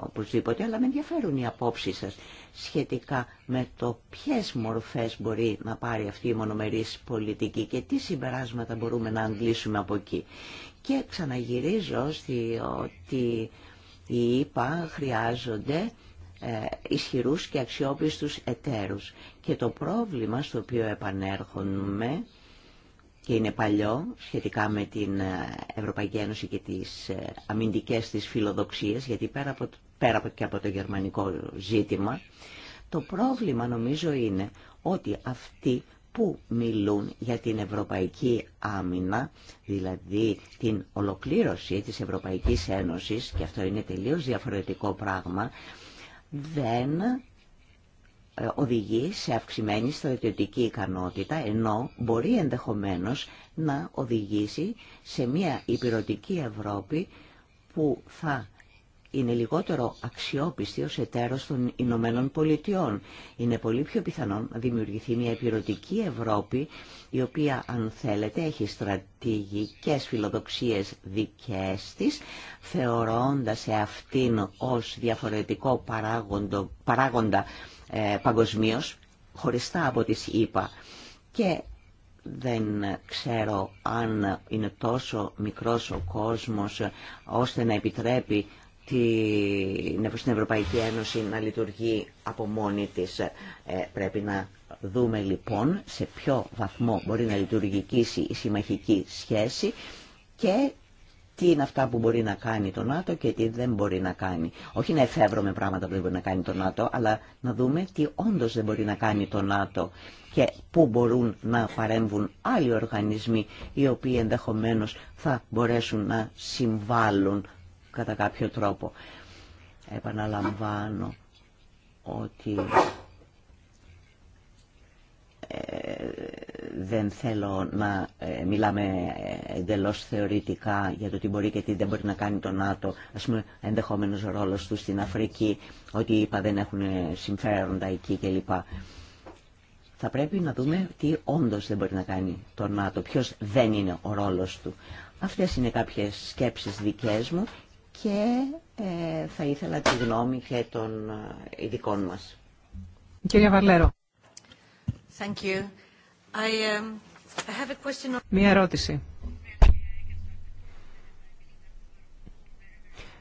οπωσδήποτε, αλλά με ενδιαφέρουν οι απόψεις σας σχετικά με το ποιες μορφές μπορεί να πάρει αυτή η μονομερής πολιτική και τι συμπεράσματα μπορούμε να αντλήσουμε από εκεί. Και ξαναγυρίζω ότι οι ΙΠΑ χρειάζονται ε, ισχυρούς και αξιόπιστους εταίρους. Και το πρόβλημα στο οποίο επανέρχομαι και είναι παλιό σχετικά με την ε, Ευρωπαϊκή Ένωση και τις ε, αμυντικές της φιλοδοξίες, γιατί πέρα από, πέρα από και από το γερμανικό ζήτημα, το πρόβλημα νομίζω είναι ότι αυτοί που μιλούν για την ευρωπαϊκή άμυνα, δηλαδή την ολοκλήρωση της Ευρωπαϊκής Ένωσης, και αυτό είναι τελείως διαφορετικό πράγμα, δεν ε, οδηγεί σε αυξημένη στρατιωτική ικανότητα, ενώ μπορεί ενδεχομένως να οδηγήσει σε μια υπηρετική Ευρώπη που θα είναι λιγότερο αξιόπιστη ως εταίρος των Ηνωμένων Πολιτειών. Είναι πολύ πιο πιθανό να δημιουργηθεί μια επιρωτική Ευρώπη, η οποία αν θέλετε έχει στρατηγικές φιλοδοξίες δικές της, θεωρώντας αυτήν ως διαφορετικό παράγοντο, παράγοντα ε, παγκοσμίω, χωριστά από τις ΗΠΑ. Και δεν ξέρω αν είναι τόσο μικρός ο κόσμος ώστε να επιτρέπει στην Ευρωπαϊκή Ένωση να λειτουργεί από μόνη της. Ε, πρέπει να δούμε λοιπόν σε ποιο βαθμό μπορεί να λειτουργήσει η συμμαχική σχέση και τι είναι αυτά που μπορεί να κάνει το ΝΑΤΟ και τι δεν μπορεί να κάνει. Όχι να εφεύρουμε πράγματα που δεν μπορεί να κάνει το ΝΑΤΟ, αλλά να δούμε τι όντω δεν μπορεί να κάνει το ΝΑΤΟ και πού μπορούν να παρέμβουν άλλοι οργανισμοί οι οποίοι ενδεχομένως θα μπορέσουν να συμβάλλουν κατά κάποιο τρόπο. Επαναλαμβάνω ότι ε, δεν θέλω να ε, μιλάμε ε, εντελώ θεωρητικά για το τι μπορεί και τι δεν μπορεί να κάνει το ΝΑΤΟ, ας πούμε ενδεχόμενος ρόλος του στην Αφρική, ότι είπα δεν έχουν συμφέροντα εκεί κλπ. Θα πρέπει να δούμε τι όντως δεν μπορεί να κάνει το ΝΑΤΟ, ποιος δεν είναι ο ρόλος του. Αυτές είναι κάποιες σκέψεις δικές μου και ε, θα ήθελα τη γνώμη και των ε, ειδικών μας. Κύριε Βαλέρο. Thank you. I, um, I have a question... Μία ερώτηση.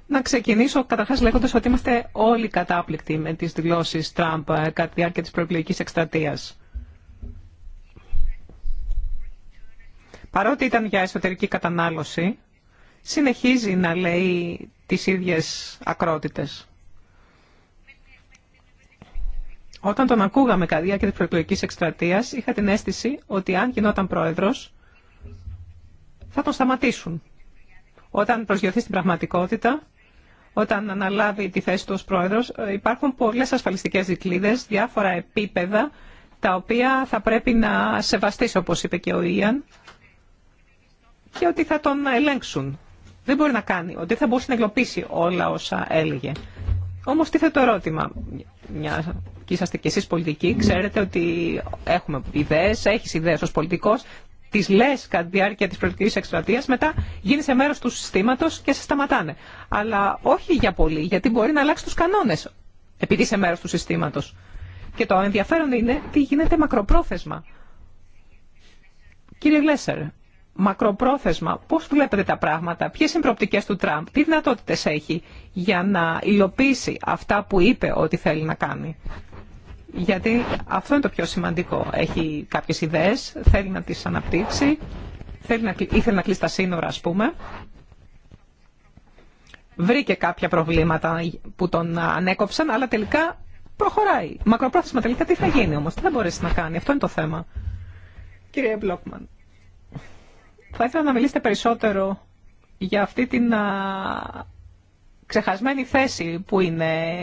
Να ξεκινήσω καταρχάς λέγοντας ότι είμαστε όλοι κατάπληκτοι με τις δηλώσεις Τραμπ ε, κατά τη διάρκεια της προεκλογικής εκστρατείας. Παρότι ήταν για εσωτερική κατανάλωση, συνεχίζει να λέει τις ίδιες ακρότητες. Όταν τον ακούγαμε κατά διάρκεια της προεκλογικής εκστρατείας, είχα την αίσθηση ότι αν γινόταν πρόεδρος, θα τον σταματήσουν. Όταν προσγειωθεί στην πραγματικότητα, όταν αναλάβει τη θέση του ως πρόεδρος, ε, υπάρχουν πολλές ασφαλιστικές δικλείδες, διάφορα επίπεδα, τα οποία θα πρέπει να σεβαστείς, όπως είπε και ο Ιαν, και ότι θα τον ελέγξουν δεν μπορεί να κάνει, ότι θα μπορούσε να εγκλωπίσει όλα όσα έλεγε. Όμως τίθεται το ερώτημα, μια και είσαστε κι εσείς πολιτικοί, ξέρετε ότι έχουμε ιδέες, έχεις ιδέες ως πολιτικός, τις λες κατά τη διάρκεια της προεκλογικής εκστρατείας, μετά γίνεσαι μέρος του συστήματος και σε σταματάνε. Αλλά όχι για πολύ, γιατί μπορεί να αλλάξει τους κανόνες επειδή είσαι μέρος του συστήματος. Και το ενδιαφέρον είναι τι γίνεται μακροπρόθεσμα. Κύριε Γλέσσερ, μακροπρόθεσμα, πώς βλέπετε τα πράγματα, ποιες είναι οι προοπτικές του Τραμπ, τι δυνατότητες έχει για να υλοποιήσει αυτά που είπε ότι θέλει να κάνει. Γιατί αυτό είναι το πιο σημαντικό. Έχει κάποιες ιδέες, θέλει να τις αναπτύξει, θέλει να, ήθελε να κλείσει τα σύνορα ας πούμε. Βρήκε κάποια προβλήματα που τον ανέκοψαν, αλλά τελικά προχωράει. Μακροπρόθεσμα τελικά τι θα γίνει όμως, τι θα μπορέσει να κάνει. Αυτό είναι το θέμα. Κύριε Μπλόκμαν. Θα ήθελα να μιλήσετε περισσότερο για αυτή την ξεχασμένη θέση που είναι,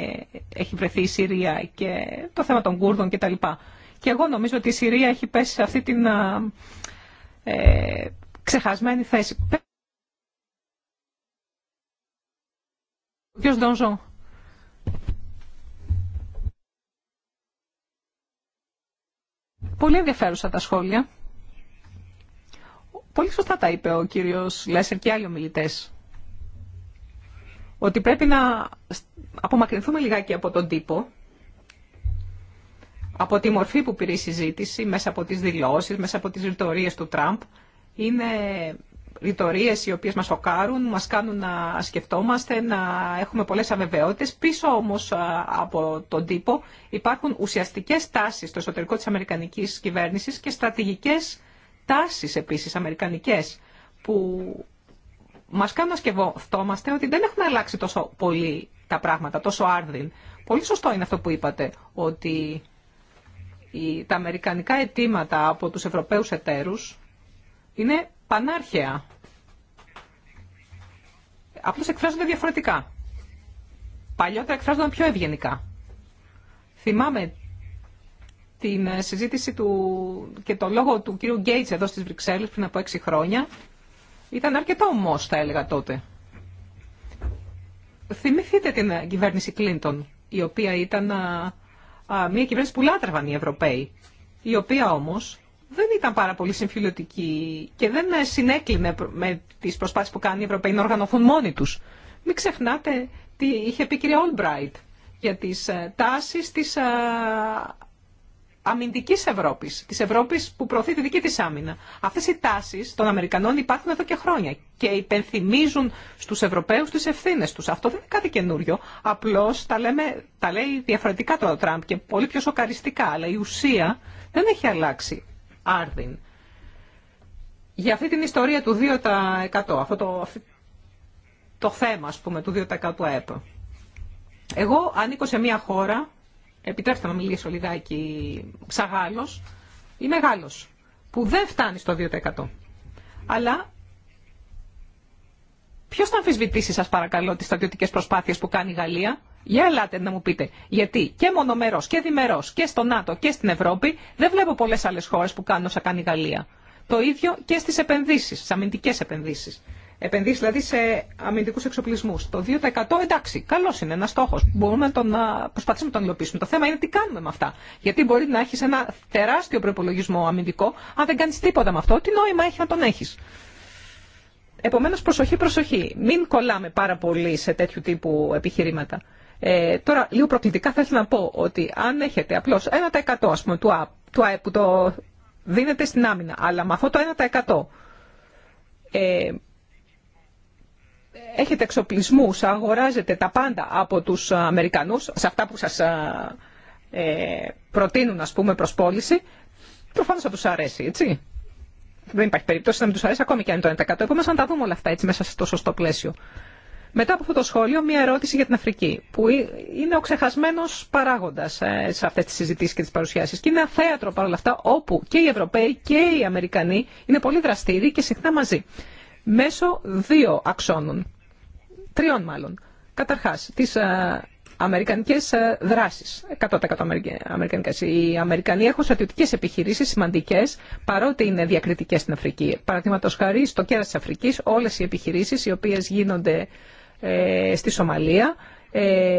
έχει βρεθεί η Συρία και το θέμα των Κούρδων κτλ. Και εγώ νομίζω ότι η Συρία έχει πέσει σε αυτή την ε, ξεχασμένη θέση. Ποιος Πολύ ενδιαφέρουσα τα σχόλια. Πολύ σωστά τα είπε ο κύριος Λέσσερ και άλλοι ομιλητέ. Ότι πρέπει να απομακρυνθούμε λιγάκι από τον τύπο, από τη μορφή που πήρε η συζήτηση, μέσα από τις δηλώσεις, μέσα από τις ρητορίες του Τραμπ. Είναι ρητορίες οι οποίες μας σοκάρουν, μας κάνουν να σκεφτόμαστε, να έχουμε πολλές αβεβαιότητες. Πίσω όμως από τον τύπο υπάρχουν ουσιαστικές τάσεις στο εσωτερικό της Αμερικανικής κυβέρνησης και στρατηγικές τάσεις επίσης αμερικανικές που μας κάνουν να σκεφτόμαστε ότι δεν έχουν αλλάξει τόσο πολύ τα πράγματα, τόσο άρδιν. Πολύ σωστό είναι αυτό που είπατε, ότι τα αμερικανικά αιτήματα από τους Ευρωπαίους εταίρους είναι πανάρχαια. Απλώς εκφράζονται διαφορετικά. Παλιότερα εκφράζονταν πιο ευγενικά. Θυμάμαι την ε, συζήτηση του και το λόγο του κύριου Γκέιτς εδώ στις Βρυξέλλες πριν από έξι χρόνια ήταν αρκετό ομός θα έλεγα τότε. Θυμηθείτε την ε, κυβέρνηση Κλίντον η οποία ήταν ε, μια κυβέρνηση που λάτρευαν οι Ευρωπαίοι η οποία όμως δεν ήταν πάρα πολύ συμφιλωτική και δεν συνέκλεινε με τις προσπάθειες που κάνουν οι Ευρωπαίοι να οργανωθούν μόνοι τους. Μην ξεχνάτε τι είχε πει Όλμπράιτ για τις τάσεις της αμυντική Ευρώπη τη Ευρώπη που προωθεί τη δική τη άμυνα. Αυτέ οι τάσει των Αμερικανών υπάρχουν εδώ και χρόνια και υπενθυμίζουν στου Ευρωπαίους τι ευθύνε του. Αυτό δεν είναι κάτι καινούριο, Απλώ τα, τα λέει διαφορετικά τώρα ο Τραμπ και πολύ πιο σοκαριστικά, αλλά η ουσία δεν έχει αλλάξει άρδιν. Για αυτή την ιστορία του 2%, αυτό το, το θέμα, α πούμε, του 2% ΑΕΠ. Εγώ ανήκω σε μια χώρα επιτρέψτε να μιλήσω λιγάκι ψαγάλο, ή μεγάλος, που δεν φτάνει στο 2%. Αλλά ποιο θα αμφισβητήσει, σα παρακαλώ, τι στρατιωτικέ προσπάθειε που κάνει η Γαλλία. Για ελάτε να μου πείτε. Γιατί και μονομερό και διμερό και στο ΝΑΤΟ και στην Ευρώπη δεν βλέπω πολλέ άλλε χώρε που κάνουν όσα κάνει η Γαλλία. Το ίδιο και στι επενδύσει, στι αμυντικέ επενδύσει. Επενδύσει δηλαδή σε αμυντικού εξοπλισμού. Το 2% εντάξει, καλό είναι, ένα στόχο. Μπορούμε να, προσπαθήσουμε να τον υλοποιήσουμε. Το θέμα είναι τι κάνουμε με αυτά. Γιατί μπορεί να έχει ένα τεράστιο προπολογισμό αμυντικό, αν δεν κάνει τίποτα με αυτό, τι νόημα έχει να τον έχει. Επομένω, προσοχή, προσοχή. Μην κολλάμε πάρα πολύ σε τέτοιου τύπου επιχειρήματα. Ε, τώρα, λίγο προκλητικά θα ήθελα να πω ότι αν έχετε απλώ 1% ας πούμε, του ΑΕΠ που το δίνετε στην άμυνα, αλλά με αυτό το 1% ε, έχετε εξοπλισμούς, αγοράζετε τα πάντα από τους Αμερικανούς, σε αυτά που σας ε, ε, προτείνουν ας πούμε προς πώληση, προφανώς θα τους αρέσει, έτσι. Δεν υπάρχει περίπτωση να μην τους αρέσει ακόμη και αν είναι το 1%. Επομένως να τα δούμε όλα αυτά έτσι μέσα στο σωστό πλαίσιο. Μετά από αυτό το σχόλιο, μία ερώτηση για την Αφρική, που είναι ο ξεχασμένο παράγοντα ε, σε αυτέ τι συζητήσει και τι παρουσιάσει. Και είναι ένα θέατρο παρόλα αυτά, όπου και οι Ευρωπαίοι και οι Αμερικανοί είναι πολύ δραστήριοι και συχνά μαζί. Μέσω δύο αξώνων τριών μάλλον. Καταρχάς, τις ε, αμερικανικές ε, δράσεις, 100% αμερικανικές. Οι Αμερικανοί έχουν στρατιωτικέ επιχειρήσεις σημαντικές, παρότι είναι διακριτικές στην Αφρική. Παραδείγματος χάρη, στο κέρα τη Αφρικής, όλες οι επιχειρήσεις οι οποίες γίνονται ε, στη Σομαλία,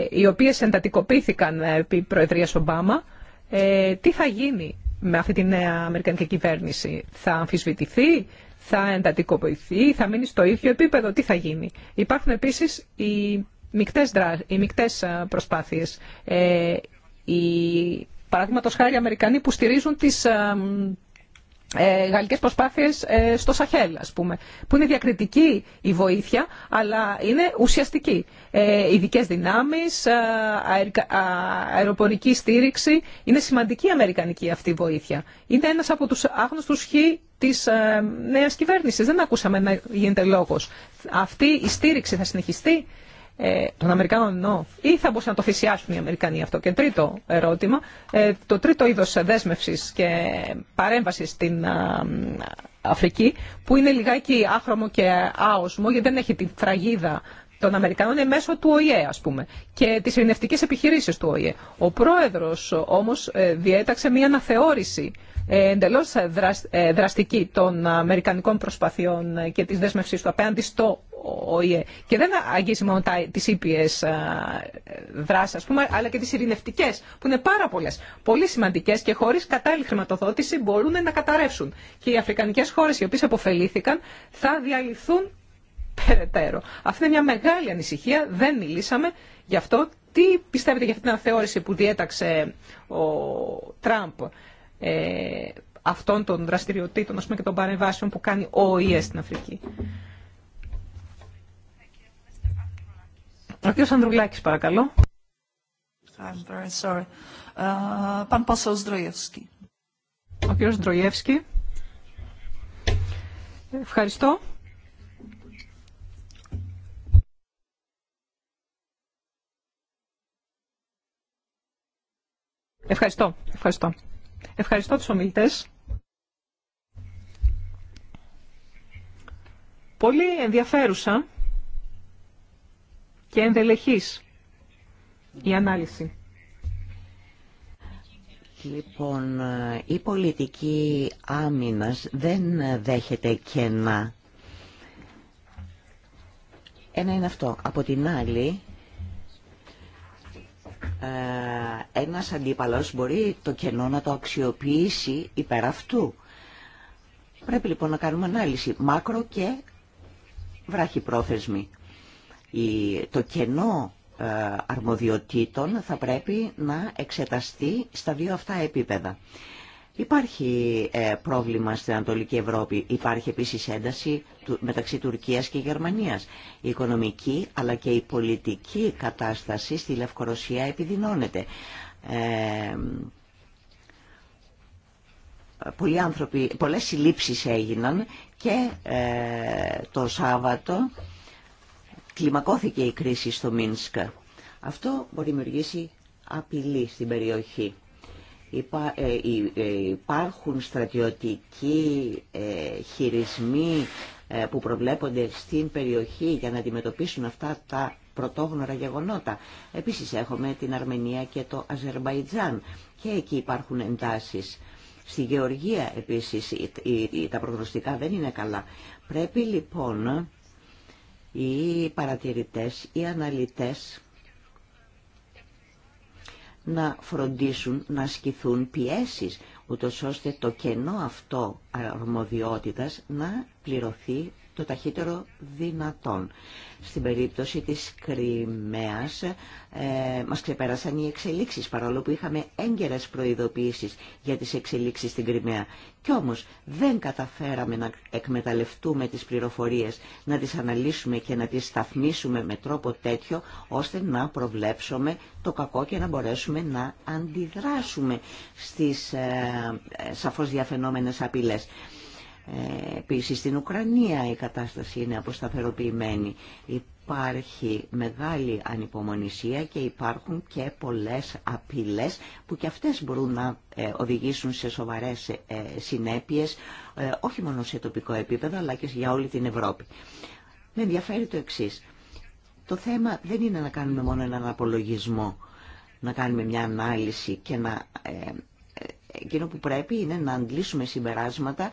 οι οποίες εντατικοποιήθηκαν επί προεδρία Ομπάμα, τι θα γίνει με αυτή τη νέα Αμερικανική κυβέρνηση. Θα αμφισβητηθεί, θα εντατικοποιηθεί, θα μείνει στο ίδιο επίπεδο, τι θα γίνει. Υπάρχουν επίσης οι μικτές, δρά... οι μικτές προσπάθειες. Ε, οι, παραδείγματος χάρη, Αμερικανοί που στηρίζουν τις ε, γαλλικές προσπάθειες ε, στο Σαχέλ, ας πούμε, που είναι διακριτική η βοήθεια, αλλά είναι ουσιαστική. Ε, ειδικές δυνάμεις, αεροπορική στήριξη, είναι σημαντική η αμερικανική αυτή βοήθεια. Είναι ένας από τους άγνωστους χι της ε, νέα κυβέρνηση. Δεν ακούσαμε να γίνεται λόγο. Αυτή η στήριξη θα συνεχιστεί ε, των Αμερικανών ενώ, ή θα μπορούσαν να το θυσιάσουν οι Αμερικανοί αυτό. Και τρίτο ερώτημα, ε, το τρίτο είδος δέσμευση και παρέμβασης στην ε, Αφρική, που είναι λιγάκι άχρωμο και άοσμο, γιατί δεν έχει τη φραγίδα των Αμερικανών είναι μέσω του ΟΗΕ, ας πούμε, και τις ειρηνευτικές επιχειρήσεις του ΟΗΕ. Ο πρόεδρο ε, όμω ε, διέταξε μια αναθεώρηση ε, εντελώ δραστική των Αμερικανικών προσπαθειών και τη δεσμευσή του απέναντι στο ΟΗΕ. Και δεν αγγίζει μόνο τι ήπιε δράσει, ας πούμε, αλλά και τι ειρηνευτικέ, που είναι πάρα πολλέ, πολύ σημαντικέ και χωρί κατάλληλη χρηματοδότηση μπορούν να καταρρεύσουν. Και οι Αφρικανικέ χώρε, οι οποίε αποφελήθηκαν θα διαλυθούν περαιτέρω. Αυτή είναι μια μεγάλη ανησυχία, δεν μιλήσαμε γι' αυτό. Τι πιστεύετε για αυτή την αναθεώρηση που διέταξε ο Τραμπ ε, αυτών των δραστηριοτήτων πούμε, και των παρεμβάσεων που κάνει ο ΟΗΕ στην Αφρική. Ο κ. Ανδρουλάκης, παρακαλώ. I'm very sorry. Ε, ο κ. Ντροιεύσκη. Ευχαριστώ. Ευχαριστώ. Ευχαριστώ, Ευχαριστώ τους ομιλητές. Πολύ ενδιαφέρουσα και ενδελεχής η ανάλυση. Λοιπόν, η πολιτική άμυνας δεν δέχεται κενά. Ένα είναι αυτό. Από την άλλη, ε, ένας αντίπαλος μπορεί το κενό να το αξιοποιήσει υπέρ αυτού. Πρέπει λοιπόν να κάνουμε ανάλυση μάκρο και βράχη πρόθεσμη. Το κενό ε, αρμοδιοτήτων θα πρέπει να εξεταστεί στα δύο αυτά επίπεδα. Υπάρχει ε, πρόβλημα στην Ανατολική Ευρώπη. Υπάρχει επίσης ένταση του, μεταξύ Τουρκίας και Γερμανίας. Η οικονομική αλλά και η πολιτική κατάσταση στη Λευκορωσία επιδεινώνεται. Ε, πολλοί πολλές συλλήψεις έγιναν και ε, το Σάββατο κλιμακώθηκε η κρίση στο Μίνσκα. Αυτό μπορεί να δημιουργήσει απειλή στην περιοχή. Ε, ε, υπάρχουν στρατιωτικοί ε, χειρισμοί που προβλέπονται στην περιοχή για να αντιμετωπίσουν αυτά τα πρωτόγνωρα γεγονότα. Επίσης έχουμε την Αρμενία και το Αζερμπαϊτζάν και εκεί υπάρχουν εντάσεις. Στη Γεωργία επίσης τα προγνωστικά δεν είναι καλά. Πρέπει λοιπόν οι παρατηρητές, οι αναλυτές να φροντίσουν να ασκηθούν πιέσεις, ούτως ώστε το κενό αυτό αρμοδιότητας να πληρωθεί το ταχύτερο δυνατόν. Στην περίπτωση της Κρυμαίας ε, μας ξεπέρασαν οι εξελίξεις, παρόλο που είχαμε έγκαιρες προειδοποιήσεις για τις εξελίξεις στην Κρυμαία. Κι όμως δεν καταφέραμε να εκμεταλλευτούμε τις πληροφορίες, να τις αναλύσουμε και να τις σταθμίσουμε με τρόπο τέτοιο, ώστε να προβλέψουμε το κακό και να μπορέσουμε να αντιδράσουμε στις ε, ε, σαφώς διαφαινόμενες απειλές. Ε, Επίση στην Ουκρανία η κατάσταση είναι αποσταθεροποιημένη. Υπάρχει μεγάλη ανυπομονησία και υπάρχουν και πολλές απειλές που και αυτές μπορούν να ε, οδηγήσουν σε σοβαρές ε, συνέπειες όχι μόνο σε τοπικό επίπεδο αλλά και για όλη την Ευρώπη. Με ενδιαφέρει το εξή. Το θέμα δεν είναι να κάνουμε μόνο έναν απολογισμό, να κάνουμε μια ανάλυση και να εκείνο που πρέπει είναι να αντλήσουμε συμπεράσματα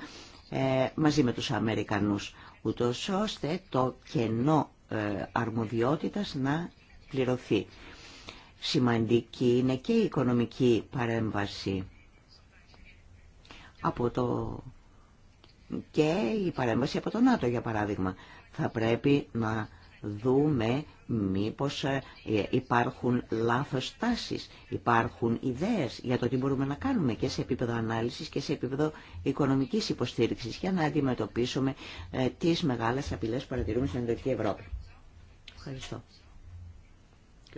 ε, μαζί με τους Αμερικανούς, ούτως ώστε το κενό ε, αρμοδιότητας να πληρωθεί. Σημαντική είναι και η οικονομική παρέμβαση από το... και η παρέμβαση από το ΝΑΤΟ, για παράδειγμα. Θα πρέπει να δούμε μήπως ε, υπάρχουν λάθος τάσεις, υπάρχουν ιδέες για το τι μπορούμε να κάνουμε και σε επίπεδο ανάλυσης και σε επίπεδο οικονομικής υποστήριξης για να αντιμετωπίσουμε ε, τις μεγάλες απειλές που παρατηρούμε στην Ενδοτική Ευρώπη. Ευχαριστώ.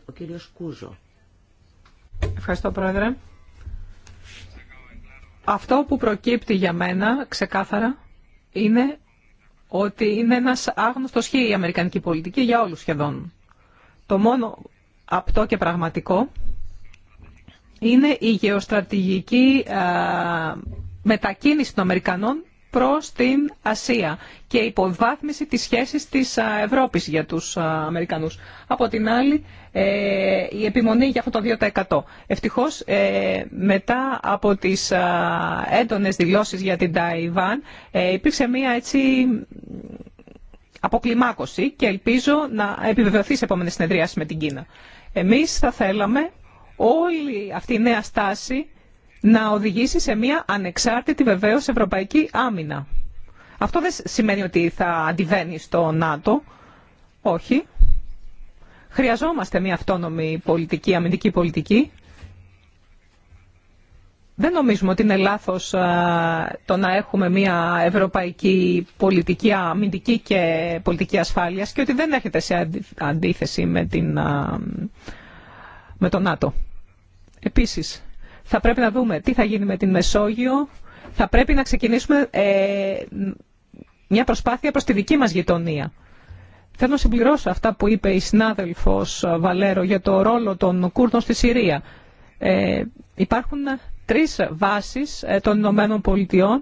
Ο κύριος Κούζο. Ευχαριστώ Πρόεδρε. Αυτό που προκύπτει για μένα ξεκάθαρα είναι ότι είναι ένας άγνωστος χ η αμερικανική πολιτική για όλους σχεδόν. Το μόνο απτό και πραγματικό είναι η γεωστρατηγική ε, μετακίνηση των Αμερικανών προς την Ασία και υποβάθμιση της σχέσης της Ευρώπης για τους Αμερικανούς. Από την άλλη, ε, η επιμονή για αυτό το 2%. Ευτυχώς, ε, μετά από τις έντονες δηλώσεις για την Ταϊβάν, ε, υπήρξε μία έτσι αποκλιμάκωση και ελπίζω να επιβεβαιωθεί σε επόμενες συνεδριάσεις με την Κίνα. Εμείς θα θέλαμε όλη αυτή η νέα στάση να οδηγήσει σε μια ανεξάρτητη βεβαίως ευρωπαϊκή άμυνα. Αυτό δεν σημαίνει ότι θα αντιβαίνει στο ΝΑΤΟ. Όχι. Χρειαζόμαστε μια αυτόνομη πολιτική, αμυντική πολιτική. Δεν νομίζουμε ότι είναι λάθος το να έχουμε μια ευρωπαϊκή πολιτική αμυντική και πολιτική ασφάλειας και ότι δεν έρχεται σε αντίθεση με, την, με τον ΝΑΤΟ. Επίσης, θα πρέπει να δούμε τι θα γίνει με την Μεσόγειο. Θα πρέπει να ξεκινήσουμε ε, μια προσπάθεια προς τη δική μας γειτονία. Θέλω να συμπληρώσω αυτά που είπε η συνάδελφος Βαλέρο για το ρόλο των Κούρδων στη Συρία. Ε, υπάρχουν τρεις βάσεις ε, των Ηνωμένων Πολιτειών.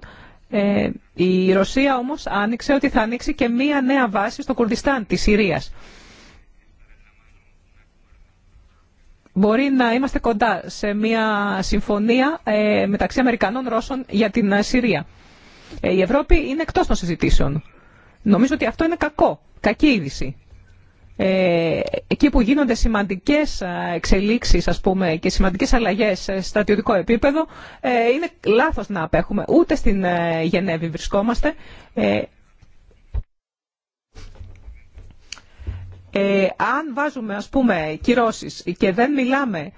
Ε, η Ρωσία όμως άνοιξε ότι θα ανοίξει και μία νέα βάση στο Κουρδιστάν της Συρίας. μπορεί να είμαστε κοντά σε μια συμφωνία ε, μεταξύ Αμερικανών Ρώσων για την ε, Συρία. Ε, η Ευρώπη είναι εκτός των συζητήσεων. Νομίζω ότι αυτό είναι κακό, κακή είδηση. Ε, εκεί που γίνονται σημαντικές εξελίξεις ας πούμε, και σημαντικές αλλαγές σε στρατιωτικό επίπεδο ε, είναι λάθος να απέχουμε. Ούτε στην Γενέβη βρισκόμαστε. Ε, Ε, αν βάζουμε ας πούμε κυρώσεις και δεν μιλάμε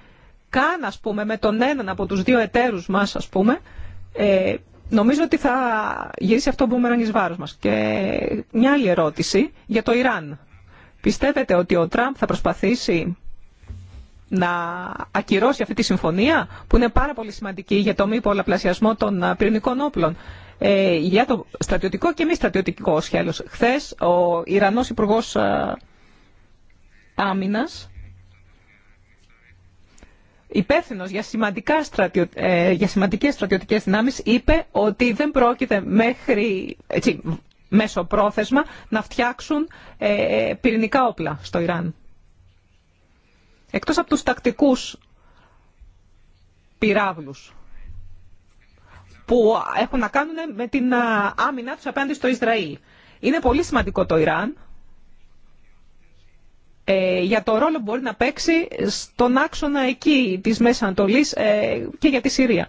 καν ας πούμε με τον έναν από τους δύο εταίρους μας ας πούμε ε, νομίζω ότι θα γυρίσει αυτό που μένει βάρος μας. Και μια άλλη ερώτηση για το Ιράν. Πιστεύετε ότι ο Τραμπ θα προσπαθήσει να ακυρώσει αυτή τη συμφωνία που είναι πάρα πολύ σημαντική για το μη πολλαπλασιασμό των πυρηνικών όπλων ε, για το στρατιωτικό και μη στρατιωτικό σχέλος. Χθες ο Ιρανός Υπουργός ε, άμυνας, υπεύθυνο για, σημαντικά ε, για σημαντικές στρατιωτικές δυνάμεις, είπε ότι δεν πρόκειται μέχρι, έτσι, μέσω πρόθεσμα να φτιάξουν ε, πυρηνικά όπλα στο Ιράν. Εκτός από τους τακτικούς πυράβλους που έχουν να κάνουν με την ε, άμυνα τους απέναντι στο Ισραήλ. Είναι πολύ σημαντικό το Ιράν ε, για το ρόλο που μπορεί να παίξει στον άξονα εκεί της Μέσης Ανατολής ε, και για τη Συρία.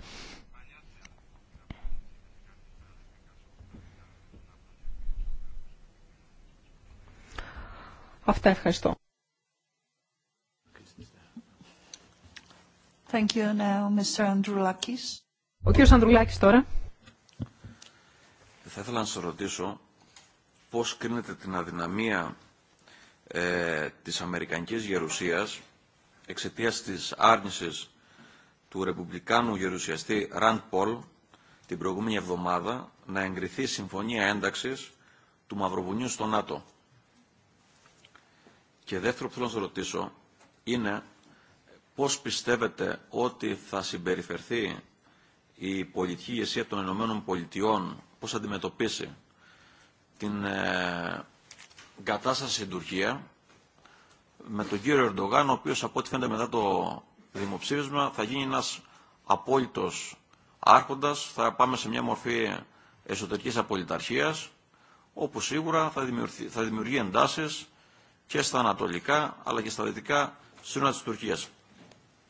Αυτά ευχαριστώ. Thank you now, Mr. Ο κύριος Ανδρουλάκης τώρα. Θα ήθελα να σας ρωτήσω πώς κρίνεται την αδυναμία ε, της Αμερικανικής Γερουσίας εξαιτίας της άρνησης του Ρεπουμπλικάνου Γερουσιαστή Ραντ Πολ την προηγούμενη εβδομάδα να εγκριθεί συμφωνία ένταξης του Μαυροβουνίου στο ΝΑΤΟ. Και δεύτερο που θέλω να σας ρωτήσω είναι πώς πιστεύετε ότι θα συμπεριφερθεί η πολιτική ηγεσία των Ηνωμένων Πολιτειών, πώς θα αντιμετωπίσει την ε, κατάσταση στην Τουρκία με τον κύριο Ερντογάν, ο οποίος από ό,τι φαίνεται μετά το δημοψήφισμα θα γίνει ένας απόλυτος άρχοντας, θα πάμε σε μια μορφή εσωτερικής απολυταρχίας, όπου σίγουρα θα, δημιουργεί, θα εντάσεις και στα ανατολικά αλλά και στα δυτικά σύνορα της Τουρκίας.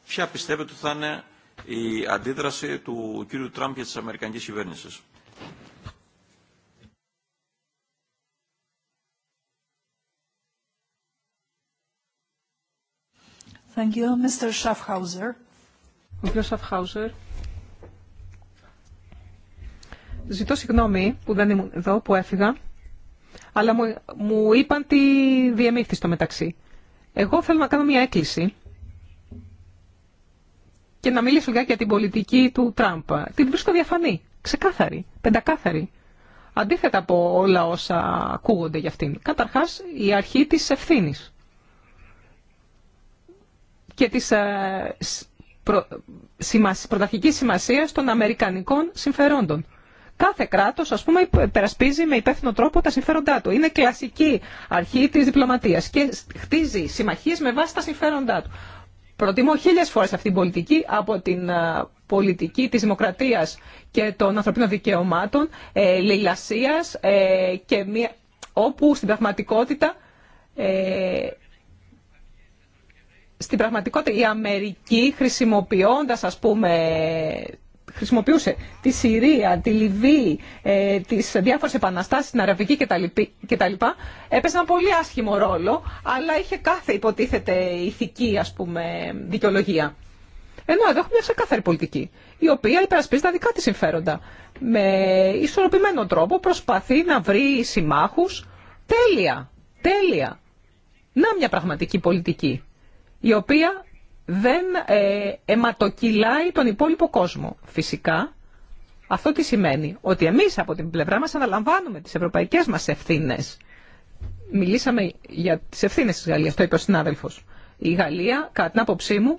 Ποια πιστεύετε ότι θα είναι η αντίδραση του κύριου Τραμπ και της Αμερικανικής κυβέρνησης. Ζητώ συγγνώμη που δεν ήμουν εδώ, που έφυγα, αλλά μου, είπαν τι διεμήχθη στο μεταξύ. Εγώ θέλω να κάνω μια έκκληση και να μιλήσω λιγάκι για την πολιτική του Τραμπ. Την βρίσκω διαφανή, ξεκάθαρη, πεντακάθαρη. Αντίθετα από όλα όσα ακούγονται για αυτήν. Καταρχάς, η αρχή της ευθύνης και της ε, προ, πρωταρχικής σημασίας των αμερικανικών συμφερόντων. Κάθε κράτο, α πούμε, περασπίζει με υπεύθυνο τρόπο τα συμφέροντά του. Είναι κλασική αρχή τη διπλωματίας και χτίζει συμμαχίε με βάση τα συμφέροντά του. Προτιμώ χίλιε φορέ αυτή την πολιτική από την ε, πολιτική της δημοκρατίας και των ανθρωπίνων δικαιωμάτων, ε, ε, και όπου στην πραγματικότητα ε, στην πραγματικότητα η Αμερική χρησιμοποιώντας ας πούμε χρησιμοποιούσε τη Συρία, τη Λιβύη, ε, τις διάφορες επαναστάσεις στην Αραβική κτλ. Έπαιζε ένα πολύ άσχημο ρόλο, αλλά είχε κάθε υποτίθεται ηθική ας πούμε, δικαιολογία. Ενώ εδώ έχουμε μια ξεκάθαρη πολιτική, η οποία υπερασπίζει τα δικά της συμφέροντα. Με ισορροπημένο τρόπο προσπαθεί να βρει συμμάχους τέλεια, τέλεια. Να μια πραγματική πολιτική η οποία δεν ε, αιματοκυλάει τον υπόλοιπο κόσμο. Φυσικά, αυτό τι σημαίνει, ότι εμείς από την πλευρά μας αναλαμβάνουμε τις ευρωπαϊκές μας ευθύνες. Μιλήσαμε για τις ευθύνες της Γαλλίας, το είπε ο συνάδελφος. Η Γαλλία, κατά την άποψή μου,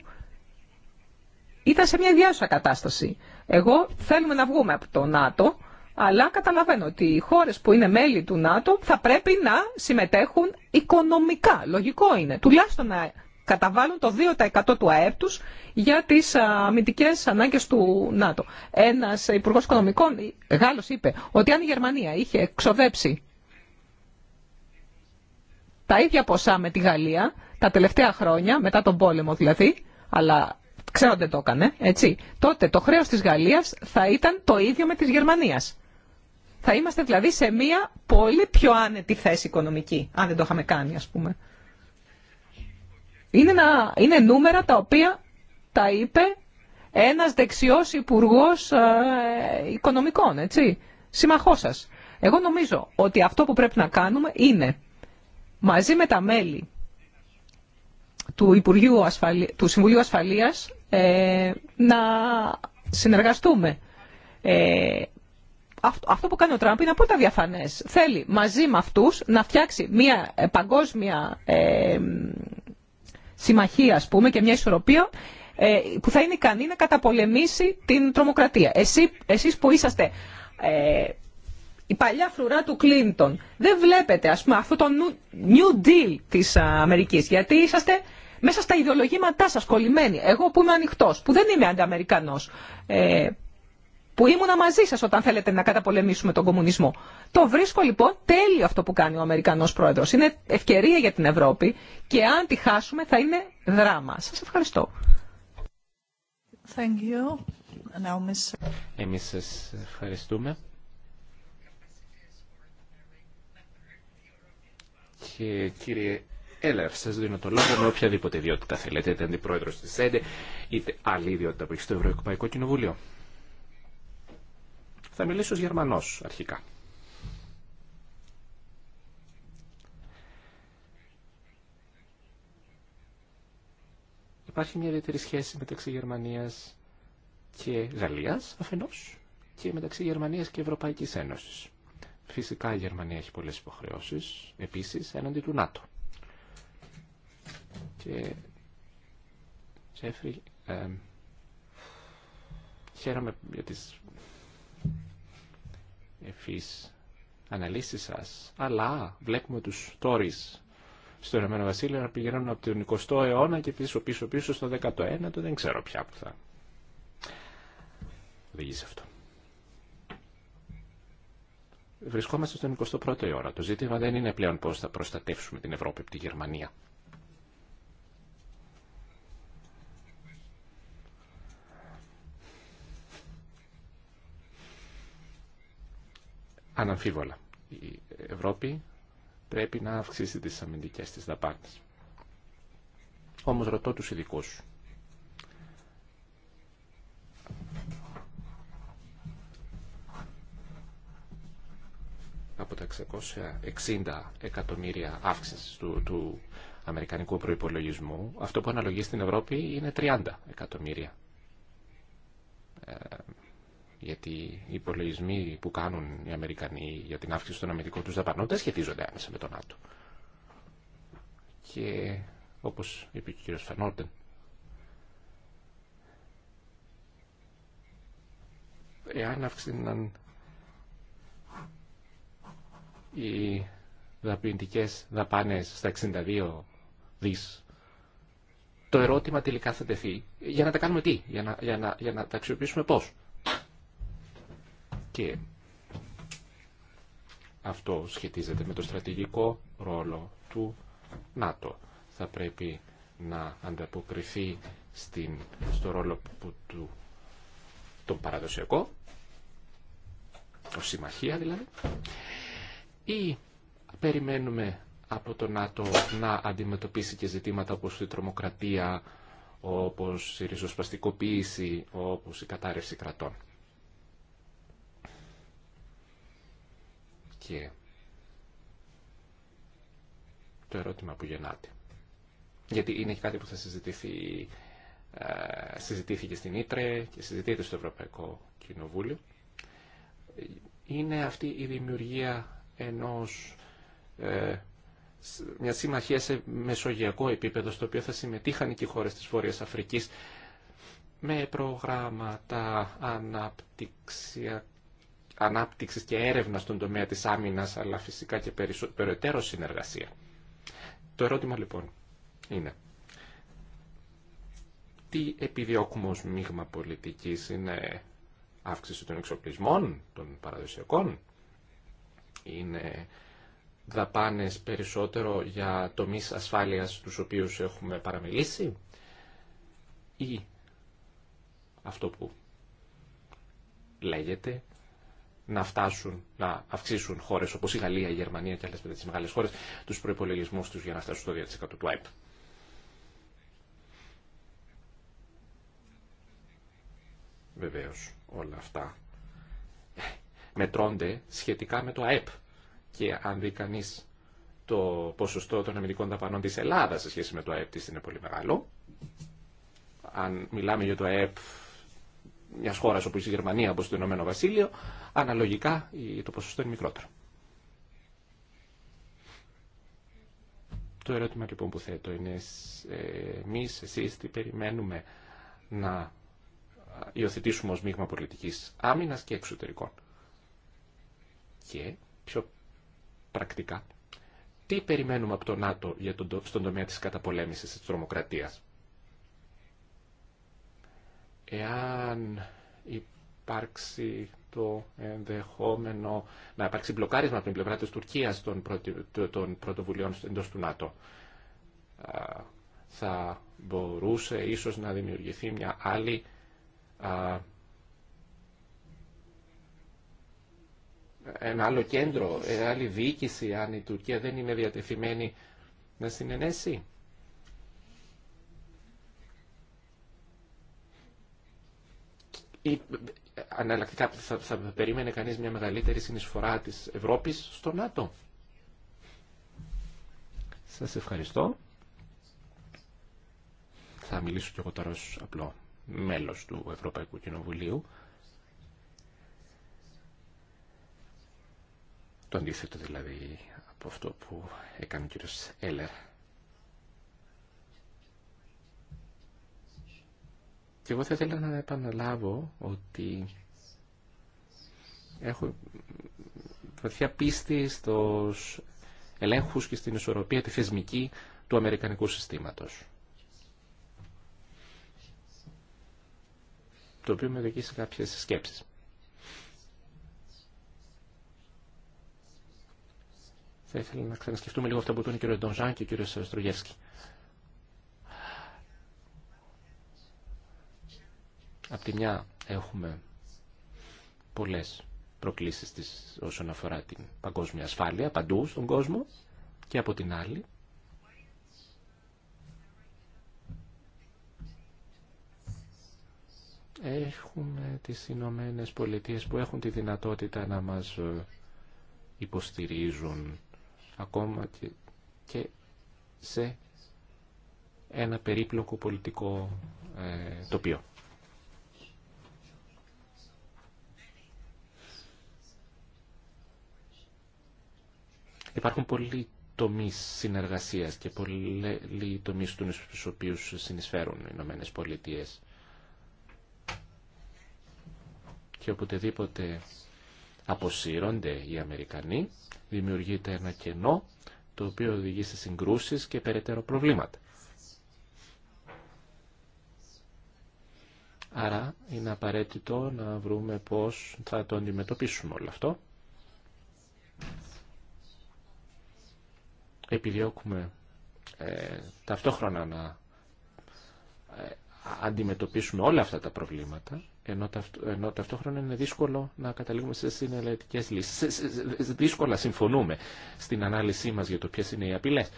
ήταν σε μια ιδιαίτερη κατάσταση. Εγώ θέλουμε να βγούμε από το ΝΑΤΟ, αλλά καταλαβαίνω ότι οι χώρες που είναι μέλη του ΝΑΤΟ θα πρέπει να συμμετέχουν οικονομικά. Λογικό είναι. Τουλάχιστον καταβάλουν το 2% του ΑΕΠ τους για τις αμυντικές ανάγκες του ΝΑΤΟ. Ένας υπουργός οικονομικών, Γάλλος, είπε ότι αν η Γερμανία είχε ξοδέψει τα ίδια ποσά με τη Γαλλία τα τελευταία χρόνια, μετά τον πόλεμο δηλαδή, αλλά ξέρω δεν το έκανε, έτσι, τότε το χρέος της Γαλλίας θα ήταν το ίδιο με της Γερμανίας. Θα είμαστε δηλαδή σε μία πολύ πιο άνετη θέση οικονομική, αν δεν το είχαμε κάνει ας πούμε. Είναι, είναι νούμερα τα οποία τα είπε ένας δεξιός υπουργό ε, οικονομικών, έτσι, συμμαχός σας. Εγώ νομίζω ότι αυτό που πρέπει να κάνουμε είναι μαζί με τα μέλη του, Υπουργείου του Συμβουλίου Ασφαλείας ε, να συνεργαστούμε. Ε, αυτό που κάνει ο Τραμπ είναι απόλυτα διαφανές. Θέλει μαζί με αυτούς να φτιάξει μια παγκόσμια ε, συμμαχία, πούμε, και μια ισορροπία ε, που θα είναι ικανή να καταπολεμήσει την τρομοκρατία. Εσύ, εσείς που είσαστε ε, η παλιά φρουρά του Κλίντον, δεν βλέπετε ας πούμε αυτό το New Deal της Αμερικής, γιατί είσαστε μέσα στα ιδεολογήματά σας κολλημένοι. Εγώ που είμαι ανοιχτό, που δεν είμαι ανταμερικανός, ε, που ήμουνα μαζί σα όταν θέλετε να καταπολεμήσουμε τον κομμουνισμό. Το βρίσκω λοιπόν τέλειο αυτό που κάνει ο Αμερικανό Πρόεδρο. Είναι ευκαιρία για την Ευρώπη και αν τη χάσουμε θα είναι δράμα. Σα ευχαριστώ. Thank you. Εμείς σας ευχαριστούμε. Και κύριε Έλερ, σας δίνω το λόγο με οποιαδήποτε ιδιότητα θέλετε, είτε αντιπρόεδρος της ΕΔΕ, είτε άλλη ιδιότητα που έχει στο Ευρωπαϊκό Κοινοβούλιο. Θα μιλήσω ως Γερμανός αρχικά. Υπάρχει μια ιδιαίτερη σχέση μεταξύ Γερμανίας και Γαλλίας αφενός και μεταξύ Γερμανίας και Ευρωπαϊκής Ένωσης. Φυσικά η Γερμανία έχει πολλές υποχρεώσεις, επίσης έναντι του ΝΑΤΟ. Και, Τζέφρι, ε, χαίρομαι για τις ευφύς αναλύσεις σας, αλλά βλέπουμε τους τόρις στο Ηνωμένο Βασίλειο να πηγαίνουν από τον 20ο αιώνα και πίσω πίσω πίσω στο 19ο, δεν ξέρω πια που θα οδηγήσει αυτό. Βρισκόμαστε στον 21ο αιώνα. Το ζήτημα δεν είναι πλέον πώς θα προστατεύσουμε την Ευρώπη από τη Γερμανία. Αναμφίβολα, η Ευρώπη πρέπει να αυξήσει τις αμυντικές της δαπάνες. Όμως ρωτώ τους ειδικού. από τα 660 εκατομμύρια αύξηση του, του αμερικανικού προϋπολογισμού, αυτό που αναλογεί στην Ευρώπη είναι 30 εκατομμύρια. Ε, γιατί οι υπολογισμοί που κάνουν οι Αμερικανοί για την αύξηση των αμυντικών τους δαπανών δεν σχετίζονται άμεσα με τον ΝΑΤΟ. Και όπως είπε και ο κ. Φανόρντεν, εάν αύξηναν οι δαπιντικές δαπάνες στα 62 δι, το ερώτημα τελικά θα τεθεί για να τα κάνουμε τι, για να, για να, για να τα αξιοποιήσουμε πώς αυτό σχετίζεται με το στρατηγικό ρόλο του ΝΑΤΟ. Θα πρέπει να ανταποκριθεί στην, στο ρόλο που του τον παραδοσιακό, ως συμμαχία δηλαδή, ή περιμένουμε από το ΝΑΤΟ να αντιμετωπίσει και ζητήματα όπως η τρομοκρατία, όπως η ριζοσπαστικοποίηση, όπως η κατάρρευση κρατών. Το ερώτημα που γεννάται. Γιατί είναι κάτι που θα συζητηθεί, ε, συζητήθηκε στην Ήτρε και συζητείται στο Ευρωπαϊκό Κοινοβούλιο. Είναι αυτή η δημιουργία ενός ε, μια συμμαχία σε μεσογειακό επίπεδο, στο οποίο θα συμμετείχαν και οι χώρες της Βόρειας Αφρικής, με προγράμματα αναπτυξιακά ανάπτυξης και έρευνας στον τομέα της άμυνας, αλλά φυσικά και περαιτέρω συνεργασία. Το ερώτημα λοιπόν είναι, τι επιδιώκουμε ως μείγμα πολιτικής είναι αύξηση των εξοπλισμών, των παραδοσιακών, είναι δαπάνες περισσότερο για τομείς ασφάλειας τους οποίους έχουμε παραμελήσει ή αυτό που λέγεται να να αυξήσουν χώρε όπω η Γαλλία, η Γερμανία και άλλε τέτοιε μεγάλε χώρε του προπολογισμού του για να φτάσουν στο 2% του ΑΕΠ. Βεβαίω όλα αυτά μετρώνται σχετικά με το ΑΕΠ. Και αν δει κανεί το ποσοστό των αμυντικών δαπανών τη Ελλάδα σε σχέση με το ΑΕΠ τη είναι πολύ μεγάλο. Αν μιλάμε για το ΑΕΠ μια χώρας όπως η Γερμανία, όπως το Ηνωμένο Βασίλειο, αναλογικά το ποσοστό είναι μικρότερο. Το ερώτημα λοιπόν που θέτω είναι ε, εμεί, εσεί τι περιμένουμε να υιοθετήσουμε ω μείγμα πολιτικής άμυνα και εξωτερικών. Και πιο πρακτικά, τι περιμένουμε από το ΝΑΤΟ τον, στον τομέα τη καταπολέμησης της τρομοκρατίας εάν υπάρξει το ενδεχόμενο να υπάρξει μπλοκάρισμα από την πλευρά της Τουρκίας των, των πρωτοβουλειών εντός του ΝΑΤΟ. Θα μπορούσε ίσως να δημιουργηθεί μια άλλη ένα άλλο κέντρο, ε, άλλη διοίκηση αν η Τουρκία δεν είναι διατεθειμένη να συνενέσει. ή αναλλακτικά θα, περίμενε κανείς μια μεγαλύτερη συνεισφορά της Ευρώπης στο ΝΑΤΟ. Σας ευχαριστώ. Θα μιλήσω και εγώ τώρα ως απλό μέλος του Ευρωπαϊκού Κοινοβουλίου. Το αντίθετο δηλαδή από αυτό που έκανε ο κύριος Έλερ Και εγώ θα ήθελα να επαναλάβω ότι έχω βαθιά πίστη στους ελέγχους και στην ισορροπία τη θεσμική του Αμερικανικού συστήματος. Το οποίο με οδηγεί σε κάποιες σκέψεις. Θα ήθελα να ξανασκεφτούμε λίγο αυτά που τον κύριο Ντονζάν και ο κύριο Στρογεύσκη. Απ' τη μια έχουμε πολλές προκλήσεις της όσον αφορά την παγκόσμια ασφάλεια παντού στον κόσμο και από την άλλη έχουμε τις Ηνωμένε Πολιτείες που έχουν τη δυνατότητα να μας ε, υποστηρίζουν ακόμα και, σε ένα περίπλοκο πολιτικό ε, τοπίο. Υπάρχουν πολλοί τομεί συνεργασία και πολλοί τομεί του οποίου συνεισφέρουν οι Ηνωμένε Πολιτείε. Και οποτεδήποτε αποσύρονται οι Αμερικανοί, δημιουργείται ένα κενό το οποίο οδηγεί σε συγκρούσεις και περαιτέρω προβλήματα. Άρα είναι απαραίτητο να βρούμε πώς θα το αντιμετωπίσουμε όλο αυτό επιδιώκουμε ε, ταυτόχρονα να ε, αντιμετωπίσουμε όλα αυτά τα προβλήματα, ενώ, ταυτό, ενώ ταυτόχρονα είναι δύσκολο να καταλήγουμε σε συνελετικές λύσεις. Δύσκολα συμφωνούμε στην ανάλυση μας για το ποιες είναι οι απειλές.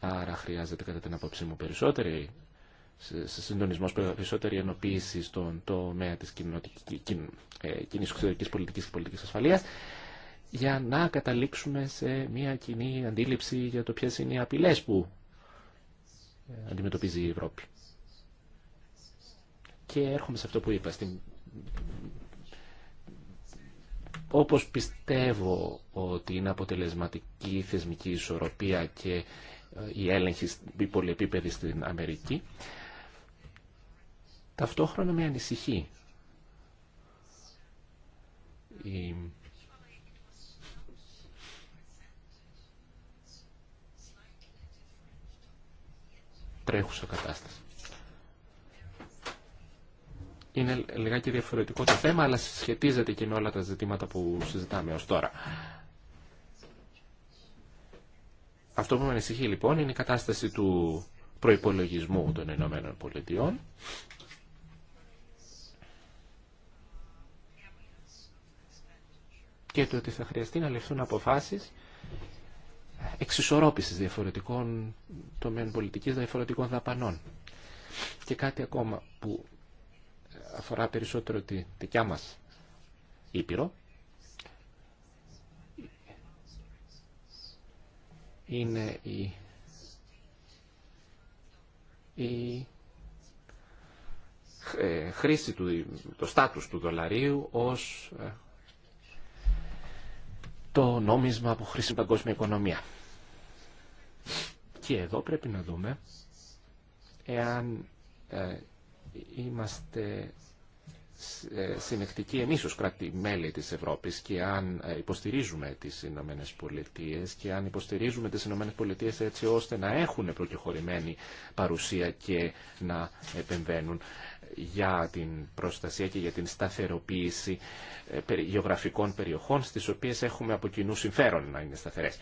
Άρα χρειάζεται κατά την απόψη μου περισσότερη σε συντονισμός περισσότερη ενοποίηση στον τομέα της ε, κοινή εξωτερική πολιτική και πολιτική ασφαλείας για να καταλήξουμε σε μια κοινή αντίληψη για το ποιε είναι οι απειλές που ε, αντιμετωπίζει η Ευρώπη. Και έρχομαι σε αυτό που είπα. Στην... Όπως πιστεύω ότι είναι αποτελεσματική η θεσμική ισορροπία και ε, η έλεγχη πολυεπίπεδη στην Αμερική, Ταυτόχρονα με ανησυχεί η τρέχουσα κατάσταση. Είναι λιγάκι διαφορετικό το θέμα, αλλά σχετίζεται και με όλα τα ζητήματα που συζητάμε ως τώρα. Αυτό που με ανησυχεί λοιπόν είναι η κατάσταση του προϋπολογισμού των Ηνωμένων Πολιτειών και το ότι θα χρειαστεί να ληφθούν αποφάσεις εξισορρόπηση διαφορετικών τομέων πολιτικής, διαφορετικών δαπανών. Και κάτι ακόμα που αφορά περισσότερο τη δικιά μα Ήπειρο, είναι η, η ε, χρήση του, το στάτους του δολαρίου ως ε, το νόμισμα που χρήσει η παγκόσμια οικονομία. Και εδώ πρέπει να δούμε εάν ε, είμαστε ε, συνεκτικοί εμείς ως κράτη-μέλη της Ευρώπης και αν ε, υποστηρίζουμε τις Ηνωμένες Πολιτείες και αν υποστηρίζουμε τις Ηνωμένες Πολιτείες έτσι ώστε να έχουν προκεχωρημένη παρουσία και να επεμβαίνουν για την προστασία και για την σταθεροποίηση ε, γεωγραφικών περιοχών στις οποίες έχουμε από κοινού συμφέρον να είναι σταθερές.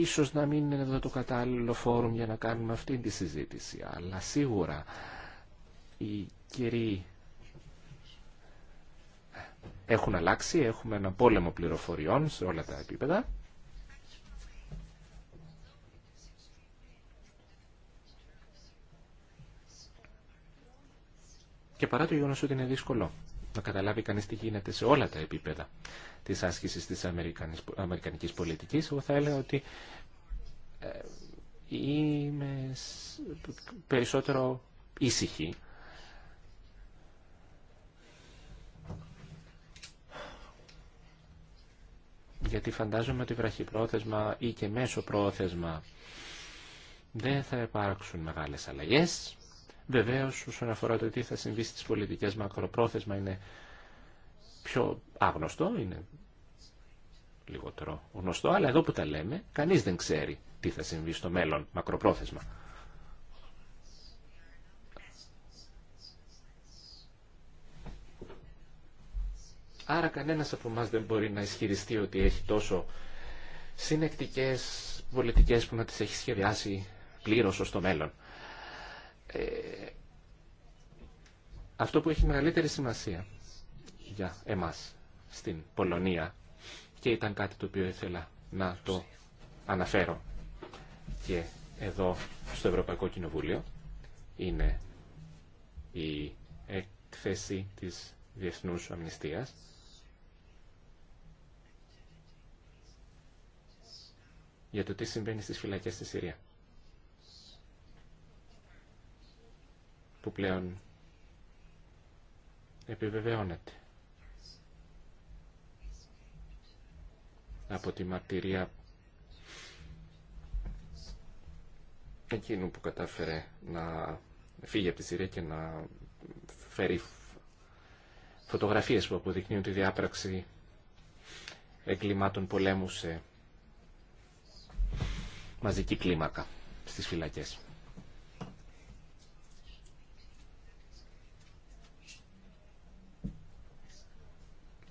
ίσως να μην είναι εδώ το κατάλληλο φόρουμ για να κάνουμε αυτή τη συζήτηση, αλλά σίγουρα οι κύριοι έχουν αλλάξει, έχουμε ένα πόλεμο πληροφοριών σε όλα τα επίπεδα. Και παρά το γεγονός ότι είναι δύσκολο να καταλάβει κανείς τι γίνεται σε όλα τα επίπεδα της άσκησης της αμερικανικής πολιτικής. Εγώ θα έλεγα ότι ε, είμαι περισσότερο ήσυχη. Γιατί φαντάζομαι ότι βραχυπρόθεσμα ή και μέσο πρόθεσμα δεν θα υπάρξουν μεγάλες αλλαγές. Βεβαίω, όσον αφορά το τι θα συμβεί στι πολιτικέ μακροπρόθεσμα, είναι πιο άγνωστο, είναι λιγότερο γνωστό, αλλά εδώ που τα λέμε, κανεί δεν ξέρει τι θα συμβεί στο μέλλον μακροπρόθεσμα. Άρα κανένας από εμά δεν μπορεί να ισχυριστεί ότι έχει τόσο συνεκτικές πολιτικές που να τις έχει σχεδιάσει πλήρως ως το μέλλον. Ε, αυτό που έχει μεγαλύτερη σημασία για εμάς στην Πολωνία και ήταν κάτι το οποίο ήθελα να το αναφέρω και εδώ στο Ευρωπαϊκό Κοινοβούλιο είναι η έκθεση της Διεθνούς Αμνηστίας για το τι συμβαίνει στις φυλακές στη Συρία. που πλέον επιβεβαιώνεται από τη μαρτυρία εκείνου που κατάφερε να φύγει από τη Συρία και να φέρει φωτογραφίες που αποδεικνύουν τη διάπραξη εγκλημάτων πολέμου σε μαζική κλίμακα στις φυλακές.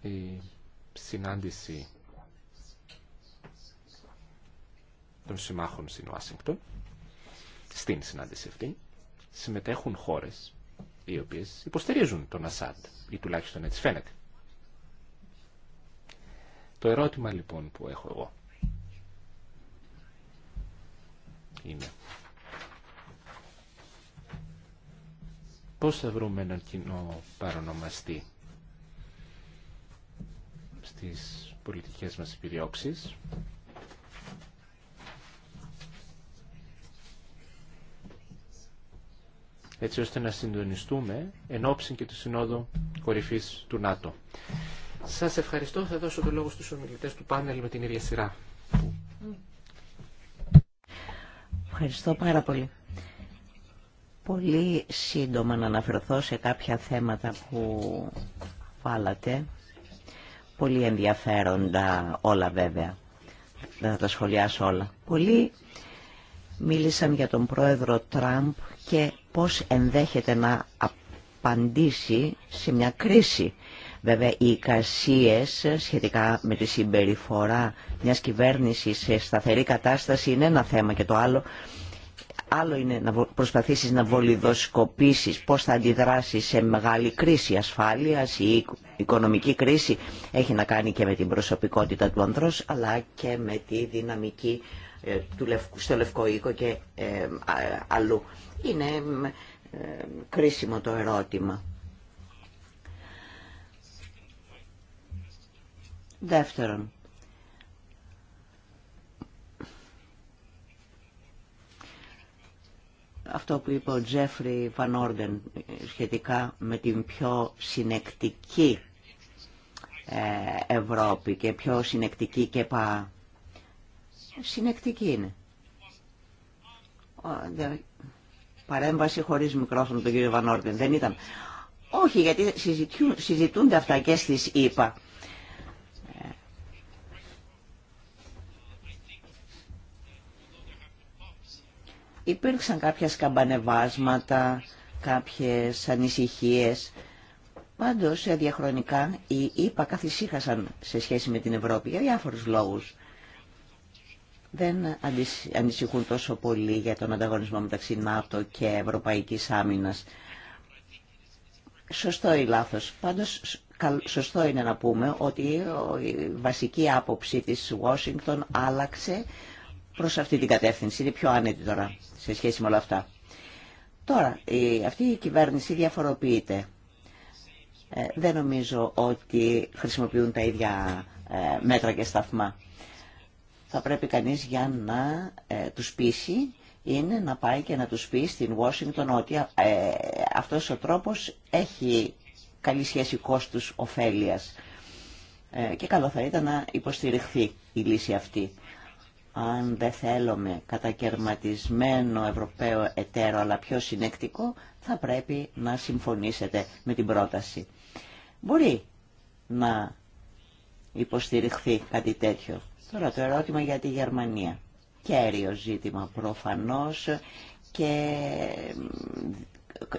η συνάντηση των συμμάχων στην Ουάσιγκτον. Στην συνάντηση αυτή συμμετέχουν χώρες οι οποίες υποστηρίζουν τον Ασάντ ή τουλάχιστον έτσι φαίνεται. Το ερώτημα λοιπόν που έχω εγώ είναι πώς θα βρούμε έναν κοινό παρονομαστή τις πολιτικές μας επιδιώξεις. έτσι ώστε να συντονιστούμε εν ώψη και του Συνόδου Κορυφής του ΝΑΤΟ. Σας ευχαριστώ. Θα δώσω το λόγο στους ομιλητές του πάνελ με την ίδια σειρά. Ευχαριστώ πάρα πολύ. Πολύ σύντομα να αναφερθώ σε κάποια θέματα που βάλατε Πολύ ενδιαφέροντα όλα βέβαια. Δεν θα τα σχολιάσω όλα. Πολλοί μίλησαν για τον πρόεδρο Τραμπ και πώς ενδέχεται να απαντήσει σε μια κρίση. Βέβαια, οι εικασίες σχετικά με τη συμπεριφορά μιας κυβέρνησης σε σταθερή κατάσταση είναι ένα θέμα και το άλλο Άλλο είναι να προσπαθήσεις να βολιδοσκοπήσεις πώς θα αντιδράσεις σε μεγάλη κρίση ασφάλειας ή οικονομική κρίση. Έχει να κάνει και με την προσωπικότητα του ανδρός αλλά και με τη δυναμική ε, του στο Λευκό Οίκο και ε, αλλού. Είναι ε, κρίσιμο το ερώτημα. Δεύτερον, αυτό που είπε ο Τζέφρι Βαν σχετικά με την πιο συνεκτική ε, Ευρώπη και πιο συνεκτική και πα... Συνεκτική είναι. Παρέμβαση χωρίς μικρόφωνο του κύριο Βαν Δεν ήταν. Όχι, γιατί συζητούνται αυτά και στις ΗΠΑ. υπήρξαν κάποια σκαμπανεβάσματα, κάποιες ανησυχίες. Πάντως, ε, διαχρονικά, οι ΙΠΑ καθησύχασαν σε σχέση με την Ευρώπη για διάφορους λόγους. Δεν ανησυχούν τόσο πολύ για τον ανταγωνισμό μεταξύ ΝΑΤΟ και Ευρωπαϊκής Άμυνας. Σωστό ή λάθος. Πάντως, σωστό είναι να πούμε ότι η βασική άποψη της Washington άλλαξε προς αυτή την κατεύθυνση. Είναι πιο άνετη τώρα σε σχέση με όλα αυτά. Τώρα, η, αυτή η κυβέρνηση διαφοροποιείται. Ε, δεν νομίζω ότι χρησιμοποιούν τα ίδια ε, μέτρα και σταθμά. Θα πρέπει κανείς για να ε, τους πείσει είναι να πάει και να τους πει στην Washington ότι αυτός ο τρόπος έχει καλή σχέση κόστους ωφέλειας και καλό θα ήταν να υποστηριχθεί η λύση αυτή αν δεν θέλουμε κατακαιρματισμένο Ευρωπαίο εταίρο αλλά πιο συνεκτικό, θα πρέπει να συμφωνήσετε με την πρόταση. Μπορεί να υποστηριχθεί κάτι τέτοιο. Τώρα το ερώτημα για τη Γερμανία. Κέριο ζήτημα προφανώς και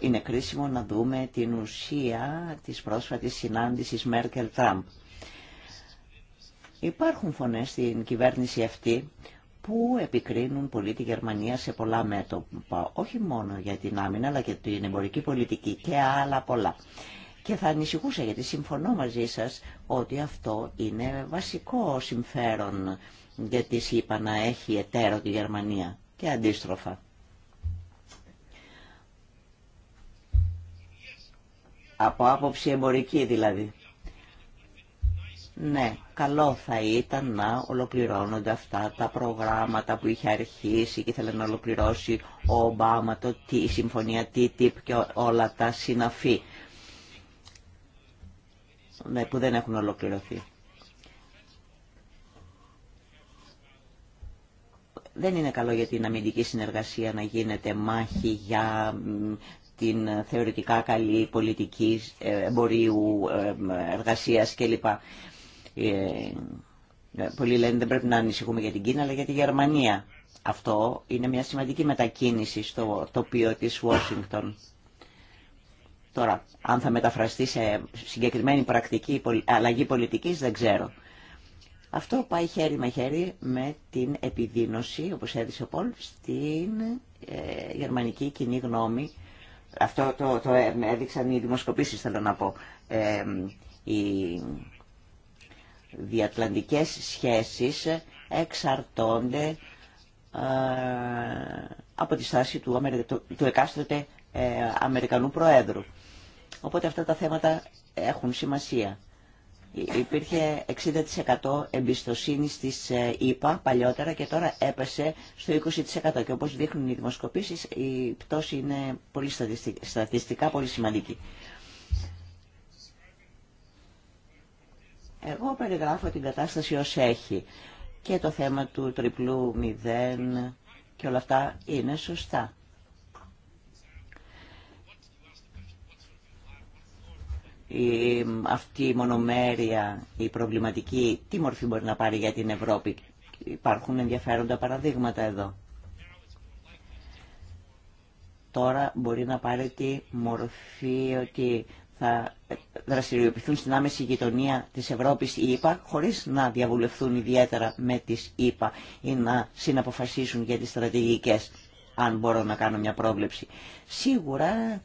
είναι κρίσιμο να δούμε την ουσία της πρόσφατης συνάντησης Μέρκελ-Τραμπ. Υπάρχουν φωνές στην κυβέρνηση αυτή που επικρίνουν πολύ τη Γερμανία σε πολλά μέτωπα, όχι μόνο για την άμυνα αλλά και την εμπορική πολιτική και άλλα πολλά. Και θα ανησυχούσα γιατί συμφωνώ μαζί σας ότι αυτό είναι βασικό συμφέρον για είπα να έχει εταίρο τη Γερμανία και αντίστροφα. Από άποψη εμπορική δηλαδή. Ναι, καλό θα ήταν να ολοκληρώνονται αυτά τα προγράμματα που είχε αρχίσει και ήθελε να ολοκληρώσει ο Ομπάμα, το, η συμφωνία TTIP και όλα τα συναφή ναι, που δεν έχουν ολοκληρωθεί. Δεν είναι καλό για την αμυντική συνεργασία να γίνεται μάχη για την θεωρητικά καλή πολιτική ε, εμπορίου ε, εργασίας κλπ. Ε, ε, πολλοί λένε δεν πρέπει να ανησυχούμε για την Κίνα αλλά για τη Γερμανία. Αυτό είναι μια σημαντική μετακίνηση στο τοπίο της Ουάσιγκτον. Τώρα, αν θα μεταφραστεί σε συγκεκριμένη πρακτική αλλαγή πολιτικής δεν ξέρω. Αυτό πάει χέρι με χέρι με την επιδείνωση, όπως έδεισε ο Πολ, στην ε, γερμανική κοινή γνώμη. Αυτό το, το έδειξαν οι δημοσκοπήσεις, θέλω να πω διατλαντικές σχέσεις εξαρτώνται ε, από τη στάση του, του εκάστοτε ε, Αμερικανού Προέδρου. Οπότε αυτά τα θέματα έχουν σημασία. Υπήρχε 60% εμπιστοσύνη στις ε, ΗΠΑ παλιότερα και τώρα έπεσε στο 20% και όπως δείχνουν οι δημοσκοπήσεις η πτώση είναι πολύ στατιστικά πολύ σημαντική. Εγώ περιγράφω την κατάσταση ως έχει και το θέμα του τριπλού μηδέν και όλα αυτά είναι σωστά. Η, αυτή η μονομέρεια, η προβληματική, τι μορφή μπορεί να πάρει για την Ευρώπη. Υπάρχουν ενδιαφέροντα παραδείγματα εδώ. Τώρα μπορεί να πάρει τη μορφή ότι θα δραστηριοποιηθούν στην άμεση γειτονία της Ευρώπης η ΗΠΑ χωρίς να διαβουλευθούν ιδιαίτερα με τις ΗΠΑ ή να συναποφασίσουν για τις στρατηγικές, αν μπορώ να κάνω μια πρόβλεψη. Σίγουρα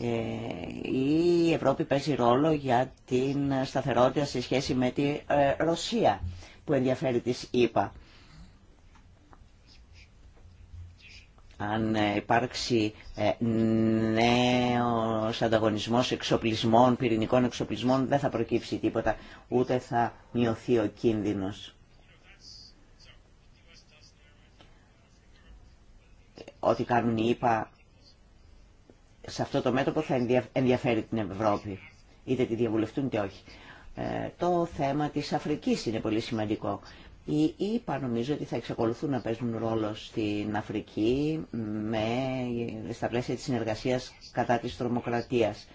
ε, η Ευρώπη παίζει ρόλο για την σταθερότητα σε σχέση με τη ε, Ρωσία που ενδιαφέρει τις ΕΠΑ. αν ε, υπάρξει ε, νέος ανταγωνισμός εξοπλισμών, πυρηνικών εξοπλισμών, δεν θα προκύψει τίποτα, ούτε θα μειωθεί ο κίνδυνος. Ό,τι κάνουν οι ΙΠΑ σε αυτό το μέτωπο θα ενδιαφέρει την Ευρώπη, είτε τη διαβουλευτούν είτε όχι. Ε, το θέμα της Αφρικής είναι πολύ σημαντικό. Ή ΙΠΑ ΕΕ νομίζω ότι θα εξακολουθούν να παίζουν ρόλο στην Αφρική με, στα πλαίσια της συνεργασίας κατά της τρομοκρατίας.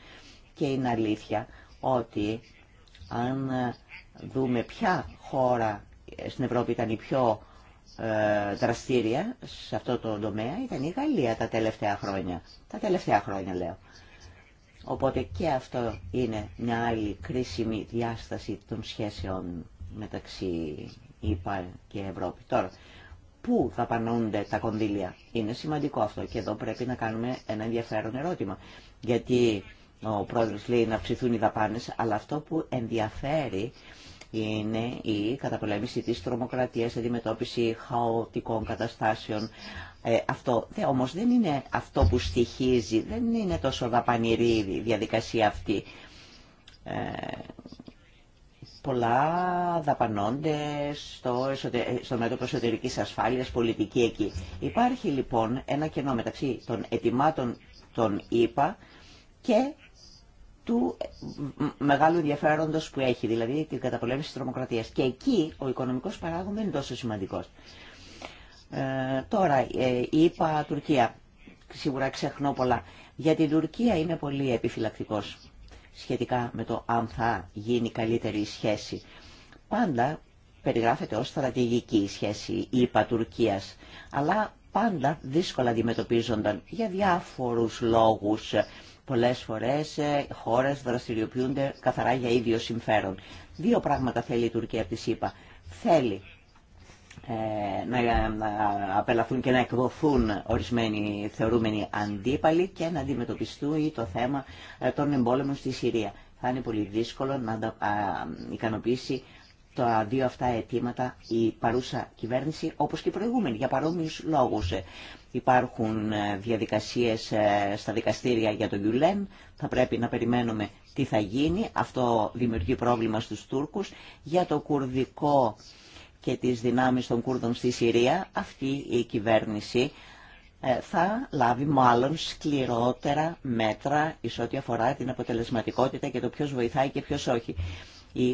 Και είναι αλήθεια ότι αν δούμε ποια χώρα στην Ευρώπη ήταν η πιο ε, δραστήρια σε αυτό το τομέα, ήταν η Γαλλία τα τελευταία χρόνια. Τα τελευταία χρόνια λέω. Οπότε και αυτό είναι μια άλλη κρίσιμη διάσταση των σχέσεων μεταξύ υπάρχει και Ευρώπη. Τώρα, πού δαπανώνται τα κονδύλια. Είναι σημαντικό αυτό και εδώ πρέπει να κάνουμε ένα ενδιαφέρον ερώτημα. Γιατί ο πρόεδρος λέει να ψηθούν οι δαπάνες, αλλά αυτό που θα ενδιαφέρει τα είναι η καταπολέμηση της τρομοκρατίας, η αντιμετώπιση χαοτικών καταστάσεων. Ε, αυτό δε, όμως δεν είναι αυτό που στοιχίζει, δεν είναι τόσο δαπανηρή η διαδικασία αυτή. αυτο δε ομως δεν ειναι αυτο που στοιχιζει δεν ειναι τοσο δαπανηρη η διαδικασια αυτη πολλά δαπανώνται στο, στο μέτωπο εσωτερική ασφάλειας, πολιτική εκεί. Υπάρχει λοιπόν ένα κενό μεταξύ των ετοιμάτων των ΙΠΑ και του μεγάλου ενδιαφέροντο που έχει, δηλαδή την καταπολέμηση της τρομοκρατίας. Και εκεί ο οικονομικός παράγον δεν είναι τόσο σημαντικός. Ε, τώρα, τώρα, ε, ΙΠΑ, Τουρκία, σίγουρα ξεχνώ πολλά. Για την Τουρκία είναι πολύ επιφυλακτικός σχετικά με το αν θα γίνει καλύτερη η σχέση. Πάντα περιγράφεται ως στρατηγική η σχέση ΙΠΑ-Τουρκίας, αλλά πάντα δύσκολα αντιμετωπίζονταν για διάφορους λόγους. Πολλές φορές ε, χώρες δραστηριοποιούνται καθαρά για ίδιο συμφέρον. Δύο πράγματα θέλει η Τουρκία από τη ΣΥΠΑ. Θέλει ε, να απελαθούν και να εκδοθούν ορισμένοι θεωρούμενοι αντίπαλοι και να αντιμετωπιστούν το θέμα ε, των εμπόλεμων στη Συρία. Θα είναι πολύ δύσκολο να ικανοποιήσει τα δύο αυτά αιτήματα η παρούσα κυβέρνηση όπως και η προηγούμενη για παρόμοιους λόγους. Υπάρχουν ε, διαδικασίες στα δικαστήρια για τον Γιουλέν, θα πρέπει να περιμένουμε τι θα γίνει. Αυτό δημιουργεί πρόβλημα στους Τούρκους. Για το κουρδικό και τις δυνάμεις των Κούρδων στη Συρία, αυτή η κυβέρνηση ε, θα λάβει μάλλον σκληρότερα μέτρα εις ό,τι αφορά την αποτελεσματικότητα και το ποιος βοηθάει και ποιος όχι. Οι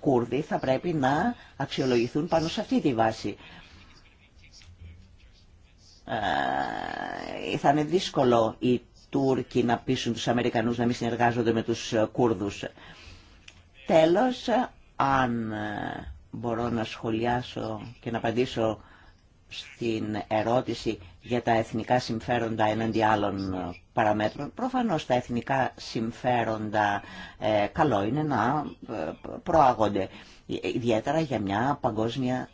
Κούρδοι θα πρέπει να αξιολογηθούν πάνω σε αυτή τη βάση. Ε, θα είναι δύσκολο οι Τούρκοι να πείσουν τους Αμερικανούς να μην συνεργάζονται με τους Κούρδους. Τέλος, αν μπορώ να σχολιάσω και να απαντήσω στην ερώτηση για τα εθνικά συμφέροντα εναντί άλλων ε, παραμέτρων. Προφανώς τα εθνικά συμφέροντα ε, καλό είναι να ε, προάγονται, ε, ιδιαίτερα για μια παγκόσμια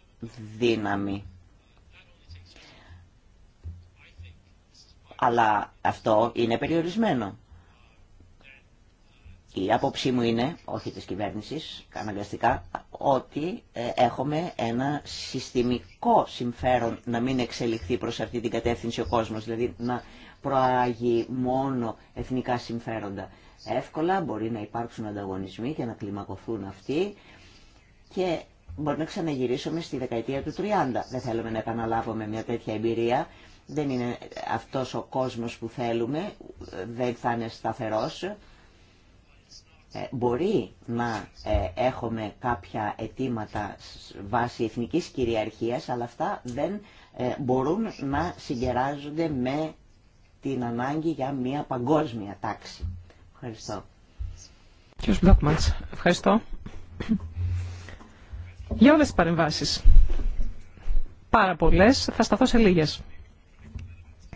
δύναμη. Αλλά αυτό είναι περιορισμένο η άποψή μου είναι, όχι της κυβέρνησης, αναγκαστικά, ότι ε, έχουμε ένα συστημικό συμφέρον να μην εξελιχθεί προς αυτή την κατεύθυνση ο κόσμος, δηλαδή να προάγει μόνο εθνικά συμφέροντα. Εύκολα μπορεί να υπάρξουν ανταγωνισμοί και να κλιμακωθούν αυτοί και μπορεί να ξαναγυρίσουμε στη δεκαετία του 30. Δεν θέλουμε να επαναλάβουμε μια τέτοια εμπειρία. Δεν είναι αυτός ο κόσμος που θέλουμε, δεν θα είναι σταθερός ε, μπορεί να ε, έχουμε κάποια αιτήματα βάσει εθνικής κυριαρχίας, αλλά αυτά δεν ε, μπορούν να συγκεράζονται με την ανάγκη για μια παγκόσμια τάξη. Ευχαριστώ. Κύριος Μπλόκμαντς, ευχαριστώ για όλες τις παρεμβάσεις. Πάρα πολλές, θα σταθώ σε λίγες.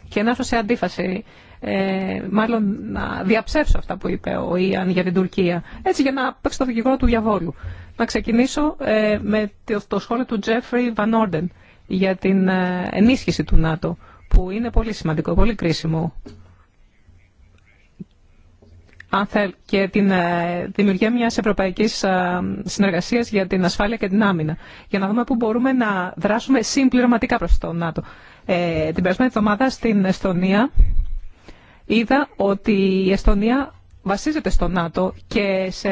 Και να έρθω σε αντίφαση ε, μάλλον να διαψεύσω αυτά που είπε ο Ιαν για την Τουρκία, έτσι για να παίξω το δικηγόρο του διαβόλου. Να ξεκινήσω ε, με το, το σχόλιο του Τζέφρι Βαν Όρντεν για την ε, ενίσχυση του ΝΑΤΟ, που είναι πολύ σημαντικό, πολύ κρίσιμο. Αν και την δημιουργία μιας ευρωπαϊκής συνεργασίας για την ασφάλεια και την άμυνα, για να δούμε πού μπορούμε να δράσουμε συμπληρωματικά προς το ΝΑΤΟ. την περασμένη εβδομάδα στην Εστονία είδα ότι η Εστονία βασίζεται στο ΝΑΤΟ και σε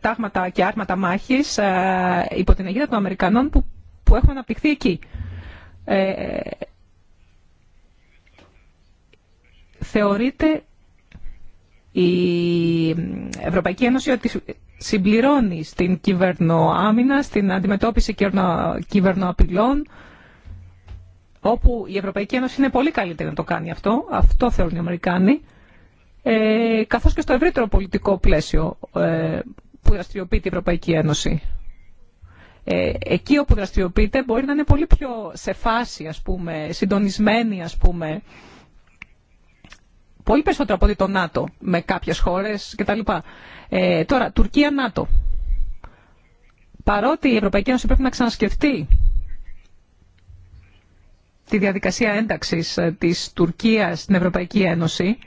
τάγματα και άρματα μάχης ε, υπό την αιγύδα των Αμερικανών που, που έχουν αναπτυχθεί εκεί. Ε, θεωρείται η Ευρωπαϊκή Ένωση ότι συμπληρώνει στην κυβερνοάμυνα, στην αντιμετώπιση κυβερνοαπειλών, όπου η Ευρωπαϊκή Ένωση είναι πολύ καλύτερη να το κάνει αυτό, αυτό θεωρούν οι Αμερικάνοι, ε, καθώς και στο ευρύτερο πολιτικό πλαίσιο ε, που δραστηριοποιείται η Ευρωπαϊκή Ένωση. Ε, εκεί όπου δραστηριοποιείται μπορεί να είναι πολύ πιο σε φάση, ας πούμε, συντονισμένη, ας πούμε, πολύ περισσότερο από ότι το ΝΑΤΟ με κάποιες χώρες κτλ. Ε, τώρα, Τουρκία-ΝΑΤΟ. Παρότι η Ευρωπαϊκή Ένωση πρέπει να ξανασκεφτεί τη διαδικασία ένταξης ε, της Τουρκίας στην Ευρωπαϊκή Ένωση,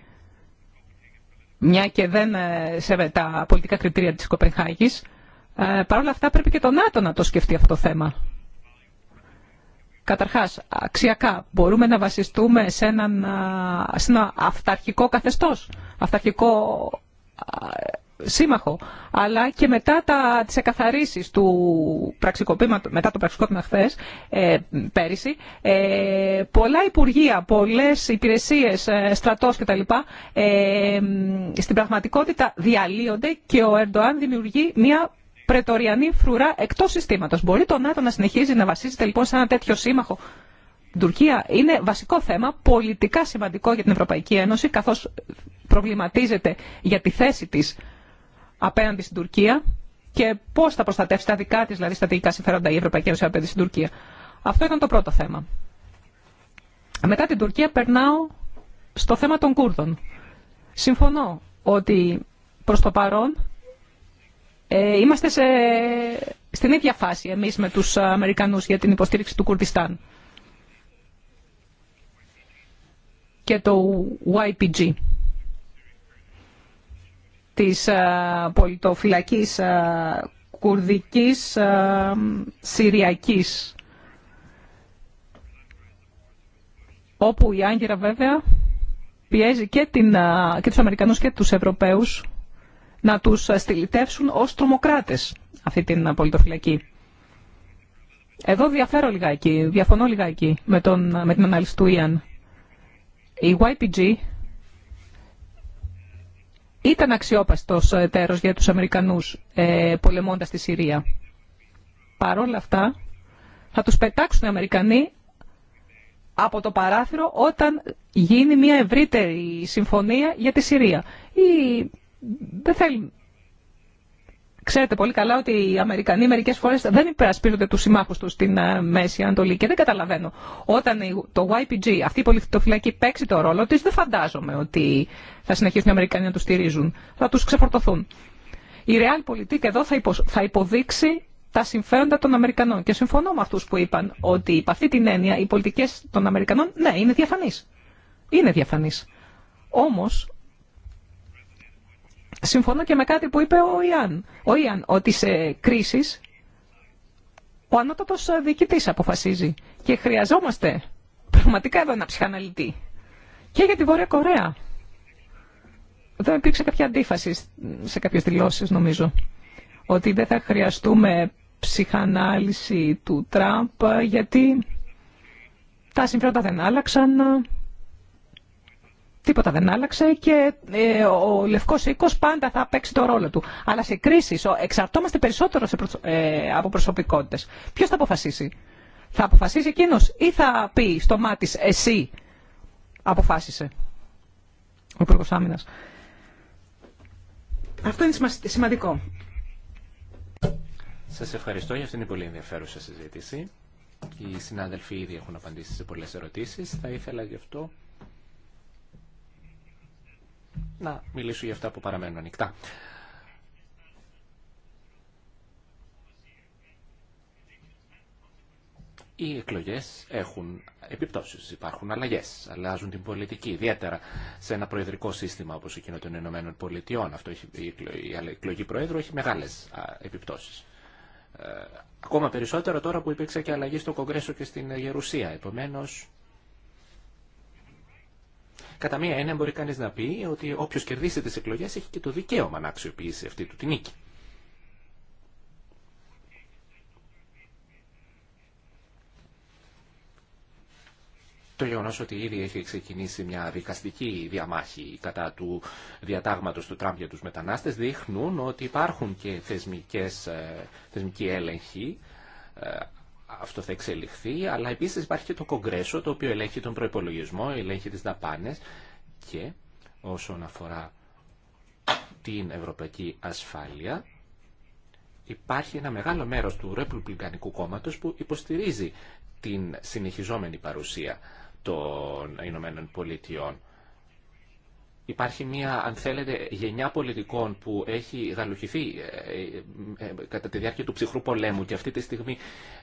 μια και δεν σε τα πολιτικά κριτήρια της Κοπενχάγης, ε, παρόλα αυτά πρέπει και το ΝΑΤΟ να το σκεφτεί αυτό το θέμα. Καταρχάς, αξιακά μπορούμε να βασιστούμε σε, έναν, ένα αυταρχικό καθεστώς, αυταρχικό σύμμαχο, αλλά και μετά τα, τις εκαθαρίσεις του μετά το πραξικόπημα χθε ε, πέρυσι, ε, πολλά υπουργεία, πολλές υπηρεσίες, ε, στρατός κτλ. Ε, στην πραγματικότητα διαλύονται και ο Ερντοάν δημιουργεί μια πρετοριανή φρουρά εκτός συστήματος. Μπορεί το ΝΑΤΟ να συνεχίζει να βασίζεται λοιπόν σε ένα τέτοιο σύμμαχο Τουρκία είναι βασικό θέμα, πολιτικά σημαντικό για την Ευρωπαϊκή Ένωση, καθώς προβληματίζεται για τη θέση της απέναντι στην Τουρκία και πώ θα προστατεύσει τα δικά τη δηλαδή στρατηγικά συμφέροντα η Ευρωπαϊκή Ένωση απέναντι στην Τουρκία. Αυτό ήταν το πρώτο θέμα. Μετά την Τουρκία περνάω στο θέμα των Κούρδων. Συμφωνώ ότι προς το παρόν ε, είμαστε σε, στην ίδια φάση εμείς με τους Αμερικανούς για την υποστήριξη του Κουρδιστάν και το YPG της ε, πολιτοφυλακής ε, κουρδικής ε, Συριακής όπου η Άγκυρα βέβαια πιέζει και, την, και τους Αμερικανούς και τους Ευρωπαίους να τους στυλιτεύσουν ως τρομοκράτες αυτή την πολιτοφυλακή. Εδώ διαφέρω λιγάκι, διαφωνώ λιγάκι με, τον, με την ανάλυση του Ιαν. Η YPG ήταν αξιόπαστος εταίρος για τους Αμερικανούς ε, πολεμώντας τη Συρία. Παρ' όλα αυτά θα τους πετάξουν οι Αμερικανοί από το παράθυρο όταν γίνει μια ευρύτερη συμφωνία για τη Συρία. Ή δεν θέλουν Ξέρετε πολύ καλά ότι οι Αμερικανοί μερικέ φορέ δεν υπερασπίζονται του συμμάχου του στην ε, Μέση Ανατολή και δεν καταλαβαίνω. Όταν το YPG, αυτή η πολιτοφυλακή παίξει το ρόλο τη, δεν φαντάζομαι ότι θα συνεχίσουν οι Αμερικανοί να του στηρίζουν. Θα του ξεφορτωθούν. Η Real Politik εδώ θα υποδείξει τα συμφέροντα των Αμερικανών. Και συμφωνώ με αυτού που είπαν ότι υπ' αυτή την έννοια οι πολιτικέ των Αμερικανών, ναι, είναι διαφανεί. Είναι διαφανεί. Όμω συμφωνώ και με κάτι που είπε ο Ιαν, ο Ιαν ότι σε κρίσεις ο ανώτατος διοικητή αποφασίζει και χρειαζόμαστε πραγματικά εδώ ένα ψυχαναλυτή και για τη Βόρεια Κορέα. Δεν υπήρξε κάποια αντίφαση σε κάποιε δηλώσεις νομίζω ότι δεν θα χρειαστούμε ψυχανάλυση του Τραμπ γιατί τα συμφέροντα δεν άλλαξαν τίποτα δεν άλλαξε και ε, ο Λευκός Οίκο πάντα θα παίξει το ρόλο του. Αλλά σε κρίσει εξαρτώμαστε περισσότερο ε, από προσωπικότητες. Ποιο θα αποφασίσει. Θα αποφασίσει εκείνο ή θα πει στο μάτι εσύ αποφάσισε. Ο Υπουργό Άμυνα. Αυτό είναι σημαντικό. Σα ευχαριστώ για αυτήν την πολύ ενδιαφέρουσα συζήτηση. Οι συνάδελφοι ήδη έχουν απαντήσει σε πολλέ ερωτήσει. Θα ήθελα γι' αυτό να μιλήσω για αυτά που παραμένουν ανοιχτά. Οι εκλογές έχουν επιπτώσεις, υπάρχουν αλλαγές, αλλάζουν την πολιτική, ιδιαίτερα σε ένα προεδρικό σύστημα όπως εκείνο των Ηνωμένων Πολιτειών. Αυτό η εκλογή προέδρου έχει μεγάλες επιπτώσεις. Ε, ακόμα περισσότερο τώρα που υπήρξε και αλλαγή στο Κογκρέσο και στην Γερουσία. Επομένως, Κατά μία έννοια μπορεί κανείς να πει ότι όποιος κερδίσει τις εκλογές έχει και το δικαίωμα να αξιοποιήσει αυτή του τη νίκη. Το γεγονό ότι ήδη έχει ξεκινήσει μια δικαστική διαμάχη κατά του διατάγματος του Τραμπ για τους μετανάστες δείχνουν ότι υπάρχουν και θεσμικές, ε, θεσμικοί έλεγχοι ε, αυτό θα εξελιχθεί, αλλά επίσης υπάρχει και το Κογκρέσο, το οποίο ελέγχει τον προϋπολογισμό, ελέγχει τις δαπάνες και όσον αφορά την ευρωπαϊκή ασφάλεια, υπάρχει ένα μεγάλο μέρος του Ρεπλουπλικανικού Κόμματος που υποστηρίζει την συνεχιζόμενη παρουσία των Ηνωμένων Πολιτειών Υπάρχει μια, αν θέλετε, γενιά πολιτικών που έχει γαλουχηθεί ε, ε, ε, κατά τη διάρκεια του ψυχρού πολέμου και αυτή τη στιγμή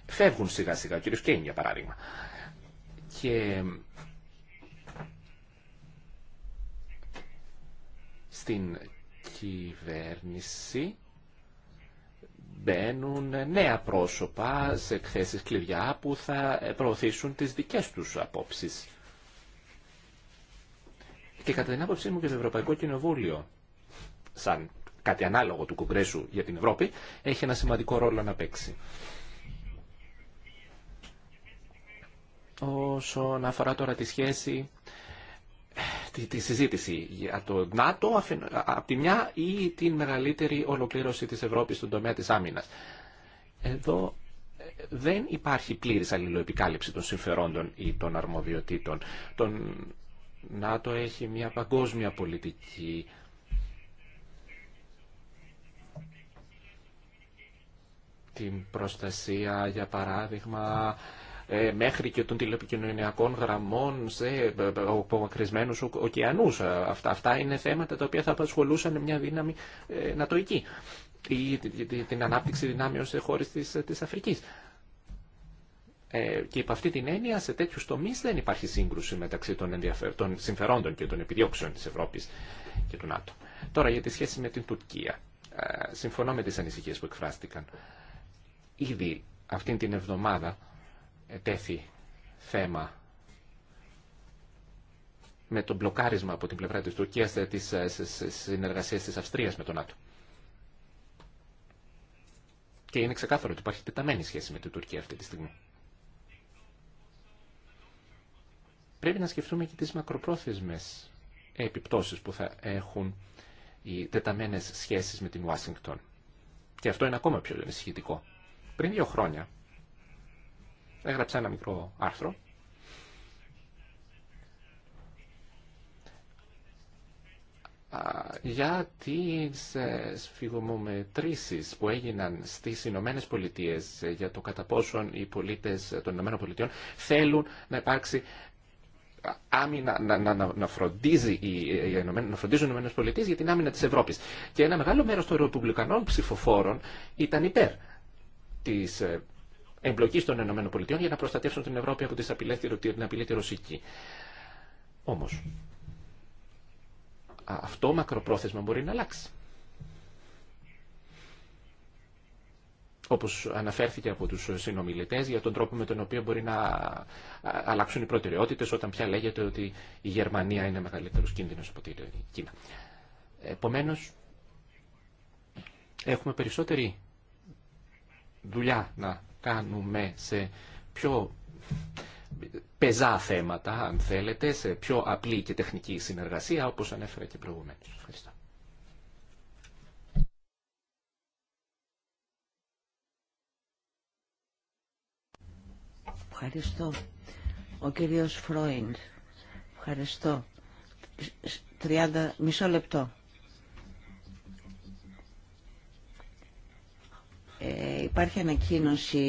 φεύγουν σιγά σιγά, ο κύριος Κέιν για παράδειγμα. Και στην κυβέρνηση μπαίνουν νέα πρόσωπα σε εκθέσεις κλειδιά που θα προωθήσουν τις δικές τους απόψεις και κατά την άποψή μου και το Ευρωπαϊκό Κοινοβούλιο, σαν κάτι ανάλογο του Κογκρέσου για την Ευρώπη, έχει ένα σημαντικό ρόλο να παίξει. Όσον αφορά τώρα τη σχέση, τη, τη συζήτηση για το ΝΑΤΟ από τη μια ή την μεγαλύτερη ολοκλήρωση της Ευρώπης στον τομέα της άμυνας. Εδώ ε, δεν υπάρχει πλήρης αλληλοεπικάλυψη των συμφερόντων ή των αρμοδιοτήτων. Των ΝΑΤΟ έχει μια παγκόσμια πολιτική. Την προστασία, για παράδειγμα, ε, μέχρι και των τηλεπικοινωνιακών γραμμών σε ε, ε, απομακρυσμένους ωκεανούς. Αυτά, αυτά είναι θέματα τα οποία θα απασχολούσαν μια δύναμη νατοϊκή ή την ανάπτυξη δυνάμεων σε χώρες τη της Αφρικής. Ε, και υπ' αυτή την έννοια σε τέτοιου τομεί δεν υπάρχει σύγκρουση μεταξύ των, ενδιαφε... των συμφερόντων και των επιδιώξεων τη Ευρώπη και του ΝΑΤΟ. Τώρα για τη σχέση με την Τουρκία. Ε, συμφωνώ με τι ανησυχίε που εκφράστηκαν. Ήδη αυτή την εβδομάδα ε, τέθη θέμα με το μπλοκάρισμα από την πλευρά της Τουρκίας της συνεργασίες της Αυστρίας με τον ΝΑΤΟ. Και είναι ξεκάθαρο ότι υπάρχει τεταμένη σχέση με την Τουρκία αυτή τη στιγμή. πρέπει να σκεφτούμε και τις μακροπρόθεσμες επιπτώσεις που θα έχουν οι τεταμένες σχέσεις με την Ουάσιγκτον. Και αυτό είναι ακόμα πιο ενισχυτικό. Πριν δύο χρόνια έγραψα ένα μικρό άρθρο για τις ε, σφιγμομετρήσεις που έγιναν στις Ηνωμένε Πολιτείες ε, για το κατά πόσον οι πολίτες των Ηνωμένων Πολιτειών θέλουν να υπάρξει άμυνα, να, να, φροντίζει οι, να φροντίζουν οι ΗΠΑ για την άμυνα της Ευρώπης. Και ένα μεγάλο μέρος των ρεπουμπλικανών ψηφοφόρων ήταν υπέρ της ε, εμπλοκής των ΗΠΑ για να προστατεύσουν την Ευρώπη από την απειλή τη Ρωσική. Όμως, αυτό μακροπρόθεσμα μπορεί να αλλάξει. όπως αναφέρθηκε από τους συνομιλητές, για τον τρόπο με τον οποίο μπορεί να αλλάξουν οι προτεραιότητες όταν πια λέγεται ότι η Γερμανία είναι μεγαλύτερος κίνδυνος από την Κίνα. Επομένως, έχουμε περισσότερη δουλειά να κάνουμε σε πιο πεζά θέματα, αν θέλετε, σε πιο απλή και τεχνική συνεργασία, όπως ανέφερα και προηγουμένως. Ευχαριστώ. Ευχαριστώ. Ο κύριος Φρόιντ. Ευχαριστώ. 30, μισό λεπτό. Ε, υπάρχει ανακοίνωση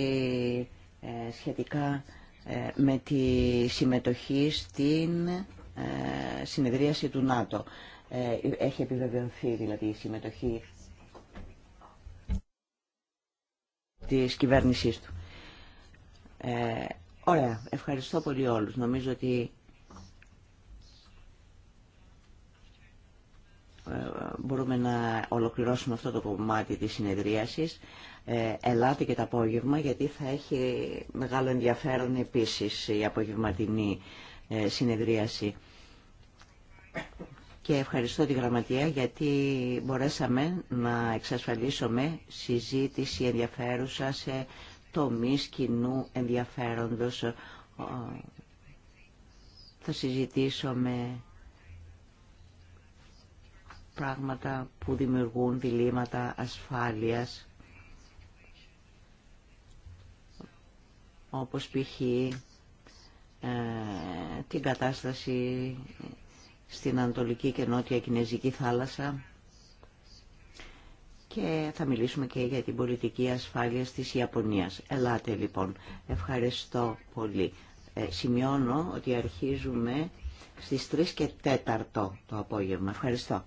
ε, σχετικά ε, με τη συμμετοχή στην ε, συνεδρίαση του ΝΑΤΟ. Έχει επιβεβαιωθεί δηλαδή η συμμετοχή της κυβέρνησής του. Ε, ωραία, ευχαριστώ πολύ όλους. Νομίζω ότι ε, μπορούμε να ολοκληρώσουμε αυτό το κομμάτι της συνεδρίασης. Ε, ελάτε και το απόγευμα γιατί θα έχει μεγάλο ενδιαφέρον επίσης η απογευματινή συνεδρίαση. Και ευχαριστώ τη Γραμματεία γιατί μπορέσαμε να εξασφαλίσουμε συζήτηση ενδιαφέρουσα σε τομείς κοινού ενδιαφέροντος. Ε, θα με πράγματα που δημιουργούν διλήμματα ασφάλειας, όπως π.χ. Ε, την κατάσταση στην Ανατολική και Νότια Κινέζικη θάλασσα, και θα μιλήσουμε και για την πολιτική ασφάλεια της Ιαπωνίας. Ελάτε λοιπόν. Ευχαριστώ πολύ. Ε, σημειώνω ότι αρχίζουμε στις 3 και 4 το απόγευμα. Ευχαριστώ.